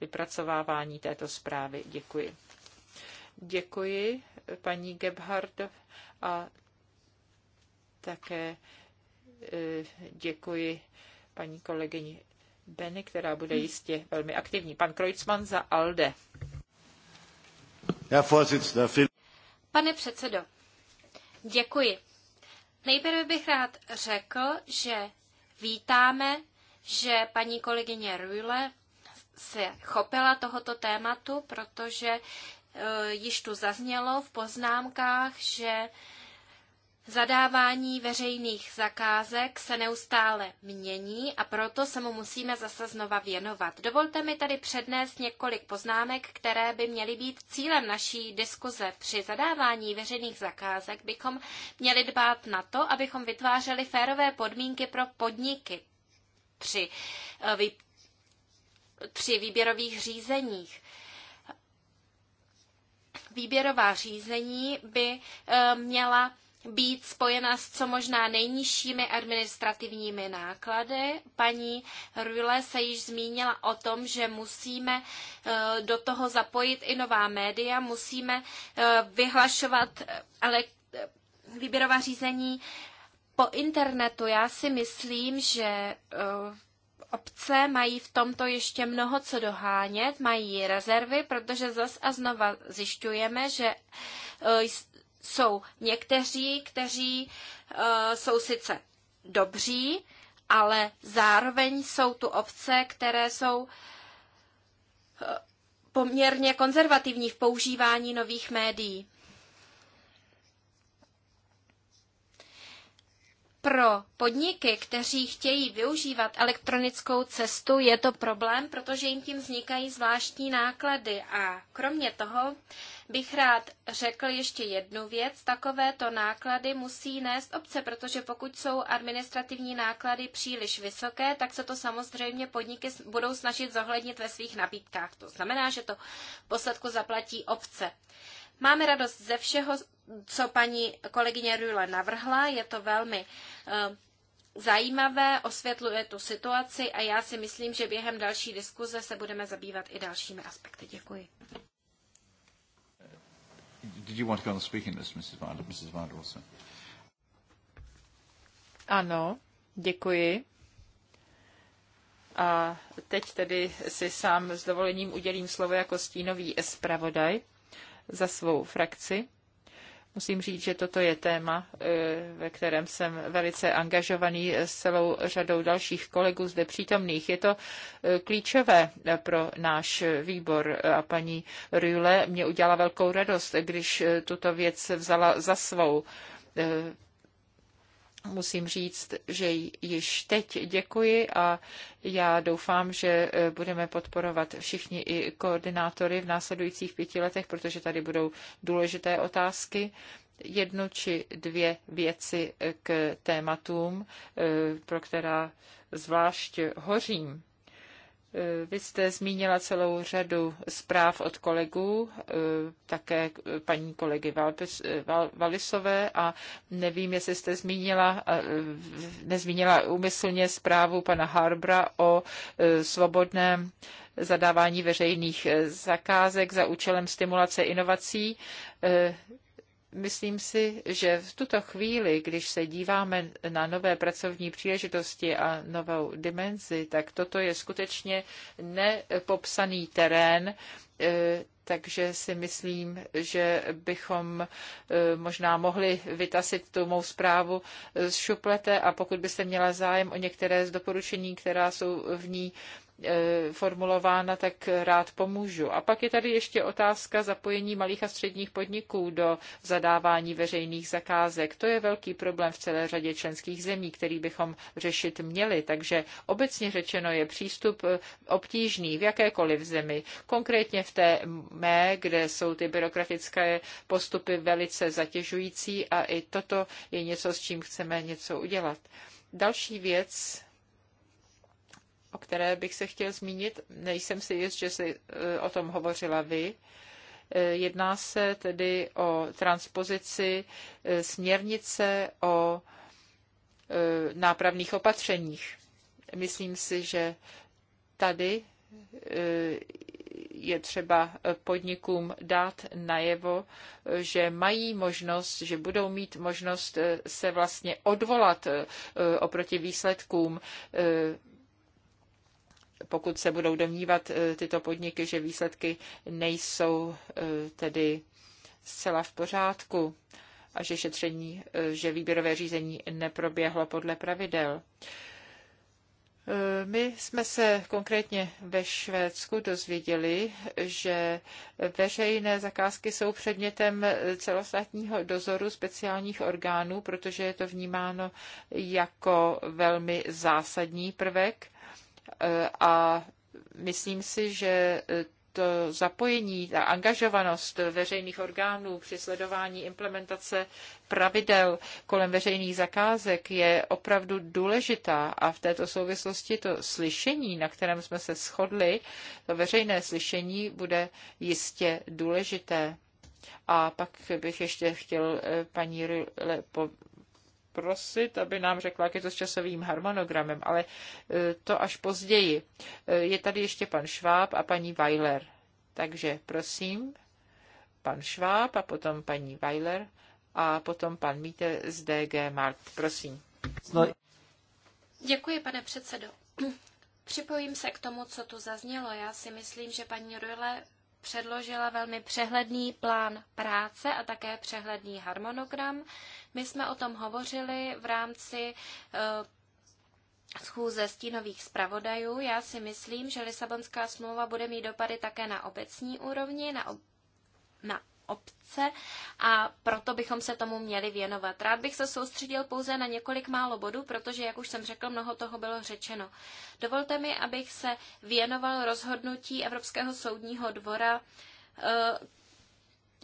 vypracovávání této zprávy. Děkuji. Děkuji paní Gebhardt a také e, děkuji paní kolegyni Benny, která bude jistě velmi aktivní. Pan Kreutzmann za ALDE. Pane předsedo, děkuji. Nejprve bych rád řekl, že vítáme, že paní kolegyně Rühle se chopila tohoto tématu, protože Eh, již tu zaznělo v poznámkách, že zadávání veřejných zakázek se neustále mění a proto se mu musíme zase znova věnovat. Dovolte mi tady přednést několik poznámek, které by měly být cílem naší diskuze. Při zadávání veřejných zakázek bychom měli dbát na to, abychom vytvářeli férové podmínky pro podniky při, eh, při výběrových řízeních výběrová řízení by eh, měla být spojena s co možná nejnižšími administrativními náklady. Paní Rule se již zmínila o tom, že musíme eh, do toho zapojit i nová média, musíme eh, vyhlašovat ale výběrová řízení po internetu. Já si myslím, že Obce mají v tomto ještě mnoho co dohánět, mají rezervy, protože zas a znova zjišťujeme, že e, jsou někteří, kteří e, jsou sice dobří, ale zároveň jsou tu obce, které jsou e, poměrně konzervativní v používání nových médií. pro podniky, kteří chtějí využívat elektronickou cestu, je to problém, protože jim tím vznikají zvláštní náklady. A kromě toho bych rád řekl ještě jednu věc. Takovéto náklady musí nést obce, protože pokud jsou administrativní náklady příliš vysoké, tak se to samozřejmě podniky budou snažit zohlednit ve svých nabídkách. To znamená, že to v posledku zaplatí obce. Máme radost ze všeho, co paní kolegyně Rule navrhla. Je to velmi eh, zajímavé, osvětluje tu situaci a já si myslím, že během další diskuze se budeme zabývat i dalšími aspekty. Děkuji. Did you want to go on speaking list, Mrs. Wilder? Mrs. Van Ano, děkuji. A teď tedy si sám s dovolením udělím slovo jako stínový zpravodaj za svou frakci. Musím říct, že toto je téma, e, ve kterém jsem velice angažovaný s celou řadou dalších kolegů zde přítomných. Je to e, klíčové pro náš výbor a paní Rüle mě udělala velkou radost, když e, tuto věc vzala za svou musím říct, že již teď děkuji a já doufám, že e, budeme podporovat všichni i koordinátory v následujících pěti letech, protože tady budou důležité otázky. Jednu či dvě věci k tématům, e, pro která zvlášť hořím. Eh, vy jste zmínila celou řadu zpráv od kolegů, eh, také eh, paní kolegy Valisové a nevím, jestli jste zmínila, nezmínila úmyslně zprávu pana Harbra o svobodném zadávání veřejných zakázek za účelem stimulace inovací Myslím si, že v tuto chvíli, když se díváme na nové pracovní příležitosti a novou dimenzi, tak toto je skutečně nepopsaný terén, e, takže si myslím, že bychom e, možná mohli vytasit tu mou zprávu z šuplete a pokud byste měla zájem o některé z doporučení, která jsou v ní E, formulována, tak rád pomůžu. A pak je tady ještě otázka zapojení malých a středních podniků do zadávání veřejných zakázek. To je velký problém v celé řadě členských zemí, který bychom řešit měli. Takže obecně řečeno je přístup e, obtížný v jakékoliv zemi. Konkrétně v té mé, kde jsou ty byrokratické postupy velice zatěžující a i toto je něco, s čím chceme něco udělat. Další věc, o které bych se chtěl zmínit. Nejsem si jist, že jsi e, o tom hovořila vy. E, jedná se tedy o transpozici e, směrnice o nápravných opatřeních. Myslím si, že tady je třeba podnikům dát najevo, že mají možnost, že budou mít možnost se vlastně odvolat oproti výsledkům pokud se budou domnívat eh, tyto podniky, že výsledky nejsou eh, tedy zcela v pořádku a že šetření, eh, že výběrové řízení neproběhlo podle pravidel. My jsme se konkrétně ve Švédsku dozvěděli, že veřejné zakázky jsou předmětem celostátního dozoru speciálních orgánů, protože je to vnímáno jako velmi zásadní prvek Eh, a myslím si, že eh, to zapojení, ta angažovanost veřejných orgánů při sledování implementace pravidel kolem veřejných zakázek je opravdu důležitá a v této souvislosti to slyšení, na kterém jsme se shodli, to veřejné slyšení bude jistě důležité. A pak bych ještě chtěl eh, paní Ryle prosit, aby nám řekla, jak je to s časovým harmonogramem, ale e, to až později. E, je tady ještě pan Šváb a paní Weiler. Takže prosím, pan Šváb a potom paní Weiler a potom pan Míte z DG Mark. Prosím. No. Děkuji, pane předsedo. Připojím se k tomu, co tu zaznělo. Já si myslím, že paní Rule předložila velmi přehledný plán práce a také přehledný harmonogram. My jsme o tom hovořili v rámci eh, schůze stínových zpravodajů. Já si myslím, že Lisabonská smlouva bude mít dopady také na obecní úrovni, na, ob... na obce a proto bychom se tomu měli věnovat. Rád bych se soustředil pouze na několik málo bodů, protože, jak už jsem řekl, mnoho toho bylo řečeno. Dovolte mi, abych se věnoval rozhodnutí Evropského soudního dvora e,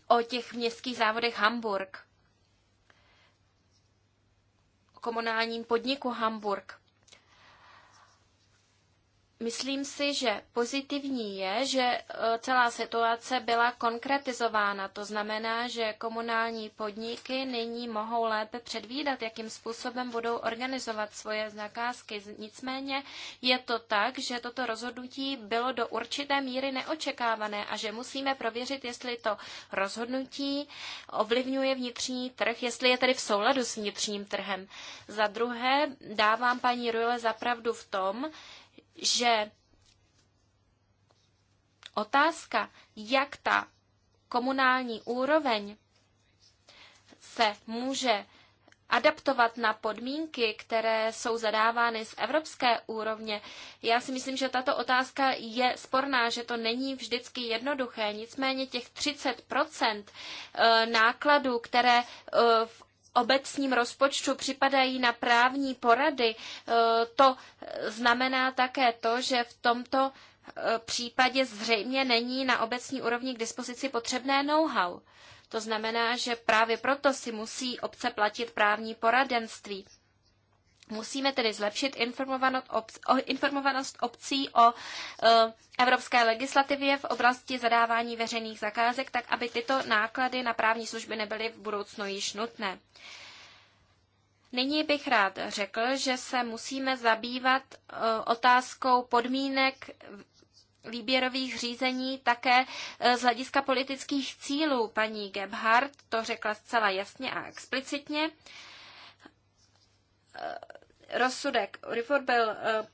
o těch městských závodech Hamburg, komunálním podniku Hamburg. Myslím si, že pozitivní je, že e, celá situace byla konkretizována. To znamená, že komunální podniky nyní mohou lépe předvídat, jakým způsobem budou organizovat svoje zakázky. Nicméně je to tak, že toto rozhodnutí bylo do určité míry neočekávané a že musíme prověřit, jestli to rozhodnutí ovlivňuje vnitřní trh, jestli je tedy v souladu s vnitřním trhem. Za druhé dávám paní Rule zapravdu v tom, že otázka, jak ta komunální úroveň se může adaptovat na podmínky, které jsou zadávány z evropské úrovně. Já si myslím, že tato otázka je sporná, že to není vždycky jednoduché. Nicméně těch 30 eh, nákladů, které eh, v obecním rozpočtu připadají na právní porady, e, to znamená také to, že v tomto e, případě zřejmě není na obecní úrovni k dispozici potřebné know-how. To znamená, že právě proto si musí obce platit právní poradenství. Musíme tedy zlepšit informovanost, obc, informovanost obcí o e, evropské legislativě v oblasti zadávání veřejných zakázek, tak aby tyto náklady na právní služby nebyly v budoucnu již nutné. Nyní bych rád řekl, že se musíme zabývat e, otázkou podmínek výběrových řízení také e, z hlediska politických cílů. Paní Gebhardt to řekla zcela jasně a explicitně. E, rozsudek Riford byl eh,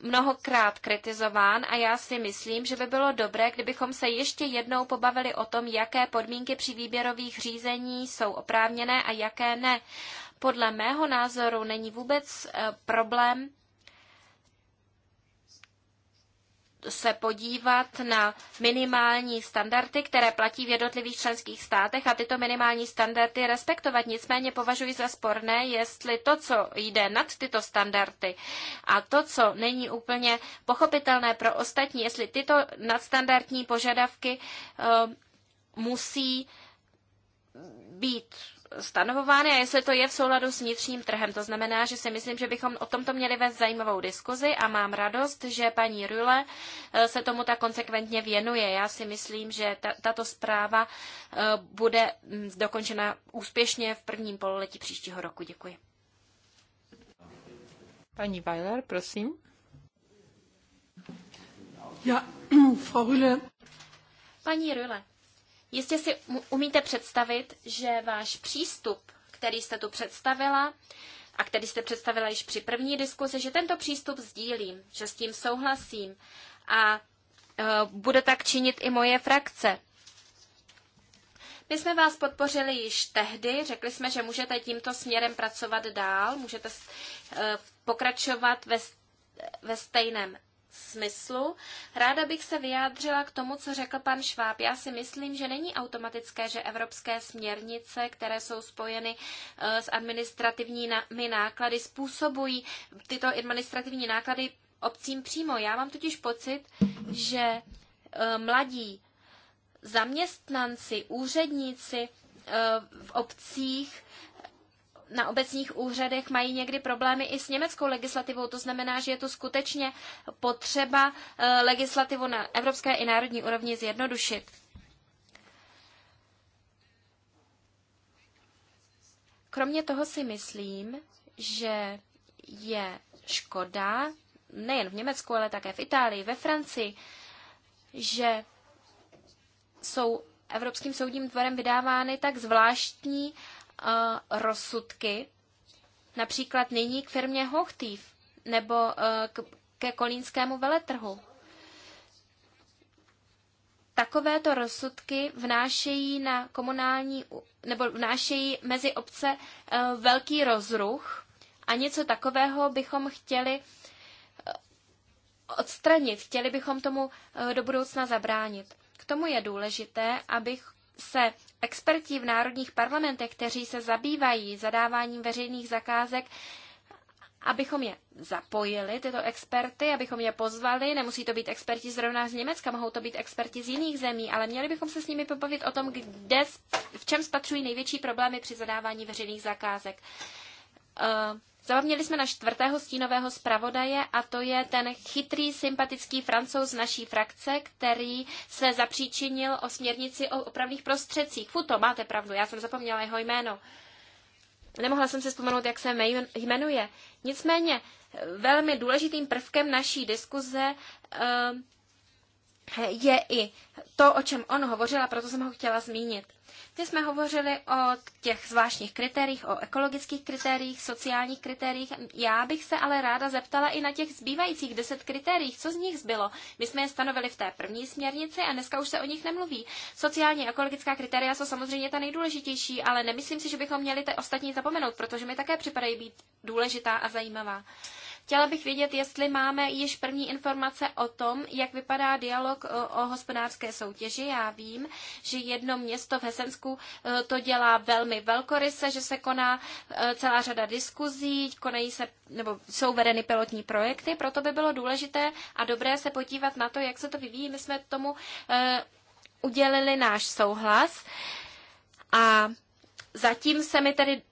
mnohokrát kritizován a já si myslím, že by bylo dobré, kdybychom se ještě jednou pobavili o tom, jaké podmínky při výběrových řízení jsou oprávněné a jaké ne. Podle mého názoru není vůbec eh, problém se podívat na minimální standardy, které platí v jednotlivých členských státech a tyto minimální standardy respektovat. Nicméně považuji za sporné, jestli to, co jde nad tyto standardy a to, co není úplně pochopitelné pro ostatní, jestli tyto nadstandardní požadavky eh, musí být stanovovány a jestli to je v souladu s vnitřním trhem. To znamená, že si myslím, že bychom o tomto měli vést zajímavou diskuzi a mám radost, že paní Rule eh, se tomu tak konsekventně věnuje. Já si myslím, že tato zpráva eh, bude mm, dokončena úspěšně v prvním pololetí příštího roku. Děkuji. Paní Weiler, prosím. Ja, Frau Rühle. Paní Rühle, Jistě si umíte představit, že váš přístup, který jste tu představila a který jste představila již při první diskuzi, že tento přístup sdílím, že s tím souhlasím a e, bude tak činit i moje frakce. My jsme vás podpořili již tehdy, řekli jsme, že můžete tímto směrem pracovat dál, můžete e, pokračovat ve, ve stejném smyslu. Ráda bych se vyjádřila k tomu, co řekl pan Šváb. Já si myslím, že není automatické, že evropské směrnice, které jsou spojeny eh, s administrativními náklady, způsobují tyto administrativní náklady obcím přímo. Já mám totiž pocit, že eh, mladí zaměstnanci, úředníci eh, v obcích na obecních úřadech mají někdy problémy i s německou legislativou. To znamená, že je to skutečně potřeba eh, legislativu na evropské i národní úrovni zjednodušit. Kromě toho si myslím, že je škoda, nejen v Německu, ale také v Itálii, ve Francii, že jsou Evropským soudním dvorem vydávány tak zvláštní Eh, rozsudky, například nyní k firmě Hochtýv nebo eh, k, ke kolínskému veletrhu. Takovéto rozsudky vnášejí na komunální, nebo vnášejí mezi obce eh, velký rozruch a něco takového bychom chtěli odstranit, chtěli bychom tomu do budoucna zabránit. K tomu je důležité, abych se experti v národních parlamentech, kteří se zabývají zadáváním veřejných zakázek, abychom je zapojili, tyto experty, abychom je pozvali. Nemusí to být experti zrovna z Německa, mohou to být experti z jiných zemí, ale měli bychom se s nimi popovit o tom, kde, v čem spatřují největší problémy při zadávání veřejných zakázek. Uh, Zapomněli jsme na čtvrtého stínového zpravodaje a to je ten chytrý, sympatický francouz naší frakce, který se zapříčinil o směrnici o opravných prostředcích. Futo, máte pravdu, já jsem zapomněla jeho jméno. Nemohla jsem si vzpomenout, jak se jmenuje. Nicméně velmi důležitým prvkem naší diskuze eh, je i to, o čem on hovořil a proto jsem ho chtěla zmínit. Teď jsme hovořili o těch zvláštních kritériích, o ekologických kritériích, sociálních kritériích. Já bych se ale ráda zeptala i na těch zbývajících deset kritériích. Co z nich zbylo? My jsme je stanovili v té první směrnici a dneska už se o nich nemluví. Sociální a ekologická kritéria jsou samozřejmě ta nejdůležitější, ale nemyslím si, že bychom měli ty ostatní zapomenout, protože mi také připadají být důležitá a zajímavá. Chtěla bych vědět, jestli máme již první informace o tom, jak vypadá dialog e, o hospodářské soutěži. Já vím, že jedno město v Hesensku e, to dělá velmi velkoryse, že se koná e, celá řada diskuzí, konají se, nebo jsou vedeny pilotní projekty, proto by bylo důležité a dobré se podívat na to, jak se to vyvíjí. My jsme tomu udělili náš souhlas a zatím se mi tedy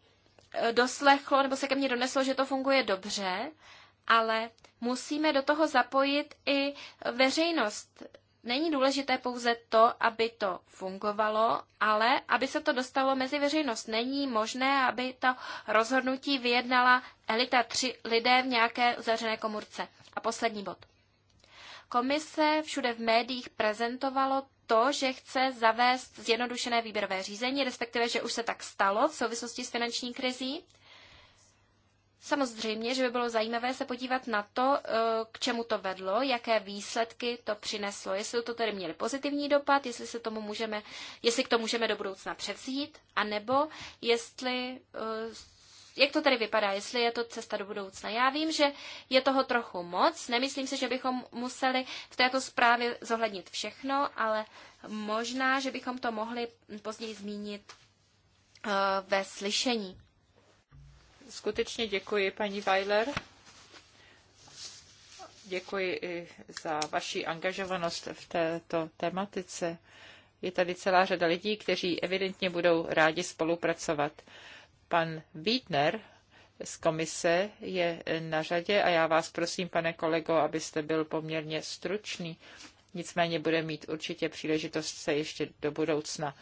doslechlo, nebo se ke mně doneslo, že to funguje dobře ale musíme do toho zapojit i veřejnost. Není důležité pouze to, aby to fungovalo, ale aby se to dostalo mezi veřejnost. Není možné, aby to rozhodnutí vyjednala elita tři lidé v nějaké uzavřené komůrce. A poslední bod. Komise všude v médiích prezentovalo to, že chce zavést zjednodušené výběrové řízení, respektive, že už se tak stalo v souvislosti s finanční krizí. Samozřejmě, že by bylo zajímavé se podívat na to, eh, k čemu to vedlo, jaké výsledky to přineslo, jestli to tedy měli pozitivní dopad, jestli, se tomu můžeme, jestli k tomu můžeme do budoucna převzít, anebo jestli, eh, jak to tedy vypadá, jestli je to cesta do budoucna. Já vím, že je toho trochu moc, nemyslím si, že bychom museli v této zprávě zohlednit všechno, ale možná, že bychom to mohli později zmínit eh, ve slyšení. Skutečně děkuji, paní Weiler. Děkuji i za vaši angažovanost v této tematice. Je tady celá řada lidí, kteří evidentně budou rádi spolupracovat. Pan Wiedner z komise je na řadě a já vás prosím, pane kolego, abyste byl poměrně stručný. Nicméně bude mít určitě příležitost se ještě do budoucna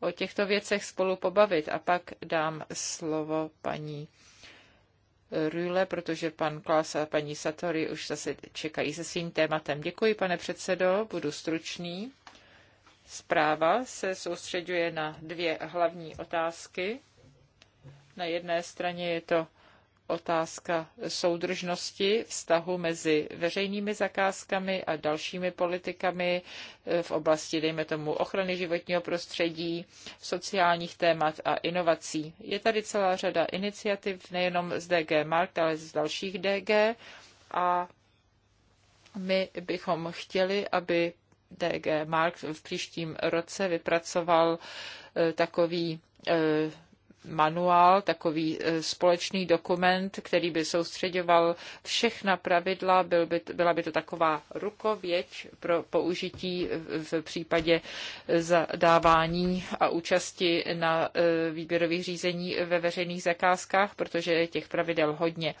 o těchto věcech spolu pobavit a pak dám slovo paní Rühle, protože pan Klaus a paní Satori už zase čekají se svým tématem. Děkuji, pane předsedo, budu stručný. Zpráva se soustředuje na dvě hlavní otázky. Na jedné straně je to otázka soudržnosti vztahu mezi veřejnými zakázkami a dalšími politikami e, v oblasti, dejme tomu, ochrany životního prostředí, sociálních témat a inovací. Je tady celá řada iniciativ, nejenom z DG Markt, ale z dalších DG a my bychom chtěli, aby DG Markt v příštím roce vypracoval e, takový e, manuál, takový e, společný dokument, který by soustředoval všechna pravidla, byl by, byla by to taková rukověď pro použití v případě zadávání a účasti na e, výběrových řízení ve veřejných zakázkách, protože je těch pravidel hodně.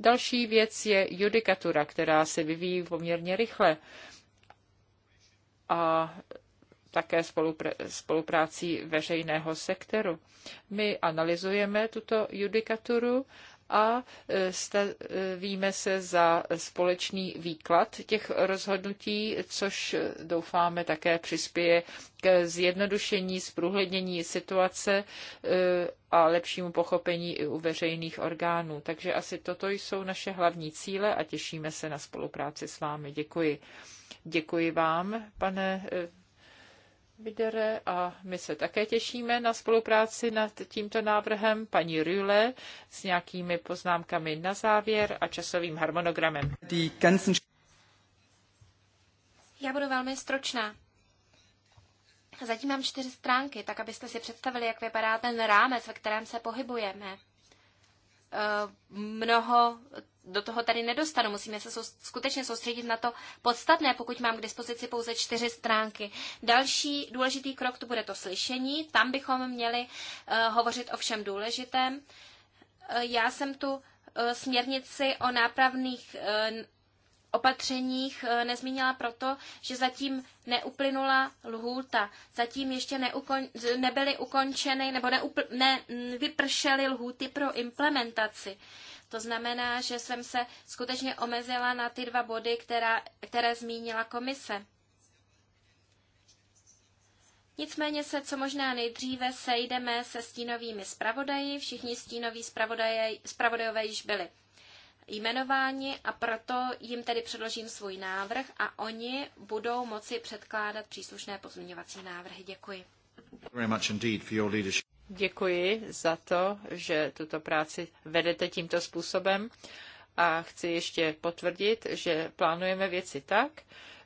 Další věc je judikatura, která se vyvíjí poměrně rychle. A také spoluprácí veřejného sektoru. My analyzujeme tuto judikaturu a e, stavíme e, se za společný výklad těch rozhodnutí, což e, doufáme také přispěje k zjednodušení, zprůhlednění situace a lepšímu pochopení i u veřejných orgánů. Takže asi toto jsou naše hlavní cíle a těšíme se na spolupráci s vámi. Děkuji. Děkuji vám, pane Bidere a my se také těšíme na spolupráci nad tímto návrhem paní Rüle s nějakými poznámkami na závěr a časovým harmonogramem. Já budu velmi stročná. Zatím mám čtyři stránky, tak abyste si představili, jak vypadá ten rámec, ve kterém se pohybujeme. Eh, mnoho do toho tady nedostanu. Musíme se skutečně soustředit na to podstatné, pokud mám k dispozici pouze čtyři stránky. Další důležitý krok to bude to slyšení. Tam bychom měli eh, hovořit o všem důležitém. Eh, já jsem tu eh, směrnici o nápravných opatřeních eh, nezmínila proto, že zatím neuplynula lhůta. Zatím ještě neukon, nebyly ukončeny nebo neupl, ne, mm, vypršely lhůty pro implementaci. To znamená, že jsem se skutečně omezila na ty dva body, která, které zmínila komise. Nicméně se co možná nejdříve sejdeme se stínovými zpravodaji. Všichni stínoví zpravodajové již byli jmenováni a proto jim tedy předložím svůj návrh a oni budou moci předkládat příslušné pozměňovací návrhy. Děkuji. Děkuji za to, že tuto práci vedete tímto způsobem a chci ještě potvrdit, že plánujeme věci tak,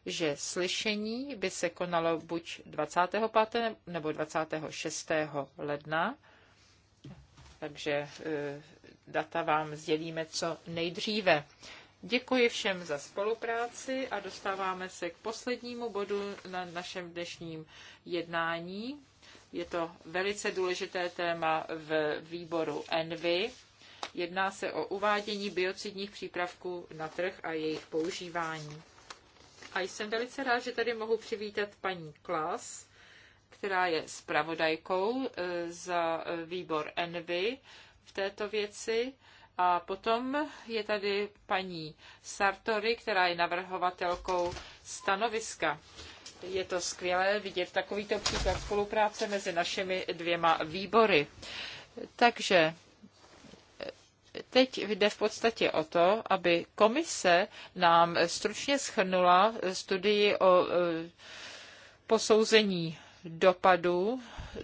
že slyšení by se konalo buď 25. nebo 26. ledna, takže eh, data vám sdělíme co nejdříve. Děkuji všem za spolupráci a dostáváme se k poslednímu bodu na našem dnešním jednání. Je to velice důležité téma v výboru ENVY. Jedná se o uvádění biocidních přípravků na trh a jejich používání. A jsem velice rád, že tady mohu přivítat paní Klas, která je zpravodajkou e, za výbor ENVY v této věci. A potom je tady paní Sartori, která je navrhovatelkou stanoviska. Je to skvělé vidět takovýto příklad spolupráce mezi našimi dvěma výbory. Takže eh, teď jde v podstatě o to, aby komise nám stručně schrnula studii o eh, posouzení dopadů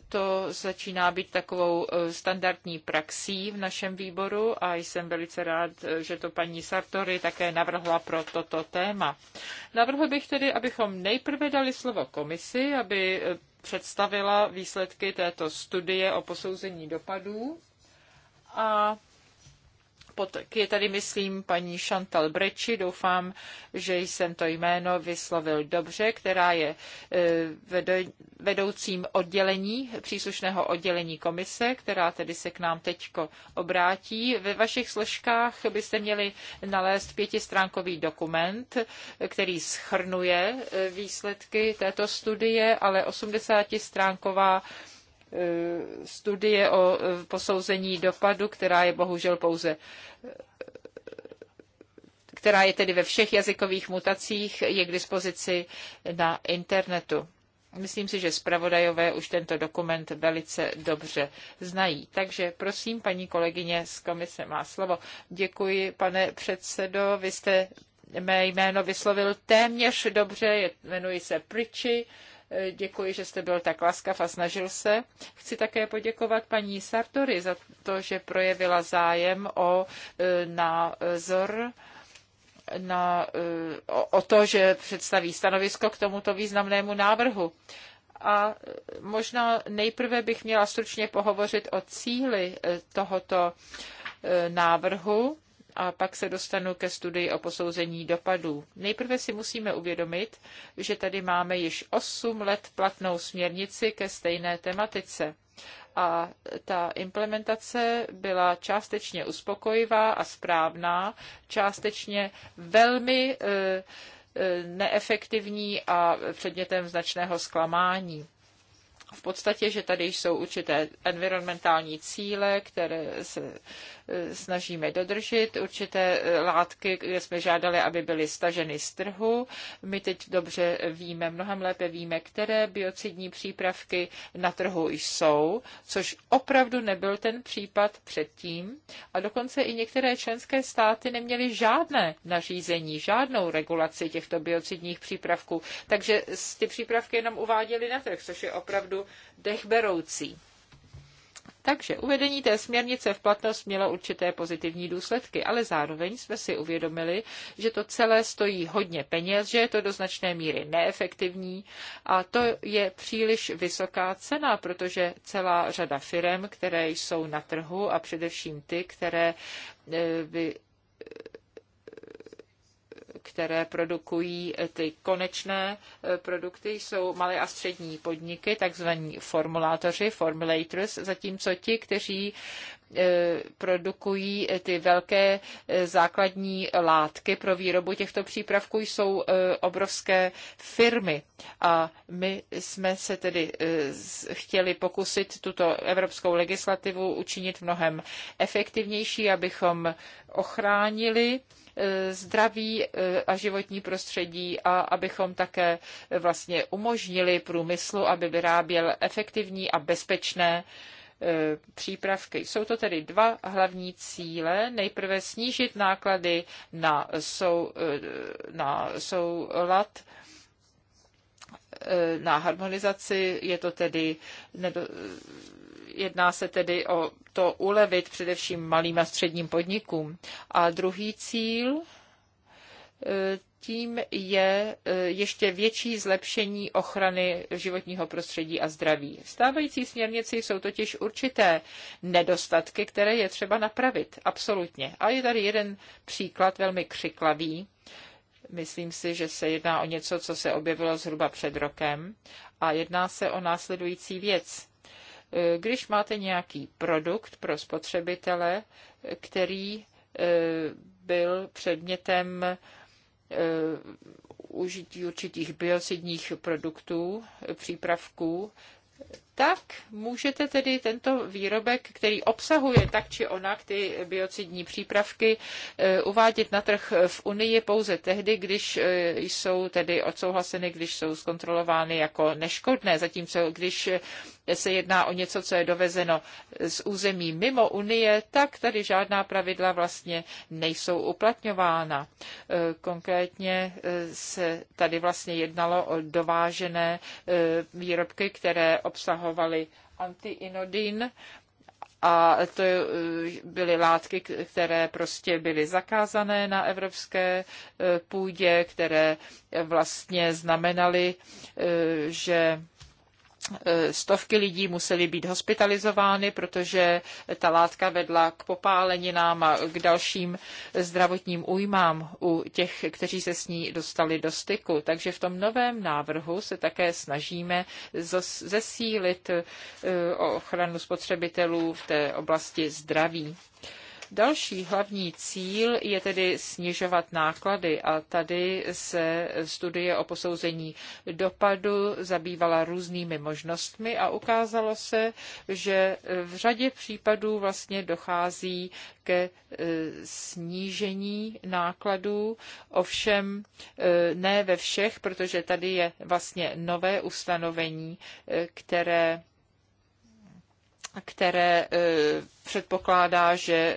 to začíná být takovou e, standardní praxí v našem výboru a jsem velice rád, e, že to paní Sartori také navrhla pro toto téma. Navrhl bych tedy, abychom nejprve dali slovo komisi, aby e, představila výsledky této studie o posouzení dopadů a pak je tady, myslím, paní Chantal Breči, doufám, že jsem to jméno vyslovil dobře, která je e, vedoucím oddělení, příslušného oddělení komise, která tedy se k nám teď obrátí. Ve vašich složkách byste měli nalézt pětistránkový dokument, který schrnuje e, výsledky této studie, ale 80-stránková Eh, studie o eh, posouzení dopadu, která je bohužel pouze eh, která je tedy ve všech jazykových mutacích, je k dispozici na internetu. Myslím si, že zpravodajové už tento dokument velice dobře znají. Takže prosím, paní kolegyně z komise má slovo. Děkuji, pane předsedo. Vy jste mé jméno vyslovil téměř dobře, jmenuji se Priči Děkuji, že jste byl tak laskav a snažil se. Chci také poděkovat paní Sartori za to, že projevila zájem o e, názor na, e, o, o to, že představí stanovisko k tomuto významnému návrhu. A e, možná nejprve bych měla stručně pohovořit o cíli tohoto návrhu a pak se dostanu ke studii o posouzení dopadů. Nejprve si musíme uvědomit, že tady máme již 8 let platnou směrnici ke stejné tematice a ta implementace byla částečně uspokojivá a správná, částečně velmi eh, eh, neefektivní a předmětem značného zklamání v podstatě, že tady jsou určité environmentální cíle, které se eh, snažíme dodržet, určité eh, látky, které jsme žádali, aby byly staženy z trhu. My teď dobře víme, mnohem lépe víme, které biocidní přípravky na trhu jsou, což opravdu nebyl ten případ předtím. A dokonce i některé členské státy neměly žádné nařízení, žádnou regulaci těchto biocidních přípravků, takže ty přípravky jenom uváděly na trh, což je opravdu opravdu dechberoucí. Takže uvedení té směrnice v platnost mělo určité pozitivní důsledky, ale zároveň jsme si uvědomili, že to celé stojí hodně peněz, že je to do značné míry neefektivní a to je příliš vysoká cena, protože celá řada firm, které jsou na trhu a především ty, které by eh, které produkují eh, ty konečné eh, produkty, jsou malé a střední podniky, takzvaní formulátoři, formulators, zatímco ti, kteří E, produkují ty velké e, základní látky pro výrobu těchto přípravků, jsou e, obrovské firmy. A my jsme se tedy chtěli pokusit tuto evropskou legislativu učinit mnohem efektivnější, abychom ochránili zdraví a životní prostředí a abychom také vlastně umožnili průmyslu, aby vyráběl efektivní a bezpečné E, přípravky. Jsou to tedy dva hlavní cíle. Nejprve snížit náklady na, sou, e, na soulad e, na harmonizaci, je to tedy jedná se tedy o to ulevit především malým a středním podnikům. A druhý cíl tím je e, ještě větší zlepšení ochrany životního prostředí a zdraví. V stávající směrnici jsou totiž určité nedostatky, které je třeba napravit, absolutně. A je tady jeden příklad velmi křiklavý. Myslím si, že se jedná o něco, co se objevilo zhruba před rokem a jedná se o následující věc. E, když máte nějaký produkt pro spotřebitele, který e, byl předmětem E, užití určitých biocidních produktů, přípravků, tak můžete tedy tento výrobek, který obsahuje tak či onak ty biocidní přípravky, eh, uvádět na trh v Unii pouze tehdy, když eh, jsou tedy odsouhlaseny, když jsou zkontrolovány jako neškodné, zatímco když eh, se jedná o něco, co je dovezeno z území mimo Unie, tak tady žádná pravidla vlastně nejsou uplatňována. Konkrétně se tady vlastně jednalo o dovážené výrobky, které obsahují obsahovaly antiinodin, a to eh, byly látky, které prostě byly zakázané na evropské eh, půdě, které vlastně znamenaly, eh, že Eh, stovky lidí musely být hospitalizovány, protože ta látka vedla k popáleninám a k dalším zdravotním újmám u těch, kteří se s ní dostali do styku. Takže v tom novém návrhu se také snažíme zesílit eh, ochranu spotřebitelů v té oblasti zdraví. Další hlavní cíl je tedy snižovat náklady a tady se studie o posouzení dopadu zabývala různými možnostmi a ukázalo se, že v řadě případů vlastně dochází ke e, snížení nákladů, ovšem e, ne ve všech, protože tady je vlastně nové ustanovení, e, které které e, předpokládá, že e,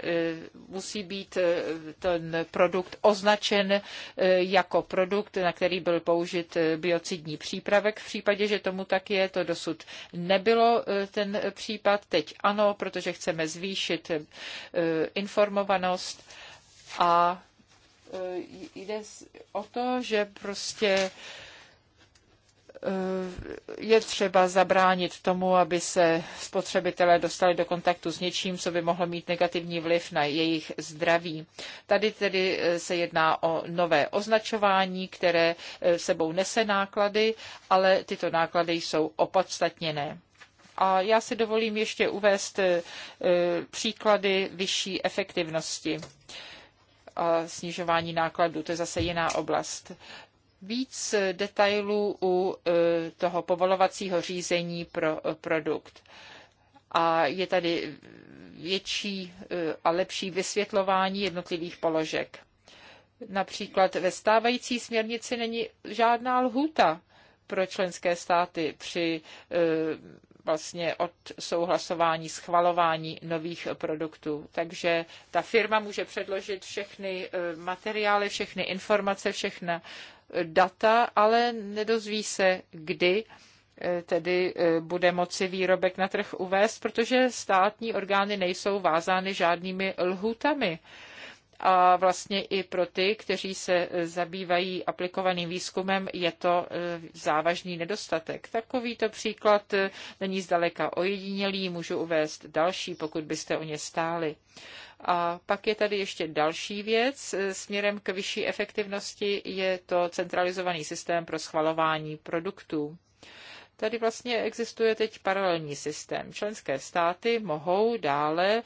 musí být e, ten produkt označen jako produkt, na který byl použit biocidní přípravek. V případě, že tomu tak je, to dosud nebylo ten případ. Teď ano, protože chceme zvýšit informovanost a jde o to, že prostě Eh, je třeba zabránit tomu, aby se spotřebitelé dostali do kontaktu s něčím, co by mohlo mít negativní vliv na jejich zdraví. Tady tedy eh, se jedná o nové označování, které eh, sebou nese náklady, ale tyto náklady jsou opodstatněné. A já si dovolím ještě uvést příklady vyšší efektivnosti a snižování nákladů. To je zase jiná oblast víc detailů u e, toho povolovacího řízení pro e, produkt. A je tady větší e, a lepší vysvětlování jednotlivých položek. Například ve stávající směrnici není žádná lhůta pro členské státy při vlastně od souhlasování, schvalování nových produktů. Takže ta firma může předložit všechny materiály, všechny informace, všechna data, ale nedozví se, kdy eh, tedy eh, bude moci výrobek na trh uvést, protože státní orgány nejsou vázány žádnými lhutami. A vlastně i pro ty, kteří se eh, zabývají aplikovaným výzkumem, je to závažný nedostatek. Takovýto příklad není zdaleka ojedinělý, můžu uvést další, pokud byste o ně stáli. A pak je tady ještě další věc. Směrem k vyšší efektivnosti je to centralizovaný systém pro schvalování produktů. Tady vlastně existuje teď paralelní systém. Členské státy mohou dále e,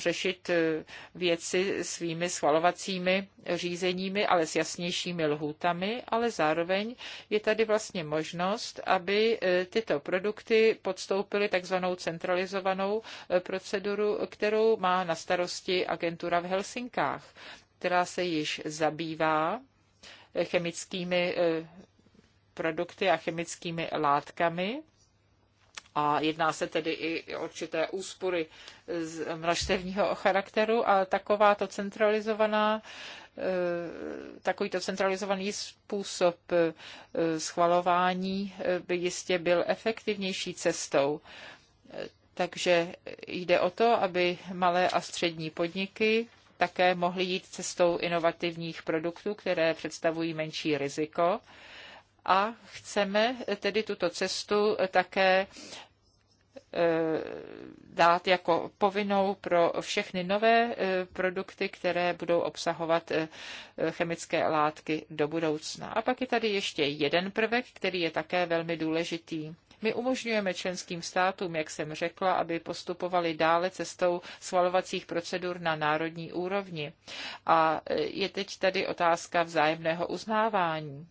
řešit e, věci svými schvalovacími řízeními, ale s jasnějšími lhůtami, ale zároveň je tady vlastně možnost, aby e, tyto produkty podstoupily takzvanou centralizovanou proceduru, kterou má na starosti agentura v Helsinkách, která se již zabývá chemickými produkty a chemickými látkami. A jedná se tedy i o určité úspory z množstevního charakteru a to centralizovaná eh, takovýto centralizovaný způsob eh, schvalování eh, by jistě byl efektivnější cestou. Takže jde o to, aby malé a střední podniky také mohly jít cestou inovativních produktů, které představují menší riziko a chceme tedy tuto cestu také eh, dát jako povinnou pro všechny nové eh, produkty, které budou obsahovat eh, chemické látky do budoucna. A pak je tady ještě jeden prvek, který je také velmi důležitý. My umožňujeme členským státům, jak jsem řekla, aby postupovali dále cestou svalovacích procedur na národní úrovni. A je teď tady otázka vzájemného uznávání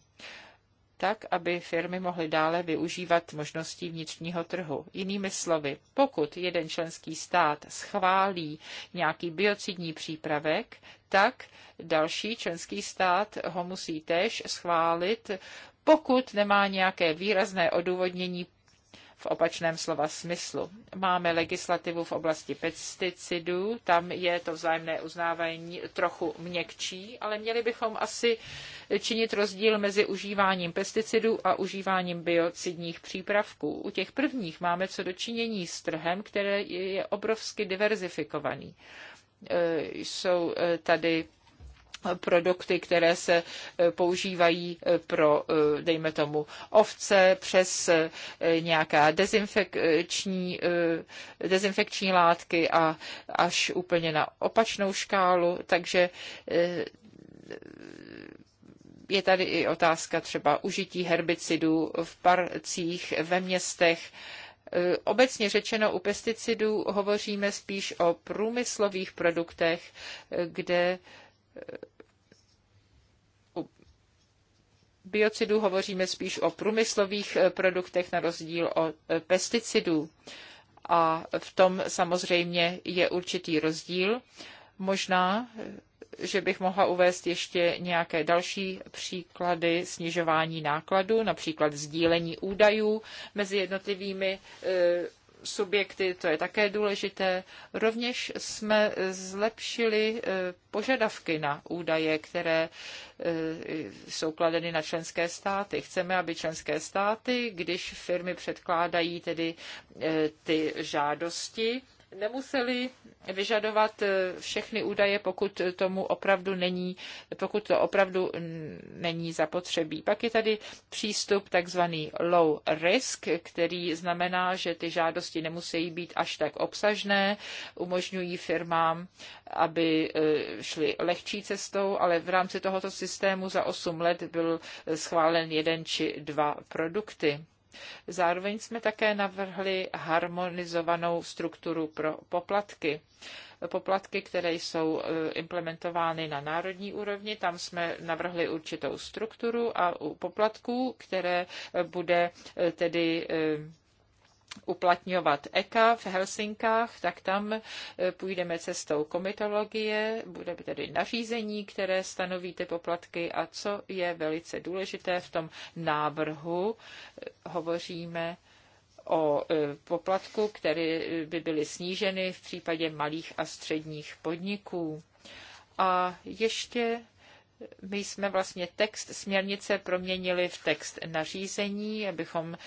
tak, aby firmy mohly dále využívat možností vnitřního trhu. Jinými slovy, pokud jeden členský stát schválí nějaký biocidní přípravek, tak další členský stát ho musí též schválit, pokud nemá nějaké výrazné odůvodnění v opačném slova smyslu. Máme legislativu v oblasti pesticidů, tam je to vzájemné uznávání trochu měkčí, ale měli bychom asi činit rozdíl mezi užíváním pesticidů a užíváním biocidních přípravků. U těch prvních máme co dočinění s trhem, který je obrovsky diverzifikovaný. E, jsou e, tady produkty, které se e, používají e, pro, e, dejme tomu, ovce přes nějaká dezinfekční, dezinfekční látky a až úplně na opačnou škálu. Takže je tady i otázka třeba užití herbicidů v parcích, ve městech. Obecně řečeno u pesticidů hovoříme spíš o průmyslových produktech, kde biocidů hovoříme spíš o průmyslových eh, produktech na rozdíl od eh, pesticidů. A v tom samozřejmě je určitý rozdíl. Možná, eh, že bych mohla uvést ještě nějaké další příklady snižování nákladů, například sdílení údajů mezi jednotlivými subjekty, to je také důležité. Rovněž jsme zlepšili eh, požadavky na údaje, které eh, jsou kladeny na členské státy. Chceme, aby členské státy, když firmy předkládají tedy eh, ty žádosti, nemuseli vyžadovat eh, všechny údaje, pokud tomu opravdu není, pokud to opravdu není zapotřebí. Pak je tady přístup takzvaný low risk, který znamená, že ty žádosti nemusí být až tak obsažné, umožňují firmám, aby eh, šli lehčí cestou, ale v rámci tohoto systému za 8 let byl schválen jeden či dva produkty. Zároveň jsme také navrhli harmonizovanou strukturu pro poplatky. Poplatky, které jsou e, implementovány na národní úrovni, tam jsme navrhli určitou strukturu a u poplatků, které e, bude e, tedy uplatňovat ECA v Helsinkách, tak tam e, půjdeme cestou komitologie, bude tedy nařízení, které stanoví ty poplatky a co je velice důležité v tom návrhu, e, hovoříme o e, poplatku, které by byly sníženy v případě malých a středních podniků. A ještě my jsme vlastně text směrnice proměnili v text nařízení, abychom e,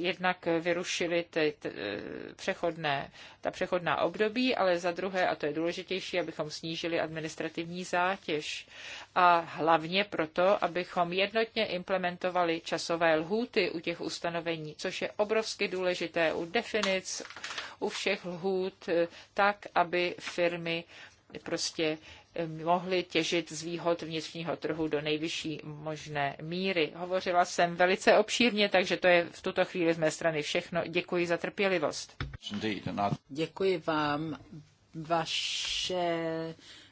jednak vyrušili ty, ty, e, přechodné, ta přechodná období, ale za druhé, a to je důležitější, abychom snížili administrativní zátěž. A hlavně proto, abychom jednotně implementovali časové lhůty u těch ustanovení, což je obrovsky důležité u definic, u všech lhůt, e, tak, aby firmy prostě mohli těžit z výhod vnitřního trhu do nejvyšší možné míry. Hovořila jsem velice obšírně, takže to je v tuto chvíli z mé strany všechno. Děkuji za trpělivost. Děkuji vám. Vaše,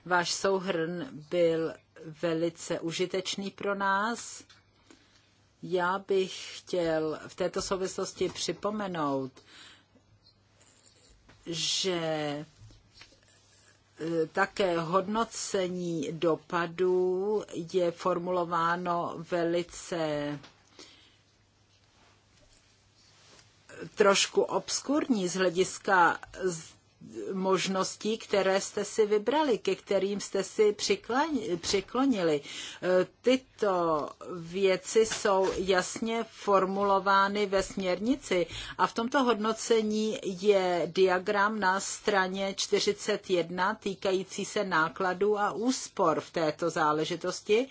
váš souhrn byl velice užitečný pro nás. Já bych chtěl v této souvislosti připomenout, že také hodnocení dopadů je formulováno velice trošku obskurní z hlediska možností, které jste si vybrali, ke kterým jste si přiklonili. E, tyto věci jsou jasně formulovány ve směrnici a v tomto hodnocení je diagram na straně 41 týkající se nákladů a úspor v této záležitosti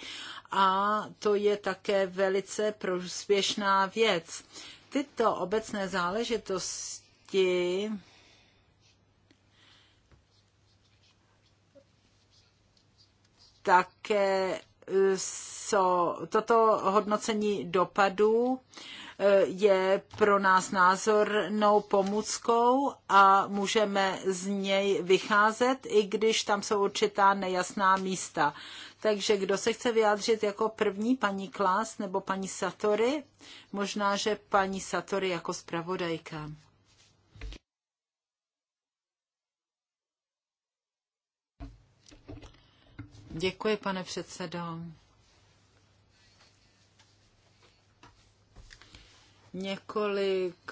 a to je také velice prospěšná věc. Tyto obecné záležitosti také eh, so, toto hodnocení dopadů eh, je pro nás názornou pomůckou a můžeme z něj vycházet, i když tam jsou určitá nejasná místa. Takže kdo se chce vyjádřit jako první, paní Klas nebo paní Satory? Možná, že paní Satory jako zpravodajka. Děkuji, pane předsedo. Několik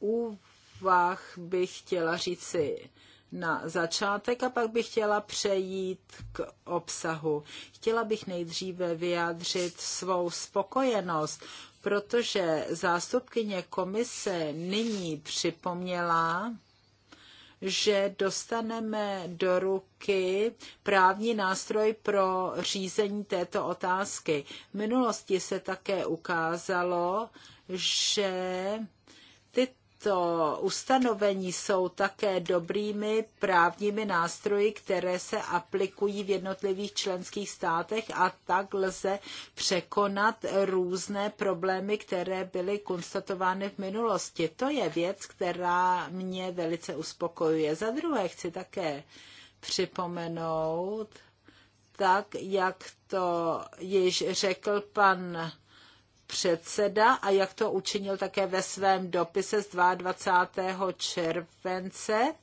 úvah bych chtěla říci na začátek a pak bych chtěla přejít k obsahu. Chtěla bych nejdříve vyjádřit svou spokojenost, protože zástupkyně komise nyní připomněla, že dostaneme do ruky právní nástroj pro řízení této otázky. V minulosti se také ukázalo, že tato ustanovení jsou také dobrými právními nástroji, které se aplikují v jednotlivých členských státech a tak lze překonat různé problémy, které byly konstatovány v minulosti. To je věc, která mě velice uspokojuje. Za druhé chci také připomenout, tak jak to již řekl pan předseda a jak to učinil také ve svém dopise z 22. července,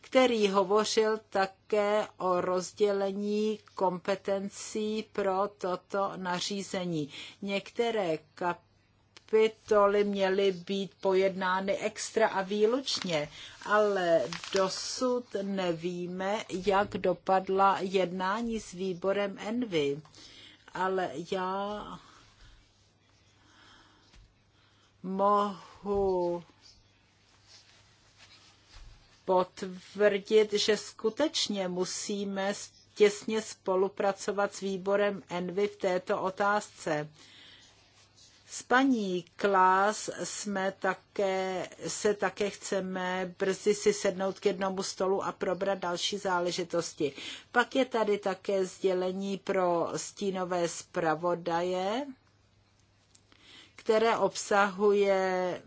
který hovořil také o rozdělení kompetencí pro toto nařízení. Některé kapitoly měly být pojednány extra a výlučně, ale dosud nevíme, jak dopadla jednání s výborem Envy. Ale já mohu potvrdit, že skutečně musíme těsně spolupracovat s výborem Envy v této otázce. S paní Klás jsme také, se také chceme brzy si sednout k jednomu stolu a probrat další záležitosti. Pak je tady také sdělení pro stínové zpravodaje které obsahuje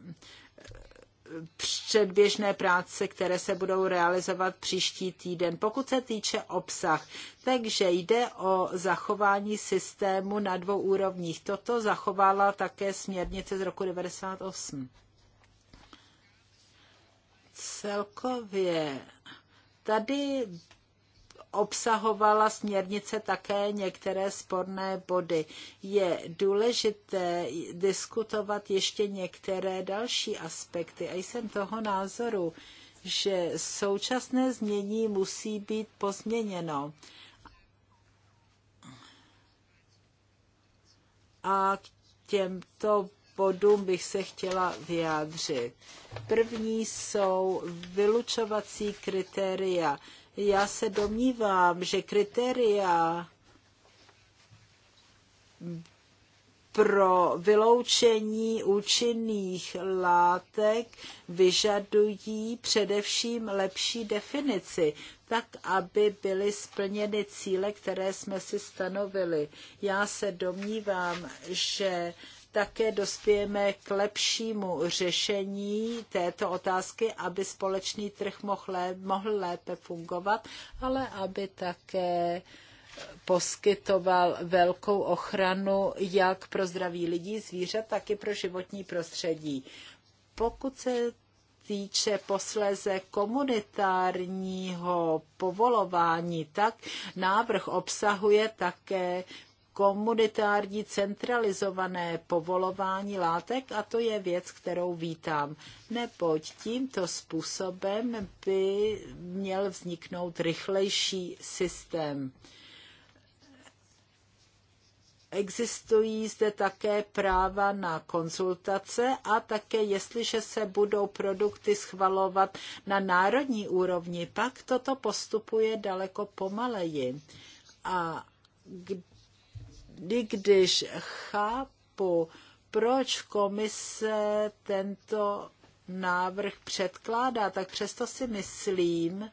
předběžné práce, které se budou realizovat příští týden. Pokud se týče obsah, takže jde o zachování systému na dvou úrovních. Toto zachovala také směrnice z roku 1998. Celkově tady obsahovala směrnice také některé sporné body. Je důležité diskutovat ještě některé další aspekty a jsem toho názoru, že současné změní musí být pozměněno. A k těmto bodům bych se chtěla vyjádřit. První jsou vylučovací kritéria já se domnívám, že kritéria pro vyloučení účinných látek vyžadují především lepší definici, tak aby byly splněny cíle, které jsme si stanovili. Já se domnívám, že také dospějeme k lepšímu řešení této otázky, aby společný trh mohl, lépe fungovat, ale aby také poskytoval velkou ochranu jak pro zdraví lidí, zvířat, tak i pro životní prostředí. Pokud se týče posléze komunitárního povolování, tak návrh obsahuje také komunitární centralizované povolování látek a to je věc, kterou vítám, neboť tímto způsobem by měl vzniknout rychlejší systém. Existují zde také práva na konzultace a také jestliže se budou produkty schvalovat na národní úrovni, pak toto postupuje daleko pomaleji. A když chápu, proč komise tento návrh předkládá, tak přesto si myslím,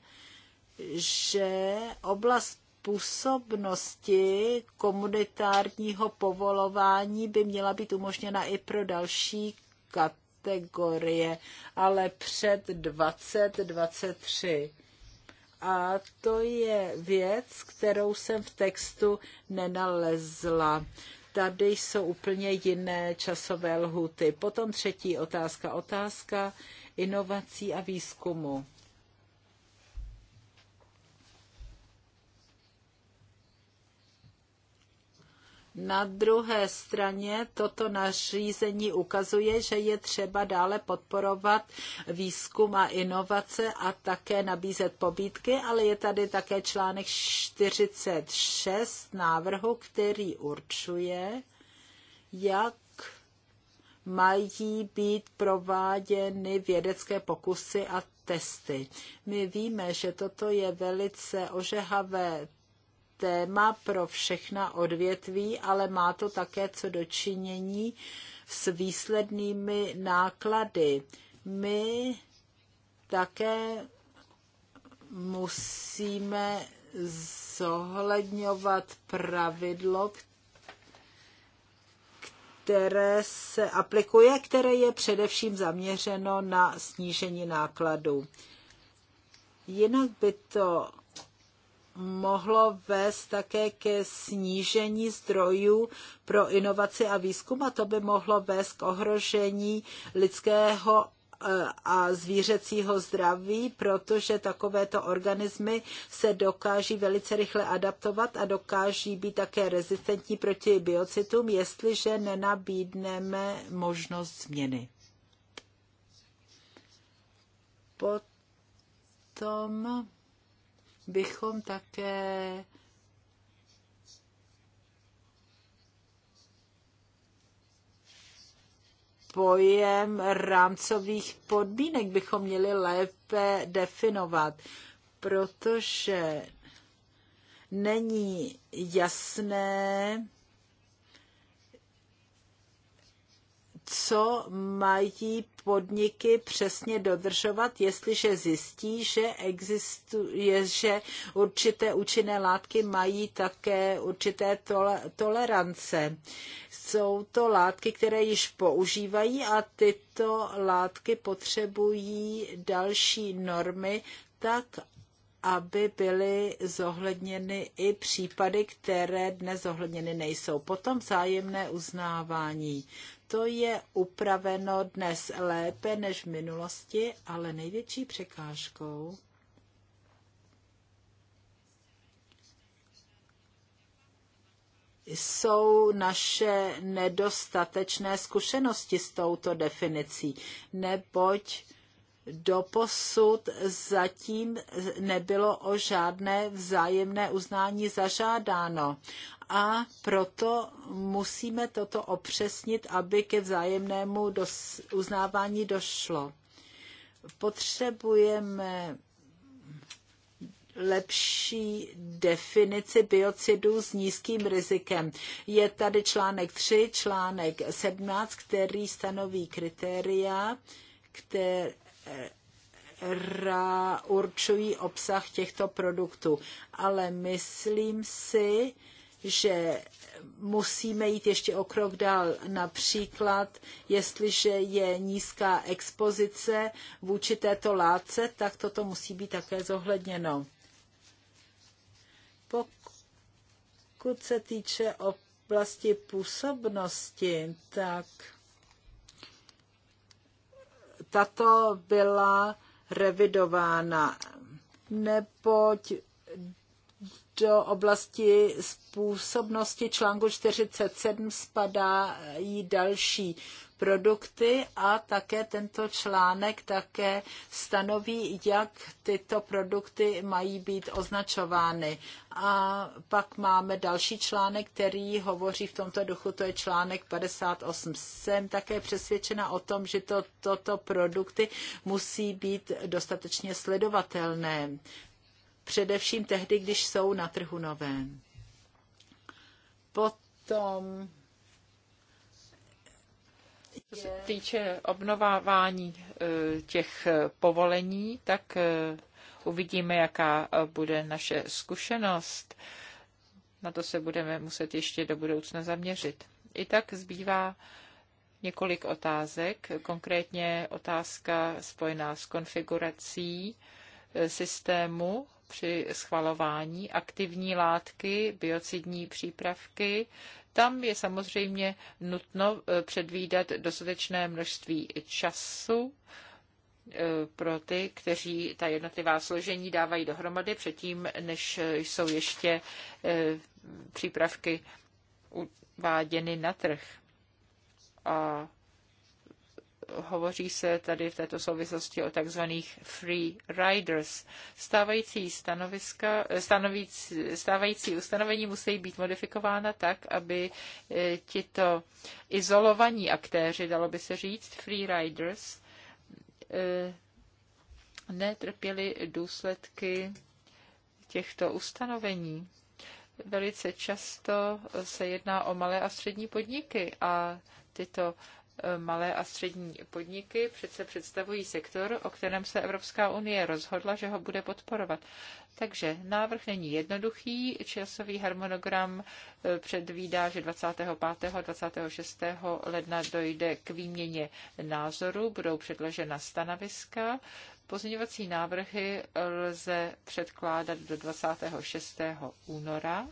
že oblast působnosti komunitárního povolování by měla být umožněna i pro další kategorie, ale před 2023. A to je věc, kterou jsem v textu nenalezla. Tady jsou úplně jiné časové lhuty. Potom třetí otázka. Otázka inovací a výzkumu. Na druhé straně toto nařízení ukazuje, že je třeba dále podporovat výzkum a inovace a také nabízet pobídky, ale je tady také článek 46 návrhu, který určuje, jak mají být prováděny vědecké pokusy a testy. My víme, že toto je velice ožehavé téma pro všechna odvětví, ale má to také co dočinění s výslednými náklady. My také musíme zohledňovat pravidlo, které se aplikuje, které je především zaměřeno na snížení nákladů. Jinak by to mohlo vést také ke snížení zdrojů pro inovaci a výzkum a to by mohlo vést k ohrožení lidského eh, a zvířecího zdraví, protože takovéto organismy se dokáží velice rychle adaptovat a dokáží být také rezistentní proti biocitům, jestliže nenabídneme možnost změny. Potom bychom také pojem rámcových podmínek bychom měli lépe definovat, protože není jasné, co mají podniky přesně dodržovat, jestliže zjistí, že existuje, že určité účinné látky mají také určité tolerance. Jsou to látky, které již používají a tyto látky potřebují další normy, tak aby byly zohledněny i případy, které dnes zohledněny nejsou. Potom vzájemné uznávání. To je upraveno dnes lépe než v minulosti, ale největší překážkou jsou naše nedostatečné zkušenosti s touto definicí, neboť doposud zatím nebylo o žádné vzájemné uznání zažádáno a proto musíme toto opřesnit, aby ke vzájemnému uznávání došlo. Potřebujeme lepší definici biocidů s nízkým rizikem. Je tady článek 3, článek 17, který stanoví kritéria, která určují obsah těchto produktů. Ale myslím si, že musíme jít ještě o krok dál. Například, jestliže je nízká expozice vůči této látce, tak toto musí být také zohledněno. Pokud se týče oblasti působnosti, tak tato byla revidována, neboť do oblasti způsobnosti článku 47 spadají další produkty a také tento článek také stanoví, jak tyto produkty mají být označovány. A pak máme další článek, který hovoří v tomto duchu, to je článek 58. Jsem také přesvědčena o tom, že to, toto produkty musí být dostatečně sledovatelné především tehdy, když jsou na trhu nové. Potom co se týče obnovávání e, těch e, povolení, tak e, uvidíme, jaká bude naše zkušenost. Na to se budeme muset ještě do budoucna zaměřit. I tak zbývá několik otázek, konkrétně otázka spojená s konfigurací systému při schvalování aktivní látky, biocidní přípravky. Tam je samozřejmě nutno eh, předvídat dostatečné množství času eh, pro ty, kteří ta jednotlivá složení dávají dohromady předtím, než jsou ještě eh, přípravky uváděny na trh. A hovoří se tady v této souvislosti o takzvaných free riders. Stávající, stanoviska, stanovíc, stávající ustanovení musí být modifikována tak, aby e, tito izolovaní aktéři, dalo by se říct, free riders, e, netrpěli důsledky těchto ustanovení. Velice často se jedná o malé a střední podniky a tyto malé a střední podniky přece představují sektor, o kterém se Evropská unie rozhodla, že ho bude podporovat. Takže návrh není jednoduchý, časový harmonogram e, předvídá, že 25. a 26. ledna dojde k výměně názoru, budou předložena stanoviska. Pozměňovací návrhy lze předkládat do 26. února.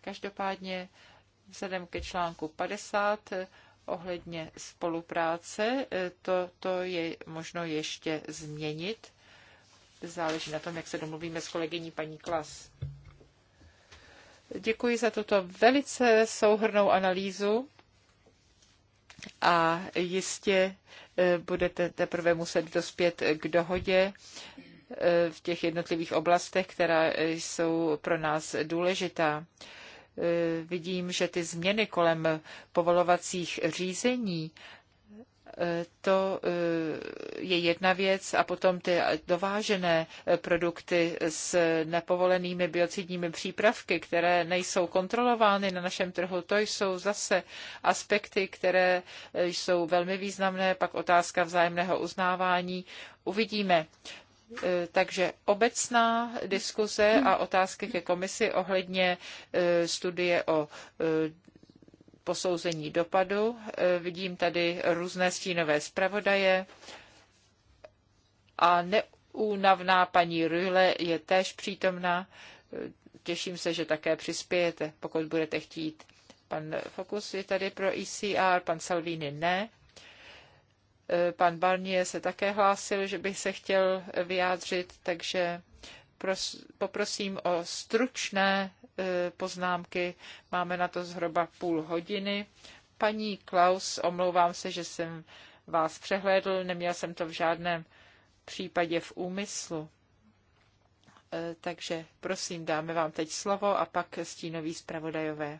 Každopádně vzhledem ke článku 50 eh, ohledně spolupráce, eh, to, to je možno ještě změnit. Záleží na tom, jak se domluvíme s kolegyní paní Klas. Děkuji za tuto velice souhrnou analýzu a jistě eh, budete teprve muset dospět k dohodě v těch jednotlivých oblastech, která jsou pro nás důležitá. Eh, vidím, že ty změny kolem povolovacích řízení eh, to eh, je jedna věc a potom ty dovážené produkty s nepovolenými biocidními přípravky, které nejsou kontrolovány na našem trhu, to jsou zase aspekty, které jsou velmi významné, pak otázka vzájemného uznávání. Uvidíme. E, takže obecná diskuze a otázky ke komisi ohledně e, studie o e, posouzení dopadu. Vidím tady různé stínové zpravodaje a neúnavná paní Rühle je též přítomná. Těším se, že také přispějete, pokud budete chtít. Pan Fokus je tady pro ECR, pan Salvini ne. Pan Barnier se také hlásil, že by se chtěl vyjádřit, takže poprosím o stručné e, poznámky. Máme na to zhruba půl hodiny. Paní Klaus, omlouvám se, že jsem vás přehlédl, neměl jsem to v žádném případě v úmyslu. E, takže prosím, dáme vám teď slovo a pak stínoví zpravodajové.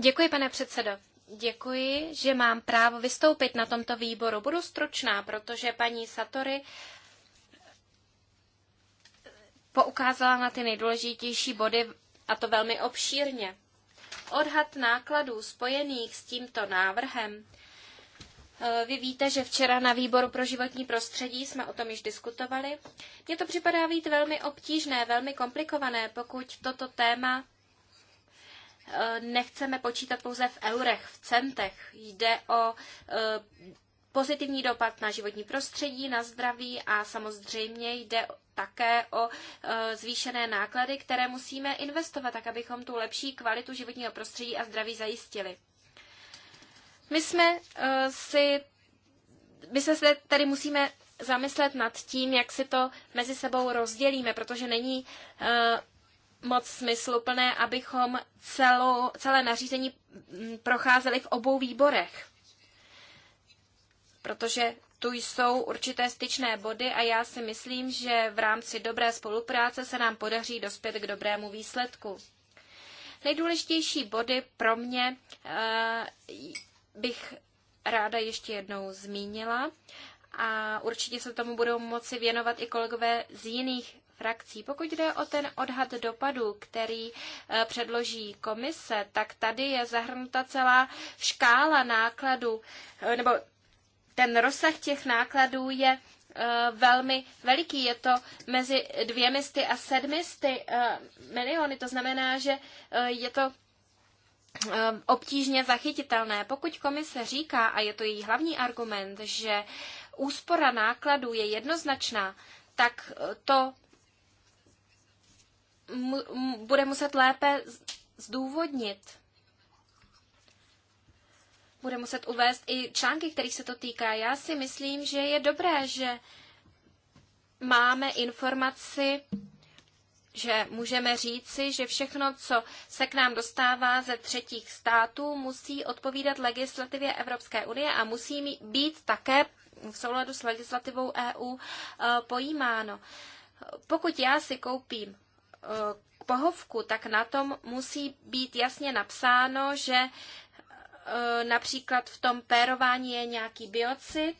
Děkuji, pane předsedo. Děkuji, že mám právo vystoupit na tomto výboru. Budu stručná, protože paní Satory poukázala na ty nejdůležitější body a to velmi obšírně. Odhad nákladů spojených s tímto návrhem Eh, vy víte, že včera na výboru pro životní prostředí jsme o tom již diskutovali. Mně to připadá být velmi obtížné, velmi komplikované, pokud toto téma eh, nechceme počítat pouze v eurech, v centech. Jde o eh, pozitivní dopad na životní prostředí, na zdraví a samozřejmě jde také o zvýšené náklady, které musíme investovat, tak abychom tu lepší kvalitu životního prostředí a zdraví zajistili. My jsme eh, si, my se tady musíme zamyslet nad tím, jak si to mezi sebou rozdělíme, protože není eh, moc smysluplné, abychom celou, celé nařízení mm, procházeli v obou výborech. Protože tu jsou určité styčné body a já si myslím, že v rámci dobré spolupráce se nám podaří dospět k dobrému výsledku. Nejdůležitější body pro mě eh, bych ráda ještě jednou zmínila a určitě se tomu budou moci věnovat i kolegové z jiných frakcí. Pokud jde o ten odhad dopadu, který eh, předloží komise, tak tady je zahrnuta celá škála nákladů, eh, nebo ten rozsah těch nákladů je eh, velmi veliký. Je to mezi dvěmisty a sedmisty miliony. To znamená, že je to Ehm, obtížně zachytitelné. Pokud komise říká, a je to její hlavní argument, že úspora nákladů je jednoznačná, tak eh, to bude muset lépe zdůvodnit. Bude muset uvést i články, kterých se to týká. Já si myslím, že je dobré, že máme informaci že můžeme říci, že všechno, co se k nám dostává ze třetích států, musí odpovídat legislativě Evropské unie a musí být také v souladu s legislativou EU e, pojímáno. Pokud já si koupím e, pohovku, tak na tom musí být jasně napsáno, že e, například v tom pérování je nějaký biocid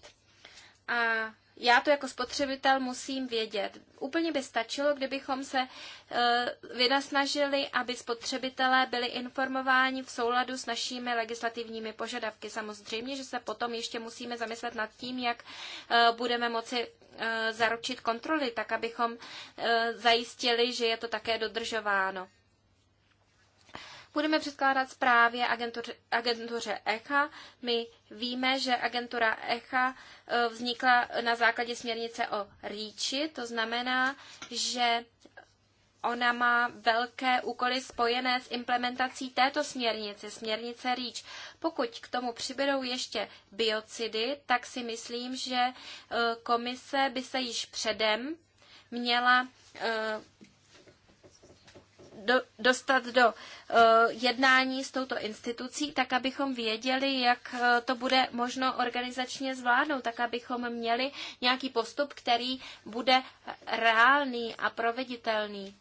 a já to jako spotřebitel musím vědět. Úplně by stačilo, kdybychom se e, vynasnažili, aby spotřebitelé byli informováni v souladu s našimi legislativními požadavky. Samozřejmě, že se potom ještě musíme zamyslet nad tím, jak e, budeme moci e, zaručit kontroly, tak abychom e, zajistili, že je to také dodržováno budeme předkládat zprávě agentuře, agentuře ECHA. My víme, že agentura ECHA e, vznikla na základě směrnice o REACHi, to znamená, že ona má velké úkoly spojené s implementací této směrnice, směrnice REACH. Pokud k tomu přibydou ještě biocidy, tak si myslím, že e, komise by se již předem měla e, do, dostat do uh, jednání s touto institucí, tak abychom věděli, jak uh, to bude možno organizačně zvládnout, tak abychom měli nějaký postup, který bude reálný a proveditelný.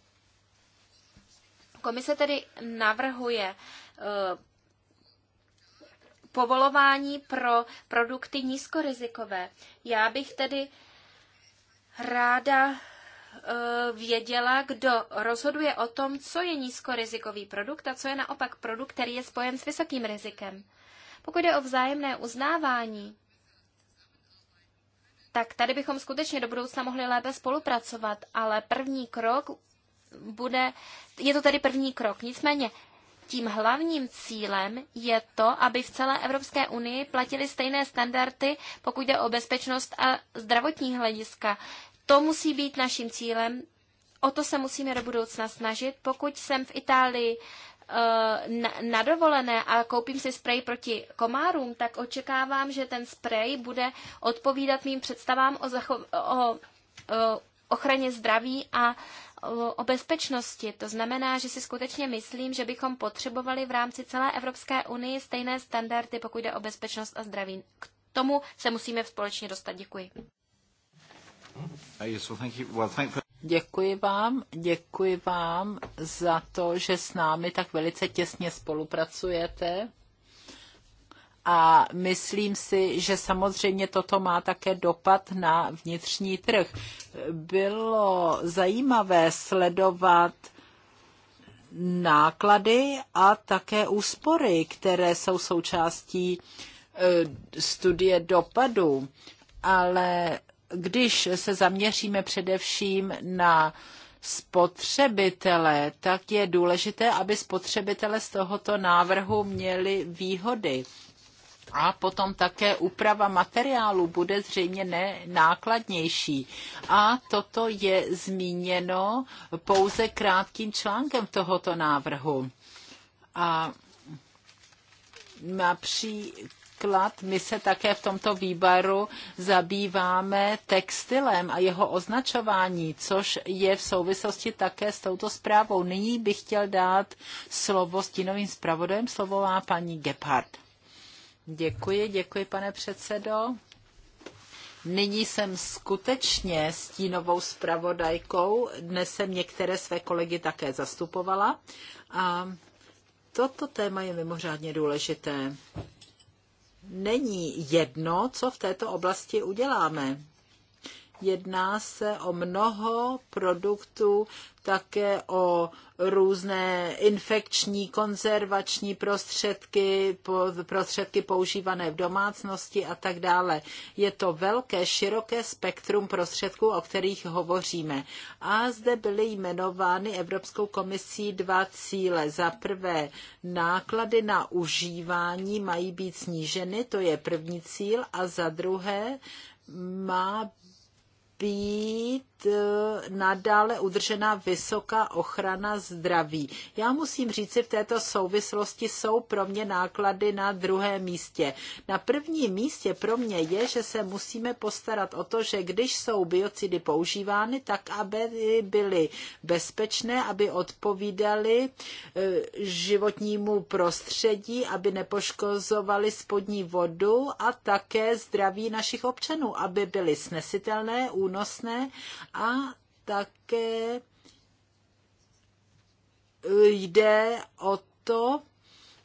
Komise tedy navrhuje uh, povolování pro produkty nízkorizikové. Já bych tedy ráda Eh, věděla, kdo rozhoduje o tom, co je nízkorizikový produkt a co je naopak produkt, který je spojen s vysokým rizikem. Pokud je o vzájemné uznávání, tak tady bychom skutečně do budoucna mohli lépe spolupracovat, ale první krok bude, je to tedy první krok. Nicméně tím hlavním cílem je to, aby v celé Evropské unii platili stejné standardy, pokud jde o bezpečnost a zdravotní hlediska. To musí být naším cílem, o to se musíme do budoucna snažit. Pokud jsem v Itálii eh, na, dovolené a koupím si sprej proti komárům, tak očekávám, že ten sprej bude odpovídat mým představám o, zacho- o, o ochraně zdraví a o, o bezpečnosti. To znamená, že si skutečně myslím, že bychom potřebovali v rámci celé Evropské unie stejné standardy, pokud jde o bezpečnost a zdraví. K tomu se musíme společně dostat. Děkuji. Uh, děkuji vám, děkuji vám za to, že s námi tak velice těsně spolupracujete. A myslím si, že samozřejmě toto má také dopad na vnitřní trh. Bylo zajímavé sledovat náklady a také úspory, které jsou součástí eh, studie dopadu, ale když se zaměříme především na spotřebitele, tak je důležité, aby spotřebitele z tohoto návrhu měli výhody. A potom také úprava materiálu bude zřejmě nenákladnější. A toto je zmíněno pouze krátkým článkem tohoto návrhu. A například Například my se také v tomto výbaru zabýváme textilem a jeho označování, což je v souvislosti také s touto zprávou. Nyní bych chtěl dát slovo stínovým zpravodajem, slovo má paní Gebhardt. Děkuji, děkuji, pane předsedo. Nyní jsem skutečně stínovou zpravodajkou, dnes jsem některé své kolegy také zastupovala a toto téma je mimořádně důležité není jedno, co v této oblasti uděláme. Jedná se o mnoho produktů také o různé infekční konzervační prostředky, prostředky používané v domácnosti a tak dále. Je to velké, široké spektrum prostředků, o kterých hovoříme. A zde byly jmenovány Evropskou komisí dva cíle. Za prvé, náklady na užívání mají být sníženy, to je první cíl, a za druhé, má být Eh, nadále udržena vysoká ochrana zdraví. Já musím říci, v této souvislosti jsou pro mě náklady na druhém místě. Na prvním místě pro mě je, že se musíme postarat o to, že když jsou biocidy používány, tak aby byly bezpečné, aby odpovídaly eh, životnímu prostředí, aby nepoškozovaly spodní vodu a také zdraví našich občanů, aby byly snesitelné, únosné a také jde o to,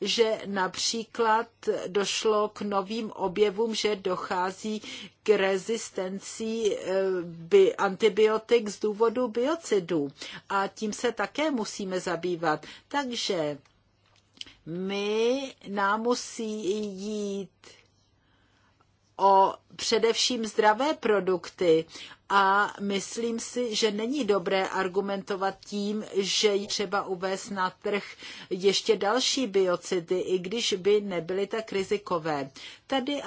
že například došlo k novým objevům, že dochází k rezistenci eh, antibiotik z důvodu biocidů. A tím se také musíme zabývat. Takže my nám musí jít o především zdravé produkty a myslím si, že není dobré argumentovat tím, že je třeba uvést na trh ještě další biocidy, i když by nebyly tak rizikové. Tady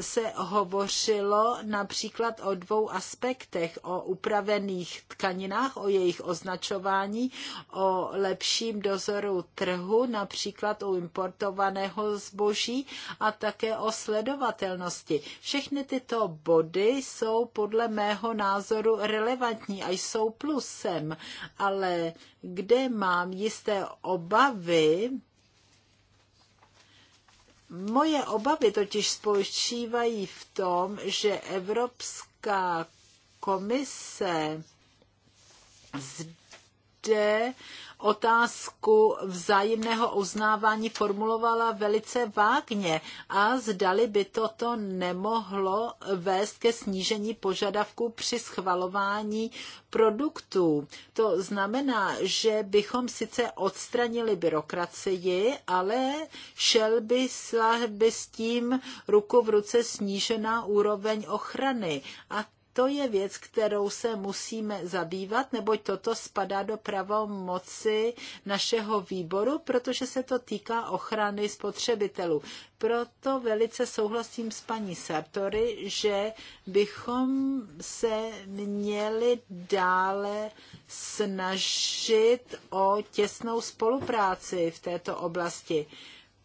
se hovořilo například o dvou aspektech, o upravených tkaninách, o jejich označování, o lepším dozoru trhu, například u importovaného zboží a také o sledovatelnosti. Všechny tyto body jsou podle mého názoru relevantní a jsou plusem, ale kde mám jisté obavy, Moje obavy totiž spočívají v tom, že Evropská komise zde otázku vzájemného uznávání formulovala velice vágně a zdali by toto nemohlo vést ke snížení požadavků při schvalování produktů. To znamená, že bychom sice odstranili byrokracii, ale šel by, by s tím ruku v ruce snížená úroveň ochrany. A to je věc, kterou se musíme zabývat, neboť toto spadá do pravomoci našeho výboru, protože se to týká ochrany spotřebitelů. Proto velice souhlasím s paní Sartory, že bychom se měli dále snažit o těsnou spolupráci v této oblasti,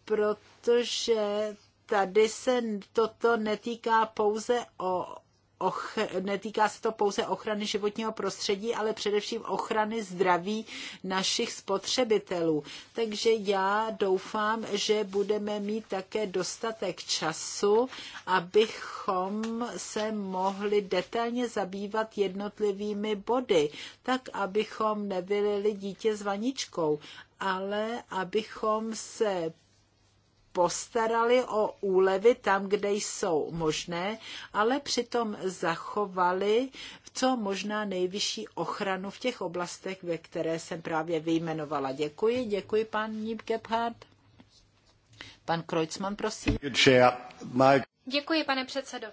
protože tady se toto netýká pouze o och, netýká se to pouze ochrany životního prostředí, ale především ochrany zdraví našich spotřebitelů. Takže já doufám, že budeme mít také dostatek času, abychom se mohli detailně zabývat jednotlivými body, tak abychom nevylili dítě s vaničkou, ale abychom se postarali o úlevy tam, kde jsou možné, ale přitom zachovali co možná nejvyšší ochranu v těch oblastech, ve které jsem právě vyjmenovala. Děkuji, děkuji paní Gebhardt. Pan Kreutzmann, prosím. Děkuji, pane předsedo.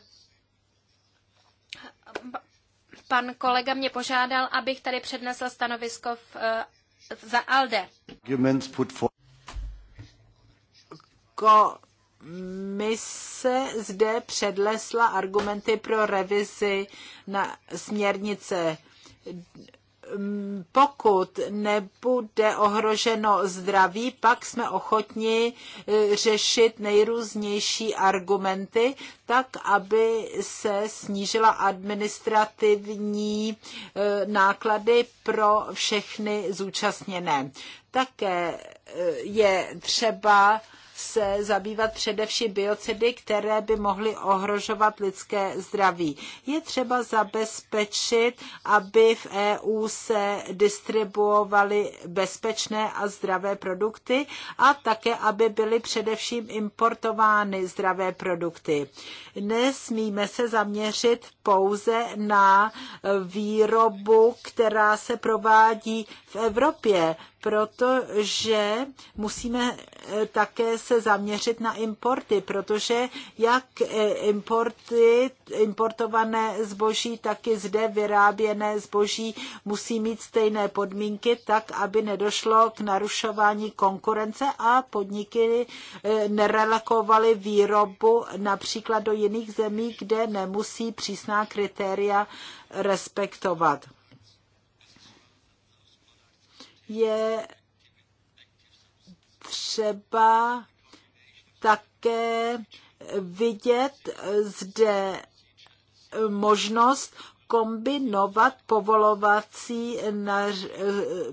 Pan kolega mě požádal, abych tady přednesl stanovisko v, eh, za ALDE komise zde předlesla argumenty pro revizi na směrnice pokud nebude ohroženo zdraví, pak jsme ochotni eh, řešit nejrůznější argumenty, tak aby se snížila administrativní eh, náklady pro všechny zúčastněné. Také eh, je třeba se zabývat především biocidy, které by mohly ohrožovat lidské zdraví. Je třeba zabezpečit, aby v EU se distribuovaly bezpečné a zdravé produkty a také, aby byly především importovány zdravé produkty. Nesmíme se zaměřit pouze na výrobu, která se provádí v Evropě protože musíme eh, také se zaměřit na importy, protože jak eh, importy, importované zboží, tak i zde vyráběné zboží musí mít stejné podmínky, tak aby nedošlo k narušování konkurence a podniky eh, nerelakovaly výrobu například do jiných zemí, kde nemusí přísná kritéria respektovat je třeba také vidět zde možnost kombinovat povolovací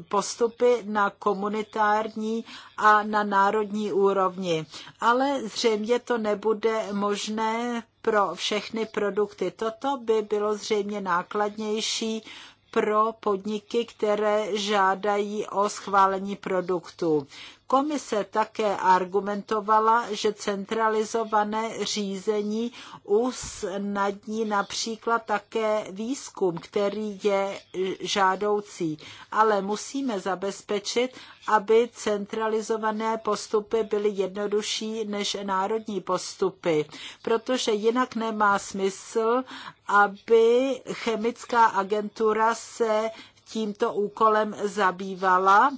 postupy na komunitární a na národní úrovni. Ale zřejmě to nebude možné pro všechny produkty. Toto by bylo zřejmě nákladnější pro podniky, které žádají o schválení produktu. Komise také argumentovala, že centralizované řízení usnadní například také výzkum, který je žádoucí, ale musíme zabezpečit, aby centralizované postupy byly jednodušší než národní postupy, protože jinak nemá smysl, aby chemická agentura se tímto úkolem zabývala,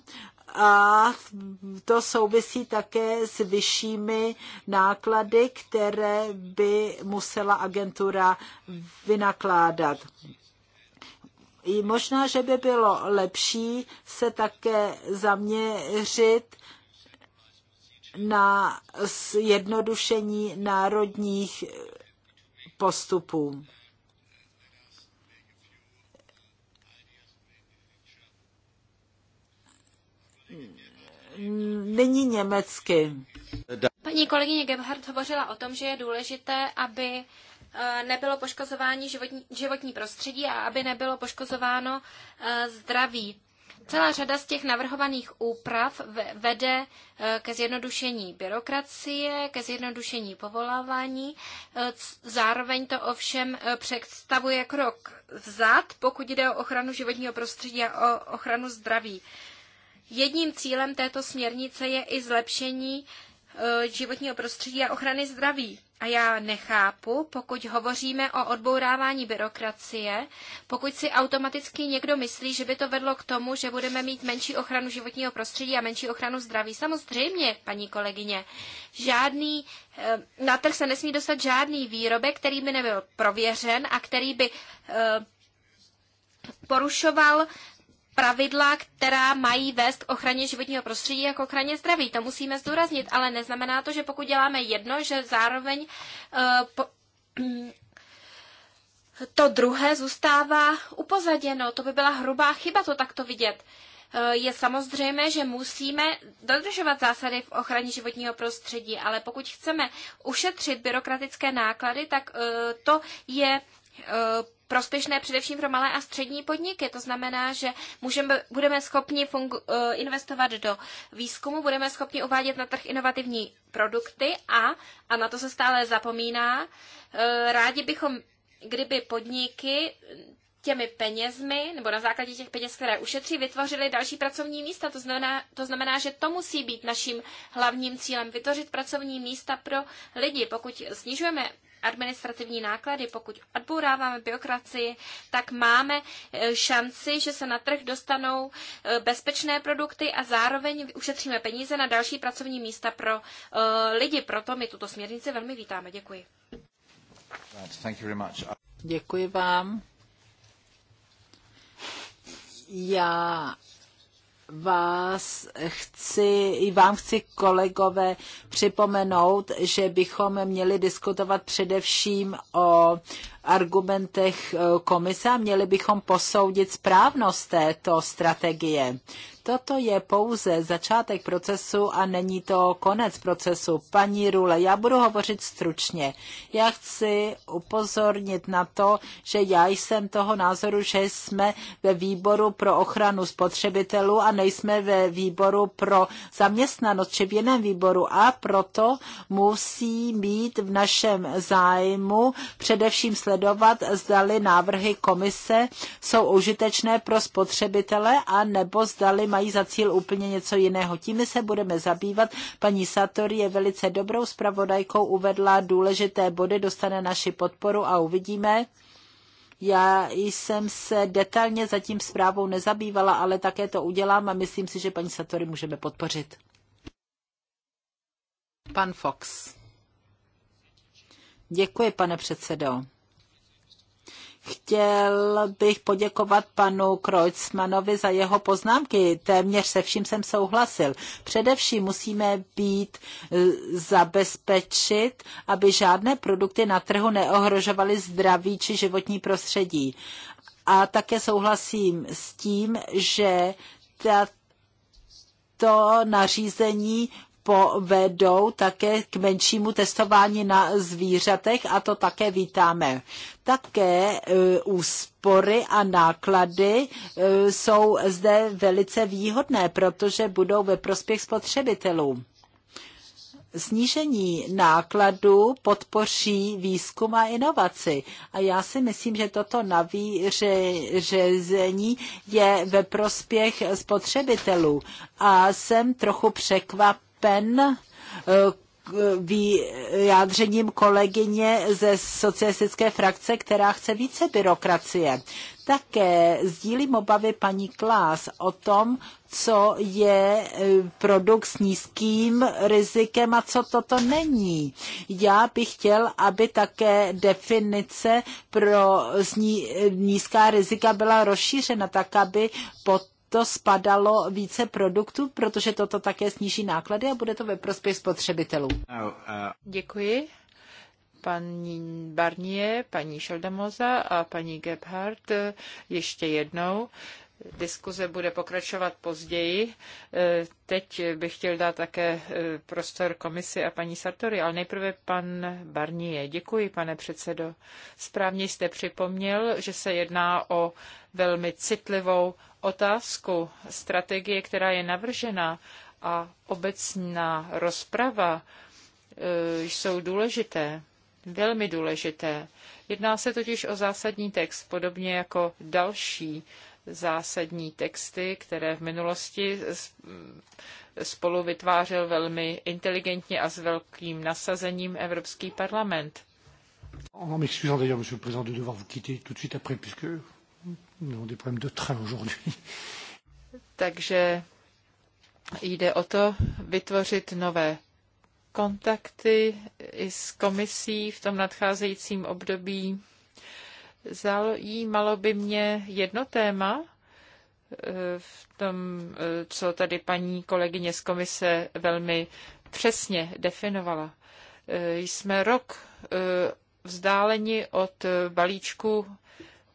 a to souvisí také s vyššími náklady, které by musela agentura vynakládat. I možná, že by bylo lepší se také zaměřit na zjednodušení národních postupů. není německy. Paní kolegyně Gebhardt hovořila o tom, že je důležité, aby e, nebylo poškozování životní, životní prostředí a aby nebylo poškozováno e, zdraví. Celá řada z těch navrhovaných úprav vede e, ke zjednodušení byrokracie, ke zjednodušení povolávání. Zároveň to ovšem představuje krok vzad, pokud jde o ochranu životního prostředí a o ochranu zdraví. Jedním cílem této směrnice je i zlepšení eh, životního prostředí a ochrany zdraví. A já nechápu, pokud hovoříme o odbourávání byrokracie, pokud si automaticky někdo myslí, že by to vedlo k tomu, že budeme mít menší ochranu životního prostředí a menší ochranu zdraví. Samozřejmě, paní kolegyně, žádný, eh, na trh se nesmí dostat žádný výrobek, který by nebyl prověřen a který by eh, porušoval pravidla, která mají vést k ochraně životního prostředí a k ochraně zdraví. To musíme zdůraznit, ale neznamená to, že pokud děláme jedno, že zároveň uh, po, mm, to druhé zůstává upozaděno. To by byla hrubá chyba to takto vidět. Eh, je samozřejmé, že musíme dodržovat zásady v ochraně životního prostředí, ale pokud chceme ušetřit byrokratické náklady, tak eh, to je prospěšné především pro malé a střední podniky. To znamená, že můžeme, budeme schopni eh, investovat do výzkumu, budeme schopni uvádět na trh inovativní produkty a, a na to se stále zapomíná, eh, rádi bychom, kdyby podniky těmi penězmi, nebo na základě těch peněz, které ušetří, vytvořili další pracovní místa. To znamená, to znamená, že to musí být naším hlavním cílem, vytvořit pracovní místa pro lidi. Pokud snižujeme administrativní náklady, pokud odbouráváme byrokracii, tak máme e, šanci, že se na trh dostanou e, bezpečné produkty a zároveň ušetříme peníze na další pracovní místa pro e, lidi. Proto my tuto směrnici velmi vítáme. Děkuji. Děkuji vám. Já vás chci, i vám chci kolegové připomenout, že bychom měli diskutovat především o argumentech eh, komise a měli bychom posoudit správnost této strategie. Toto je pouze začátek procesu a není to konec procesu. Paní Rule, já budu hovořit stručně. Já chci upozornit na to, že já jsem toho názoru, že jsme ve výboru pro ochranu spotřebitelů a nejsme ve výboru pro zaměstnanost či v jiném výboru a proto musí být v našem zájmu především sledovat sledovat, zdali návrhy komise jsou užitečné pro spotřebitele a nebo zdali mají za cíl úplně něco jiného. Tím se budeme zabývat. Paní Satori je velice dobrou zpravodajkou, uvedla důležité body, dostane naši podporu a uvidíme. Já jsem se detailně zatím zprávou nezabývala, ale také to udělám a myslím si, že paní Satori můžeme podpořit. Pan Fox. Děkuji, pane předsedo. Chtěl bych poděkovat panu Kreutzmanovi za jeho poznámky. Téměř se vším jsem souhlasil. Především musíme být e, zabezpečit, aby žádné produkty na trhu neohrožovaly zdraví či životní prostředí. A také souhlasím s tím, že ta to nařízení povedou také k menšímu testování na zvířatech a to také vítáme. Také e, úspory a náklady e, jsou zde velice výhodné, protože budou ve prospěch spotřebitelů. Snížení nákladů podpoří výzkum a inovaci. A já si myslím, že toto navířezení je ve prospěch spotřebitelů. A jsem trochu překvapen, Pen eh, vyjádřením kolegyně ze socialistické frakce, která chce více byrokracie. Také sdílím obavy paní Klás o tom, co je eh, produkt s nízkým rizikem a co toto není. Já bych chtěl, aby také definice pro eh, nízká rizika byla rozšířena tak, aby potom to spadalo více produktů, protože toto také sníží náklady a bude to ve prospěch spotřebitelů. Děkuji. Paní Barnier, paní Šeldamoza a paní Gebhardt ještě jednou. Diskuze bude pokračovat později. E, teď bych chtěl dát také e, prostor komisi a paní Sartori, ale nejprve pan Barnier. Děkuji, pane předsedo. Správně jste připomněl, že se jedná o velmi citlivou otázku strategie, která je navržena a obecná rozprava e, jsou důležité, velmi důležité. Jedná se totiž o zásadní text, podobně jako další zásadní texty, které v minulosti spolu vytvářel velmi inteligentně a s velkým nasazením Evropský parlament. Takže jde o to vytvořit nové kontakty i s komisí v tom nadcházejícím období Zajímalo by mě jedno téma eh, v tom, eh, co tady paní kolegyně z komise velmi přesně definovala. Eh, jsme rok vzdáleni od balíčku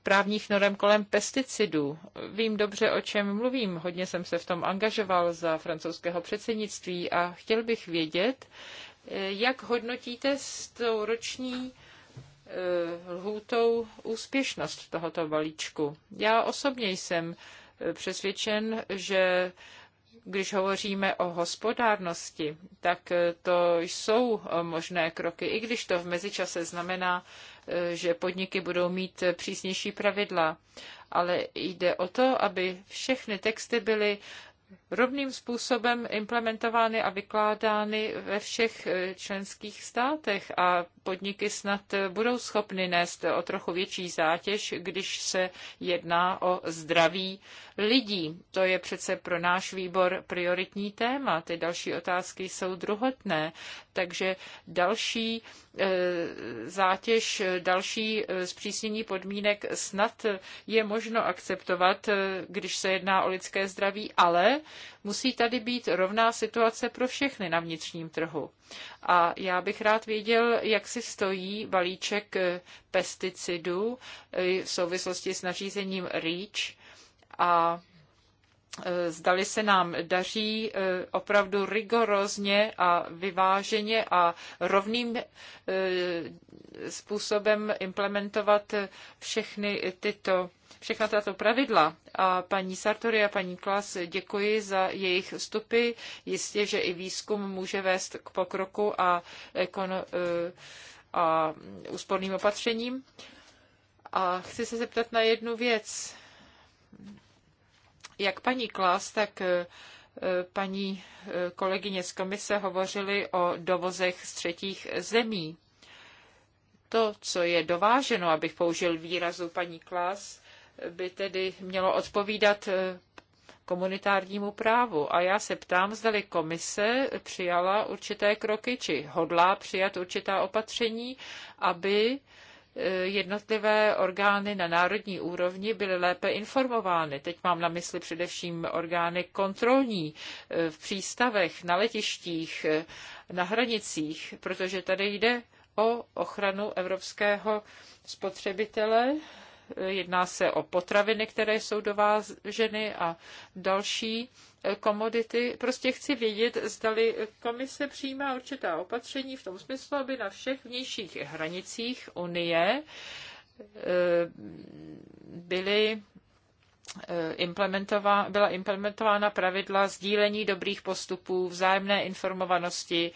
právních norem kolem pesticidů. Vím dobře, o čem mluvím. Hodně jsem se v tom angažoval za francouzského předsednictví a chtěl bych vědět, jak hodnotíte s tou roční Eh, lhůtou úspěšnost tohoto balíčku. Já osobně jsem eh, přesvědčen, že když hovoříme o hospodárnosti, tak eh, to jsou možné kroky, i když to v mezičase znamená, že podniky budou mít přísnější pravidla. Ale jde o to, aby všechny texty byly rovným způsobem implementovány a vykládány ve všech eh, členských státech a podniky snad eh, budou schopny nést eh, o trochu větší zátěž, když se jedná o zdraví lidí. To je přece pro náš výbor prioritní téma. Ty další otázky jsou druhotné, takže další zátěž, další zpřísnění podmínek snad je možno akceptovat, když se jedná o lidské zdraví, ale musí tady být rovná situace pro všechny na vnitřním trhu. A já bych rád věděl, jak si stojí balíček eh, pesticidů eh, v souvislosti s nařízením REACH a zdali se nám daří eh, opravdu rigorózně a vyváženě a rovným eh, způsobem implementovat všechny tyto všechna tato pravidla. A paní Sartori a paní Klas děkuji za jejich vstupy. Jistě, že i výzkum může vést k pokroku a, eh, a úsporným opatřením. A chci se zeptat na jednu věc jak paní Klas, tak eh, paní eh, kolegyně z komise hovořili o dovozech z třetích zemí. To, co je dováženo, abych použil výrazu paní Klas, by tedy mělo odpovídat eh, komunitárnímu právu. A já se ptám, zda-li komise přijala určité kroky, či hodlá přijat určitá opatření, aby Eh, jednotlivé orgány na národní úrovni byly lépe informovány. Teď mám na mysli především orgány kontrolní eh, v přístavech, na letištích, eh, na hranicích, protože tady jde o ochranu evropského spotřebitele jedná se o potraviny, které jsou dováženy a další eh, komodity. Prostě chci vědět, zdali komise přijímá určitá opatření v tom smyslu, aby na všech vnějších hranicích Unie eh, byly eh, implementová, byla implementována pravidla sdílení dobrých postupů, vzájemné informovanosti,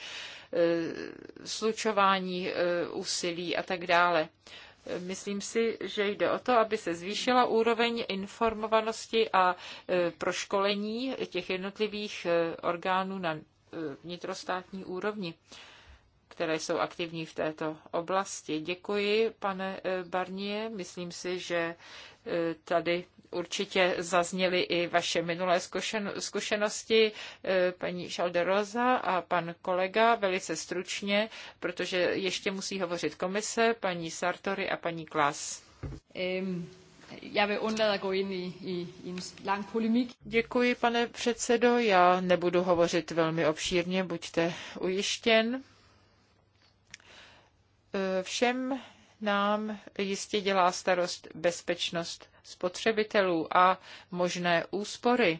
slučování úsilí a tak dále. Myslím si, že jde o to, aby se zvýšila úroveň informovanosti a e, proškolení těch jednotlivých e, orgánů na e, vnitrostátní úrovni které jsou aktivní v této oblasti. Děkuji, pane Barnier. Myslím si, že Tady určitě zazněly i vaše minulé zkušenosti, eh, paní Šalderoza a pan kolega, velice stručně, protože ještě musí hovořit komise, paní Sartori a paní Klas. Um. Já Děkuji, pane předsedo. Já nebudu hovořit velmi obšírně, buďte ujištěn. Eh, všem nám jistě dělá starost bezpečnost spotřebitelů a možné úspory.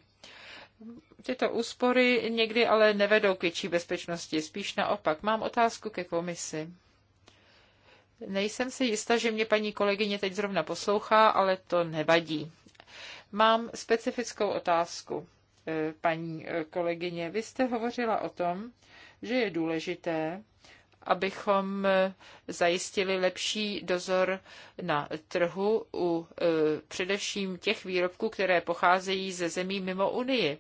Tyto úspory někdy ale nevedou k větší bezpečnosti, spíš naopak. Mám otázku ke komisi. Nejsem si jista, že mě paní kolegyně teď zrovna poslouchá, ale to nevadí. Mám specifickou otázku, eh, paní eh, kolegyně. Vy jste hovořila o tom, že je důležité, abychom eh, zajistili lepší dozor na trhu u eh, především těch výrobků, které pocházejí ze zemí mimo Unii.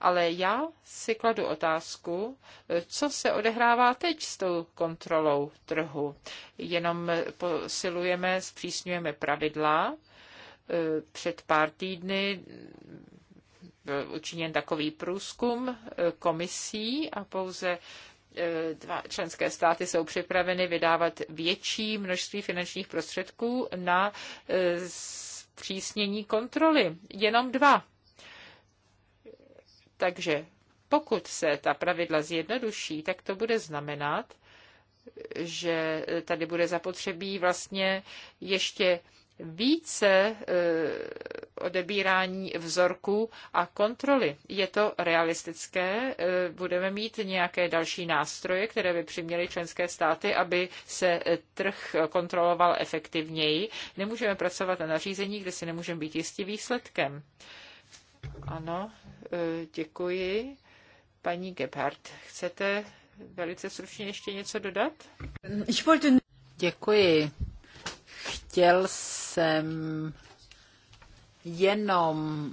Ale já si kladu otázku, eh, co se odehrává teď s tou kontrolou trhu. Jenom posilujeme, zpřísňujeme pravidla. Před pár týdny byl učiněn takový průzkum komisí a pouze dva členské státy jsou připraveny vydávat větší množství finančních prostředků na e, zpřísnění kontroly. Jenom dva. Takže pokud se ta pravidla zjednoduší, tak to bude znamenat, že tady bude zapotřebí vlastně ještě více e, odebírání vzorků a kontroly. Je to realistické, e, budeme mít nějaké další nástroje, které by přiměly členské státy, aby se e, trh kontroloval efektivněji. Nemůžeme pracovat na nařízení, kde si nemůžeme být jistí výsledkem. Ano, děkuji. Paní Gebhardt, chcete velice stručně ještě něco dodat? Děkuji. Chtěl jsem jsem jenom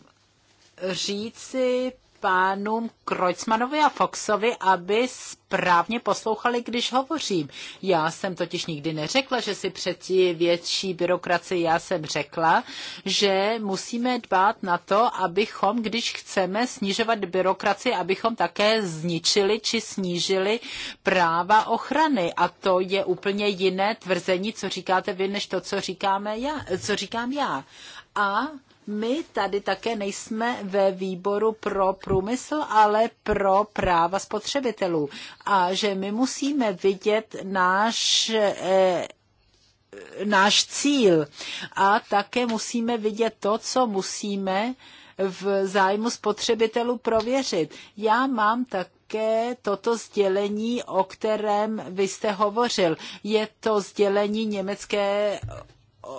říci pánům Kreuzmanovi a Foxovi, aby správně poslouchali, když hovořím. Já jsem totiž nikdy neřekla, že si přeci větší byrokracii, já jsem řekla, že musíme dbát na to, abychom, když chceme snižovat byrokracii, abychom také zničili či snížili práva ochrany. A to je úplně jiné tvrzení, co říkáte vy, než to, co, říkáme já, co říkám já. A my tady také nejsme ve výboru pro průmysl, ale pro práva spotřebitelů. A že my musíme vidět náš eh, náš cíl. A také musíme vidět to, co musíme v zájmu spotřebitelů prověřit. Já mám tak také toto sdělení, o kterém vy jste hovořil. Je to sdělení německé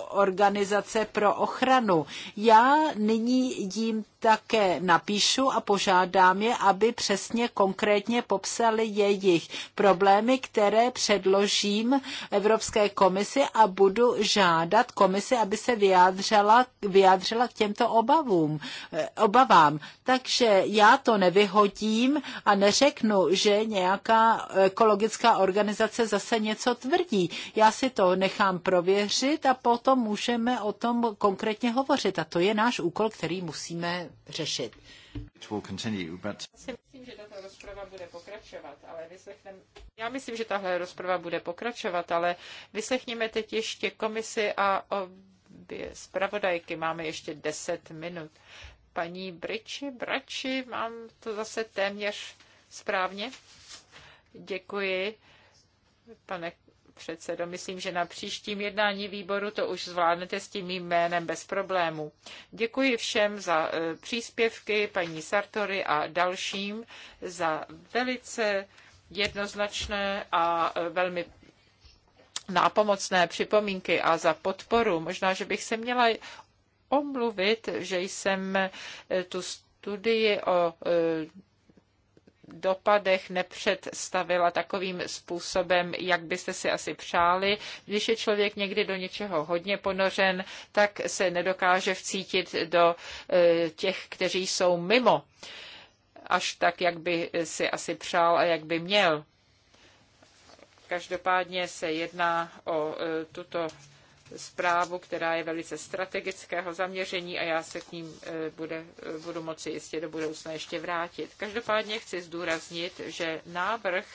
organizace pro ochranu. Já nyní jím také napíšu a požádám je, aby přesně konkrétně popsali jejich problémy, které předložím Evropské komisi a budu žádat komisi, aby se vyjádřila, vyjádřila k těmto obavům, eh, obavám. Takže já to nevyhodím a neřeknu, že nějaká ekologická organizace zase něco tvrdí. Já si to nechám prověřit a potom můžeme o tom konkrétně hovořit. A to je náš úkol, který musíme řešit. Já myslím, že tahle rozprava bude pokračovat, ale vyslechněme teď ještě komisi a obě zpravodajky. Máme ještě 10 minut. Paní Briči, Brači, mám to zase téměř správně. Děkuji, pane předsedo. Myslím, že na příštím jednání výboru to už zvládnete s tím mým jménem bez problémů. Děkuji všem za e, příspěvky paní Sartory a dalším za velice jednoznačné a e, velmi nápomocné připomínky a za podporu. Možná, že bych se měla omluvit, že jsem e, tu studii o dopadech nepředstavila takovým způsobem, jak byste si asi přáli. Když je člověk někdy do něčeho hodně ponořen, tak se nedokáže vcítit do e, těch, kteří jsou mimo, až tak, jak by si asi přál a jak by měl. Každopádně se jedná o e, tuto zprávu, která je velice strategického zaměření a já se k ním eh, bude, eh, budu moci jistě do budoucna ještě vrátit. Každopádně chci zdůraznit, že návrh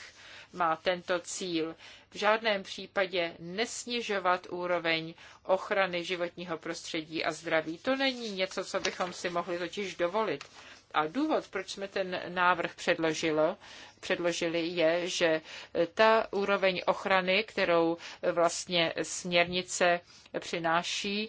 má tento cíl v žádném případě nesnižovat úroveň ochrany životního prostředí a zdraví. To není něco, co bychom si mohli totiž dovolit. A důvod, proč jsme ten návrh předložilo, předložili, je, že ta úroveň ochrany, kterou vlastně směrnice přináší,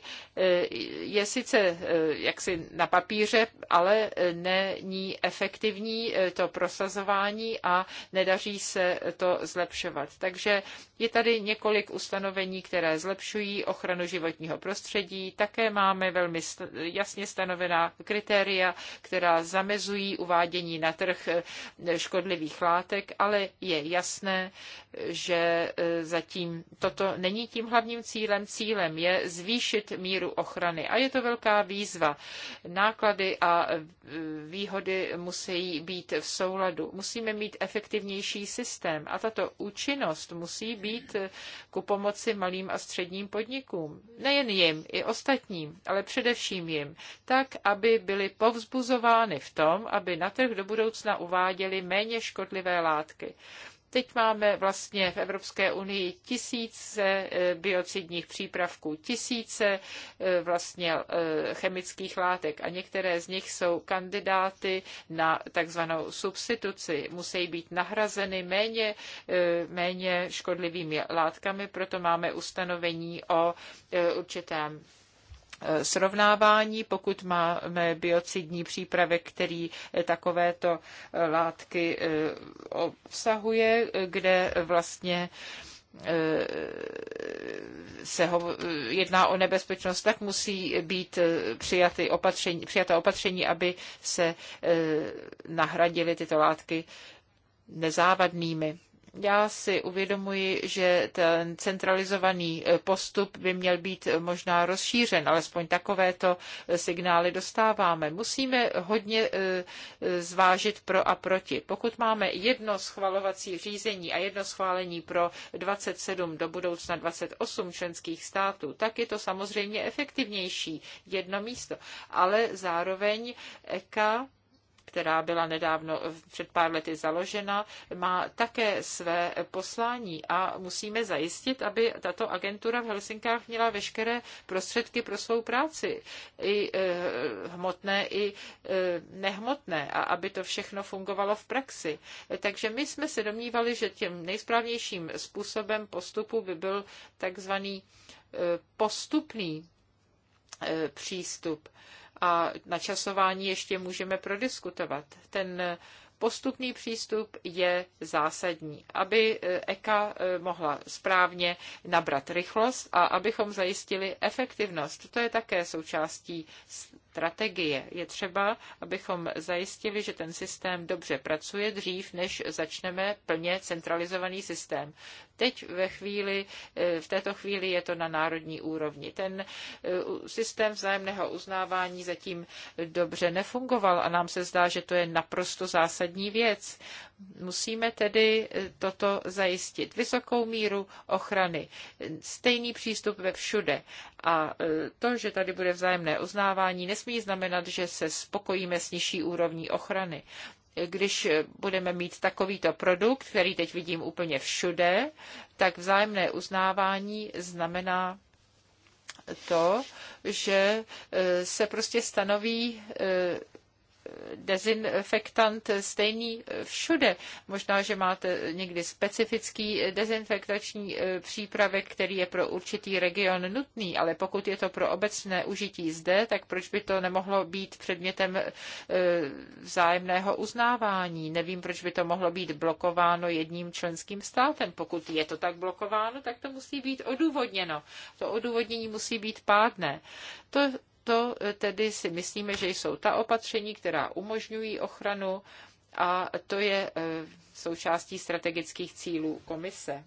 je sice eh, jaksi na papíře, ale není efektivní eh, to prosazování a nedaří se to zlepšovat. Takže je tady několik ustanovení, které zlepšují ochranu životního prostředí. Také máme velmi jasně stanovená kritéria, která zamezují uvádění na trh eh, škodlivých látek, ale je jasné, že e, zatím toto není tím hlavním cílem. Cílem je zvýšit míru ochrany a je to velká výzva. Náklady a e, výhody musí být v souladu. Musíme mít efektivnější systém a tato účinnost musí být e, ku pomoci malým a středním podnikům. Nejen jim, i ostatním, ale především jim, tak, aby byly povzbuzovány v tom, aby na trh do budoucna uváděli méně škodlivé škodlivé látky. Teď máme vlastně v Evropské unii tisíce eh, biocidních přípravků, tisíce eh, vlastně eh, chemických látek a některé z nich jsou kandidáty na takzvanou substituci. Musí být nahrazeny méně, méně škodlivými látkami, proto máme ustanovení o určitém srovnávání. Pokud máme biocidní přípravek, který takovéto látky eh, obsahuje, kde vlastně eh, se ho, eh, jedná o nebezpečnost, tak musí být přijaty opatření, přijata opatření, aby se nahradily tyto látky nezávadnými. Já si uvědomuji, že ten centralizovaný eh, postup by měl být eh, možná rozšířen, alespoň takovéto eh, signály dostáváme. Musíme hodně zvážit pro a proti. Pokud máme jedno schvalovací řízení a jedno schválení pro 27 do budoucna 28 členských států, tak je to samozřejmě efektivnější jedno místo, ale zároveň EKA která byla nedávno eh, před pár lety založena, má také své poslání a musíme zajistit, aby tato agentura v Helsinkách měla veškeré prostředky pro svou práci, i eh, hmotné, i eh, nehmotné, a aby to všechno fungovalo v praxi. Takže my jsme se domnívali, že tím nejsprávnějším způsobem postupu by byl takzvaný postupný přístup a načasování ještě můžeme prodiskutovat. Ten postupný přístup je zásadní, aby eh, EKA eh, mohla správně nabrat rychlost a abychom zajistili efektivnost. To je také součástí strategie. Je třeba, abychom zajistili, že ten systém dobře pracuje dřív, než začneme plně centralizovaný systém. Teď ve chvíli, eh, v této chvíli je to na národní úrovni. Ten eh, systém vzájemného uznávání zatím dobře nefungoval a nám se zdá, že to je naprosto zásadní věc. Musíme tedy eh, toto zajistit. Vysokou míru ochrany, stejný přístup ve všude. A to, že tady bude vzájemné uznávání, nesmí znamenat, že se spokojíme s nižší úrovní ochrany. Když budeme mít takovýto produkt, který teď vidím úplně všude, tak vzájemné uznávání znamená to, že eh, se prostě stanoví eh, dezinfektant stejný všude. Možná, že máte někdy specifický dezinfektační eh, přípravek, který je pro určitý region nutný, ale pokud je to pro obecné užití zde, tak proč by to nemohlo být předmětem eh, vzájemného uznávání? Nevím, proč by to mohlo být blokováno jedním členským státem. Pokud je to tak blokováno, tak to musí být odůvodněno. To odůvodnění musí být pádné. To proto eh, tedy si myslíme, že jsou ta opatření, která umožňují ochranu a to je eh, součástí strategických cílů komise.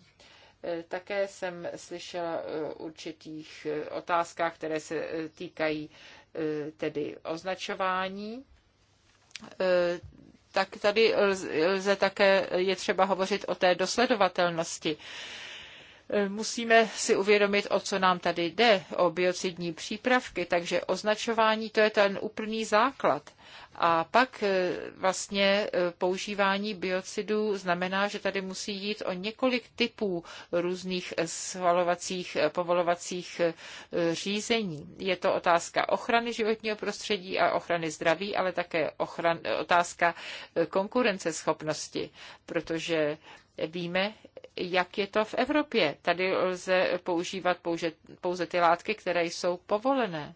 Eh, také jsem slyšela určitých otázkách, které se týkají tedy označování. Tak tady lze také, je třeba hovořit o té dosledovatelnosti musíme si uvědomit, o co nám tady jde, o biocidní přípravky, takže označování to je ten úplný základ. A pak eh, vlastně eh, používání biocidů znamená, že tady musí jít o několik typů různých schvalovacích, eh, povolovacích řízení. Je to otázka ochrany životního prostředí a ochrany zdraví, ale také ochran, otázka konkurenceschopnosti, protože Víme, jak je to v Evropě. Tady lze používat pouze, pouze ty látky, které jsou povolené.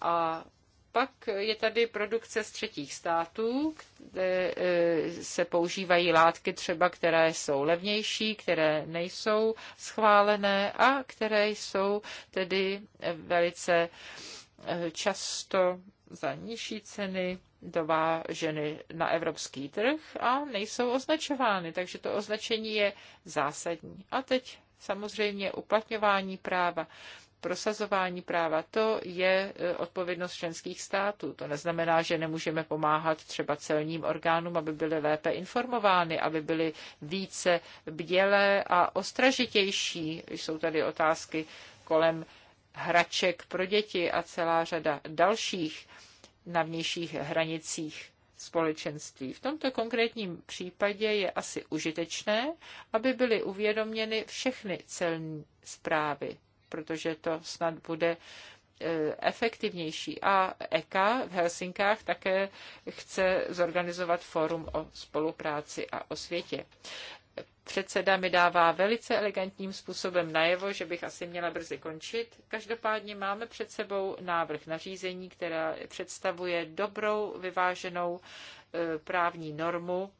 A pak je tady produkce z třetích států, kde e, se používají látky třeba, které jsou levnější, které nejsou schválené a které jsou tedy velice e, často za nižší ceny dováženy na evropský trh a nejsou označovány, takže to označení je zásadní. A teď samozřejmě uplatňování práva, prosazování práva, to je e, odpovědnost členských států. To neznamená, že nemůžeme pomáhat třeba celním orgánům, aby byly lépe informovány, aby byly více bdělé a ostražitější. Jsou tady otázky kolem hraček pro děti a celá řada dalších na vnějších hranicích společenství. V tomto konkrétním případě je asi užitečné, aby byly uvědoměny všechny celní zprávy, protože to snad bude e, efektivnější. A EKA v Helsinkách také chce zorganizovat fórum o spolupráci a o světě. Předseda mi dává velice elegantním způsobem najevo, že bych asi měla brzy končit. Každopádně máme před sebou návrh nařízení, která představuje dobrou, vyváženou e, právní normu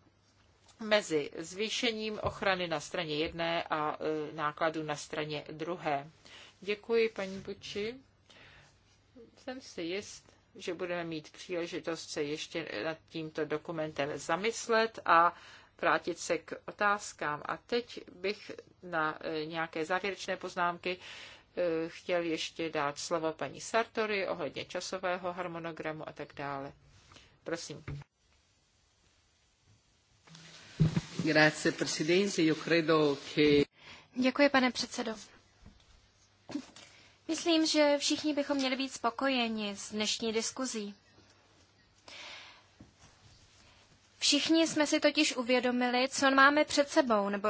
mezi zvýšením ochrany na straně jedné a e, nákladu na straně druhé. Děkuji, paní Buči. Jsem si jist, že budeme mít příležitost se ještě nad tímto dokumentem zamyslet a vrátit se k otázkám. A teď bych na e, nějaké závěrečné poznámky e, chtěl ještě dát slovo paní Sartory ohledně časového harmonogramu a tak dále. Prosím. Děkuji, pane předsedo. Myslím, že všichni bychom měli být spokojeni s dnešní diskuzí. Všichni jsme si totiž uvědomili, co máme před sebou, nebo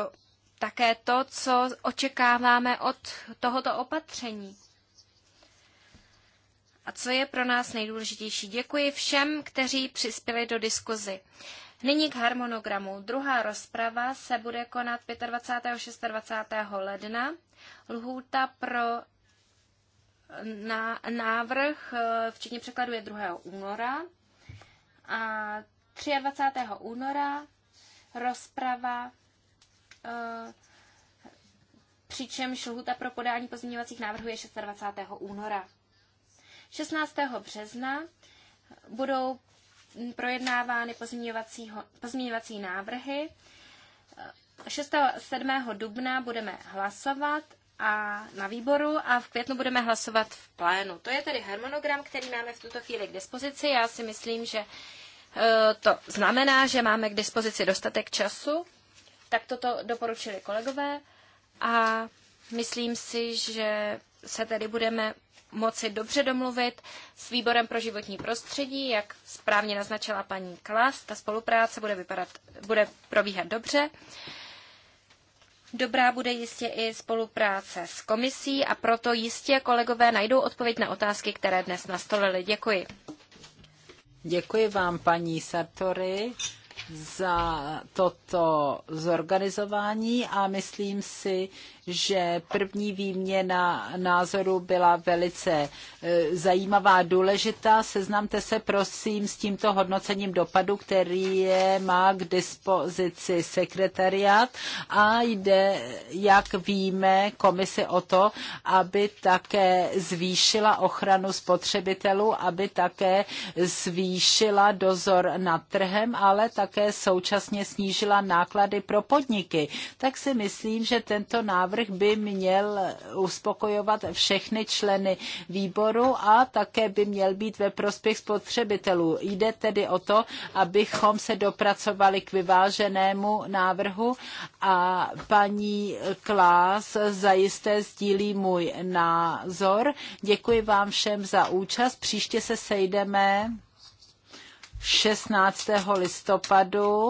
také to, co očekáváme od tohoto opatření. A co je pro nás nejdůležitější? Děkuji všem, kteří přispěli do diskuzi. Nyní k harmonogramu. Druhá rozprava se bude konat 25. a 26. ledna. Lhůta pro návrh, eh, včetně překladu, je 2. února. A 23. února rozprava, e, přičemž lhuta pro podání pozměňovacích návrhů je 26. února. 16. března budou projednávány pozměňovací návrhy. 6. E, 7. dubna budeme hlasovat a na výboru a v květnu budeme hlasovat v plénu. To je tedy harmonogram, který máme v tuto chvíli k dispozici. Já si myslím, že E, to znamená, že máme k dispozici dostatek času, tak toto doporučili kolegové a myslím si, že se tedy budeme moci dobře domluvit s výborem pro životní prostředí, jak správně naznačila paní Klas. Ta spolupráce bude, vypadat, bude probíhat dobře. Dobrá bude jistě i spolupráce s komisí a proto jistě kolegové najdou odpověď na otázky, které dnes nastolili. Děkuji. Děkuji vám, paní Sartori, za toto zorganizování a myslím si, že první výměna názorů byla velice e, zajímavá, důležitá. Seznamte se prosím s tímto hodnocením dopadu, který je, má k dispozici sekretariát a jde, jak víme, komisi o to, aby také zvýšila ochranu spotřebitelů, aby také zvýšila dozor nad trhem, ale také současně snížila náklady pro podniky. Tak si myslím, že tento návrh návrh by měl uspokojovat všechny členy výboru a také by měl být ve prospěch spotřebitelů. Jde tedy o to, abychom se dopracovali k vyváženému návrhu a paní Klás zajisté sdílí můj názor. Děkuji vám všem za účast. Příště se sejdeme 16. listopadu.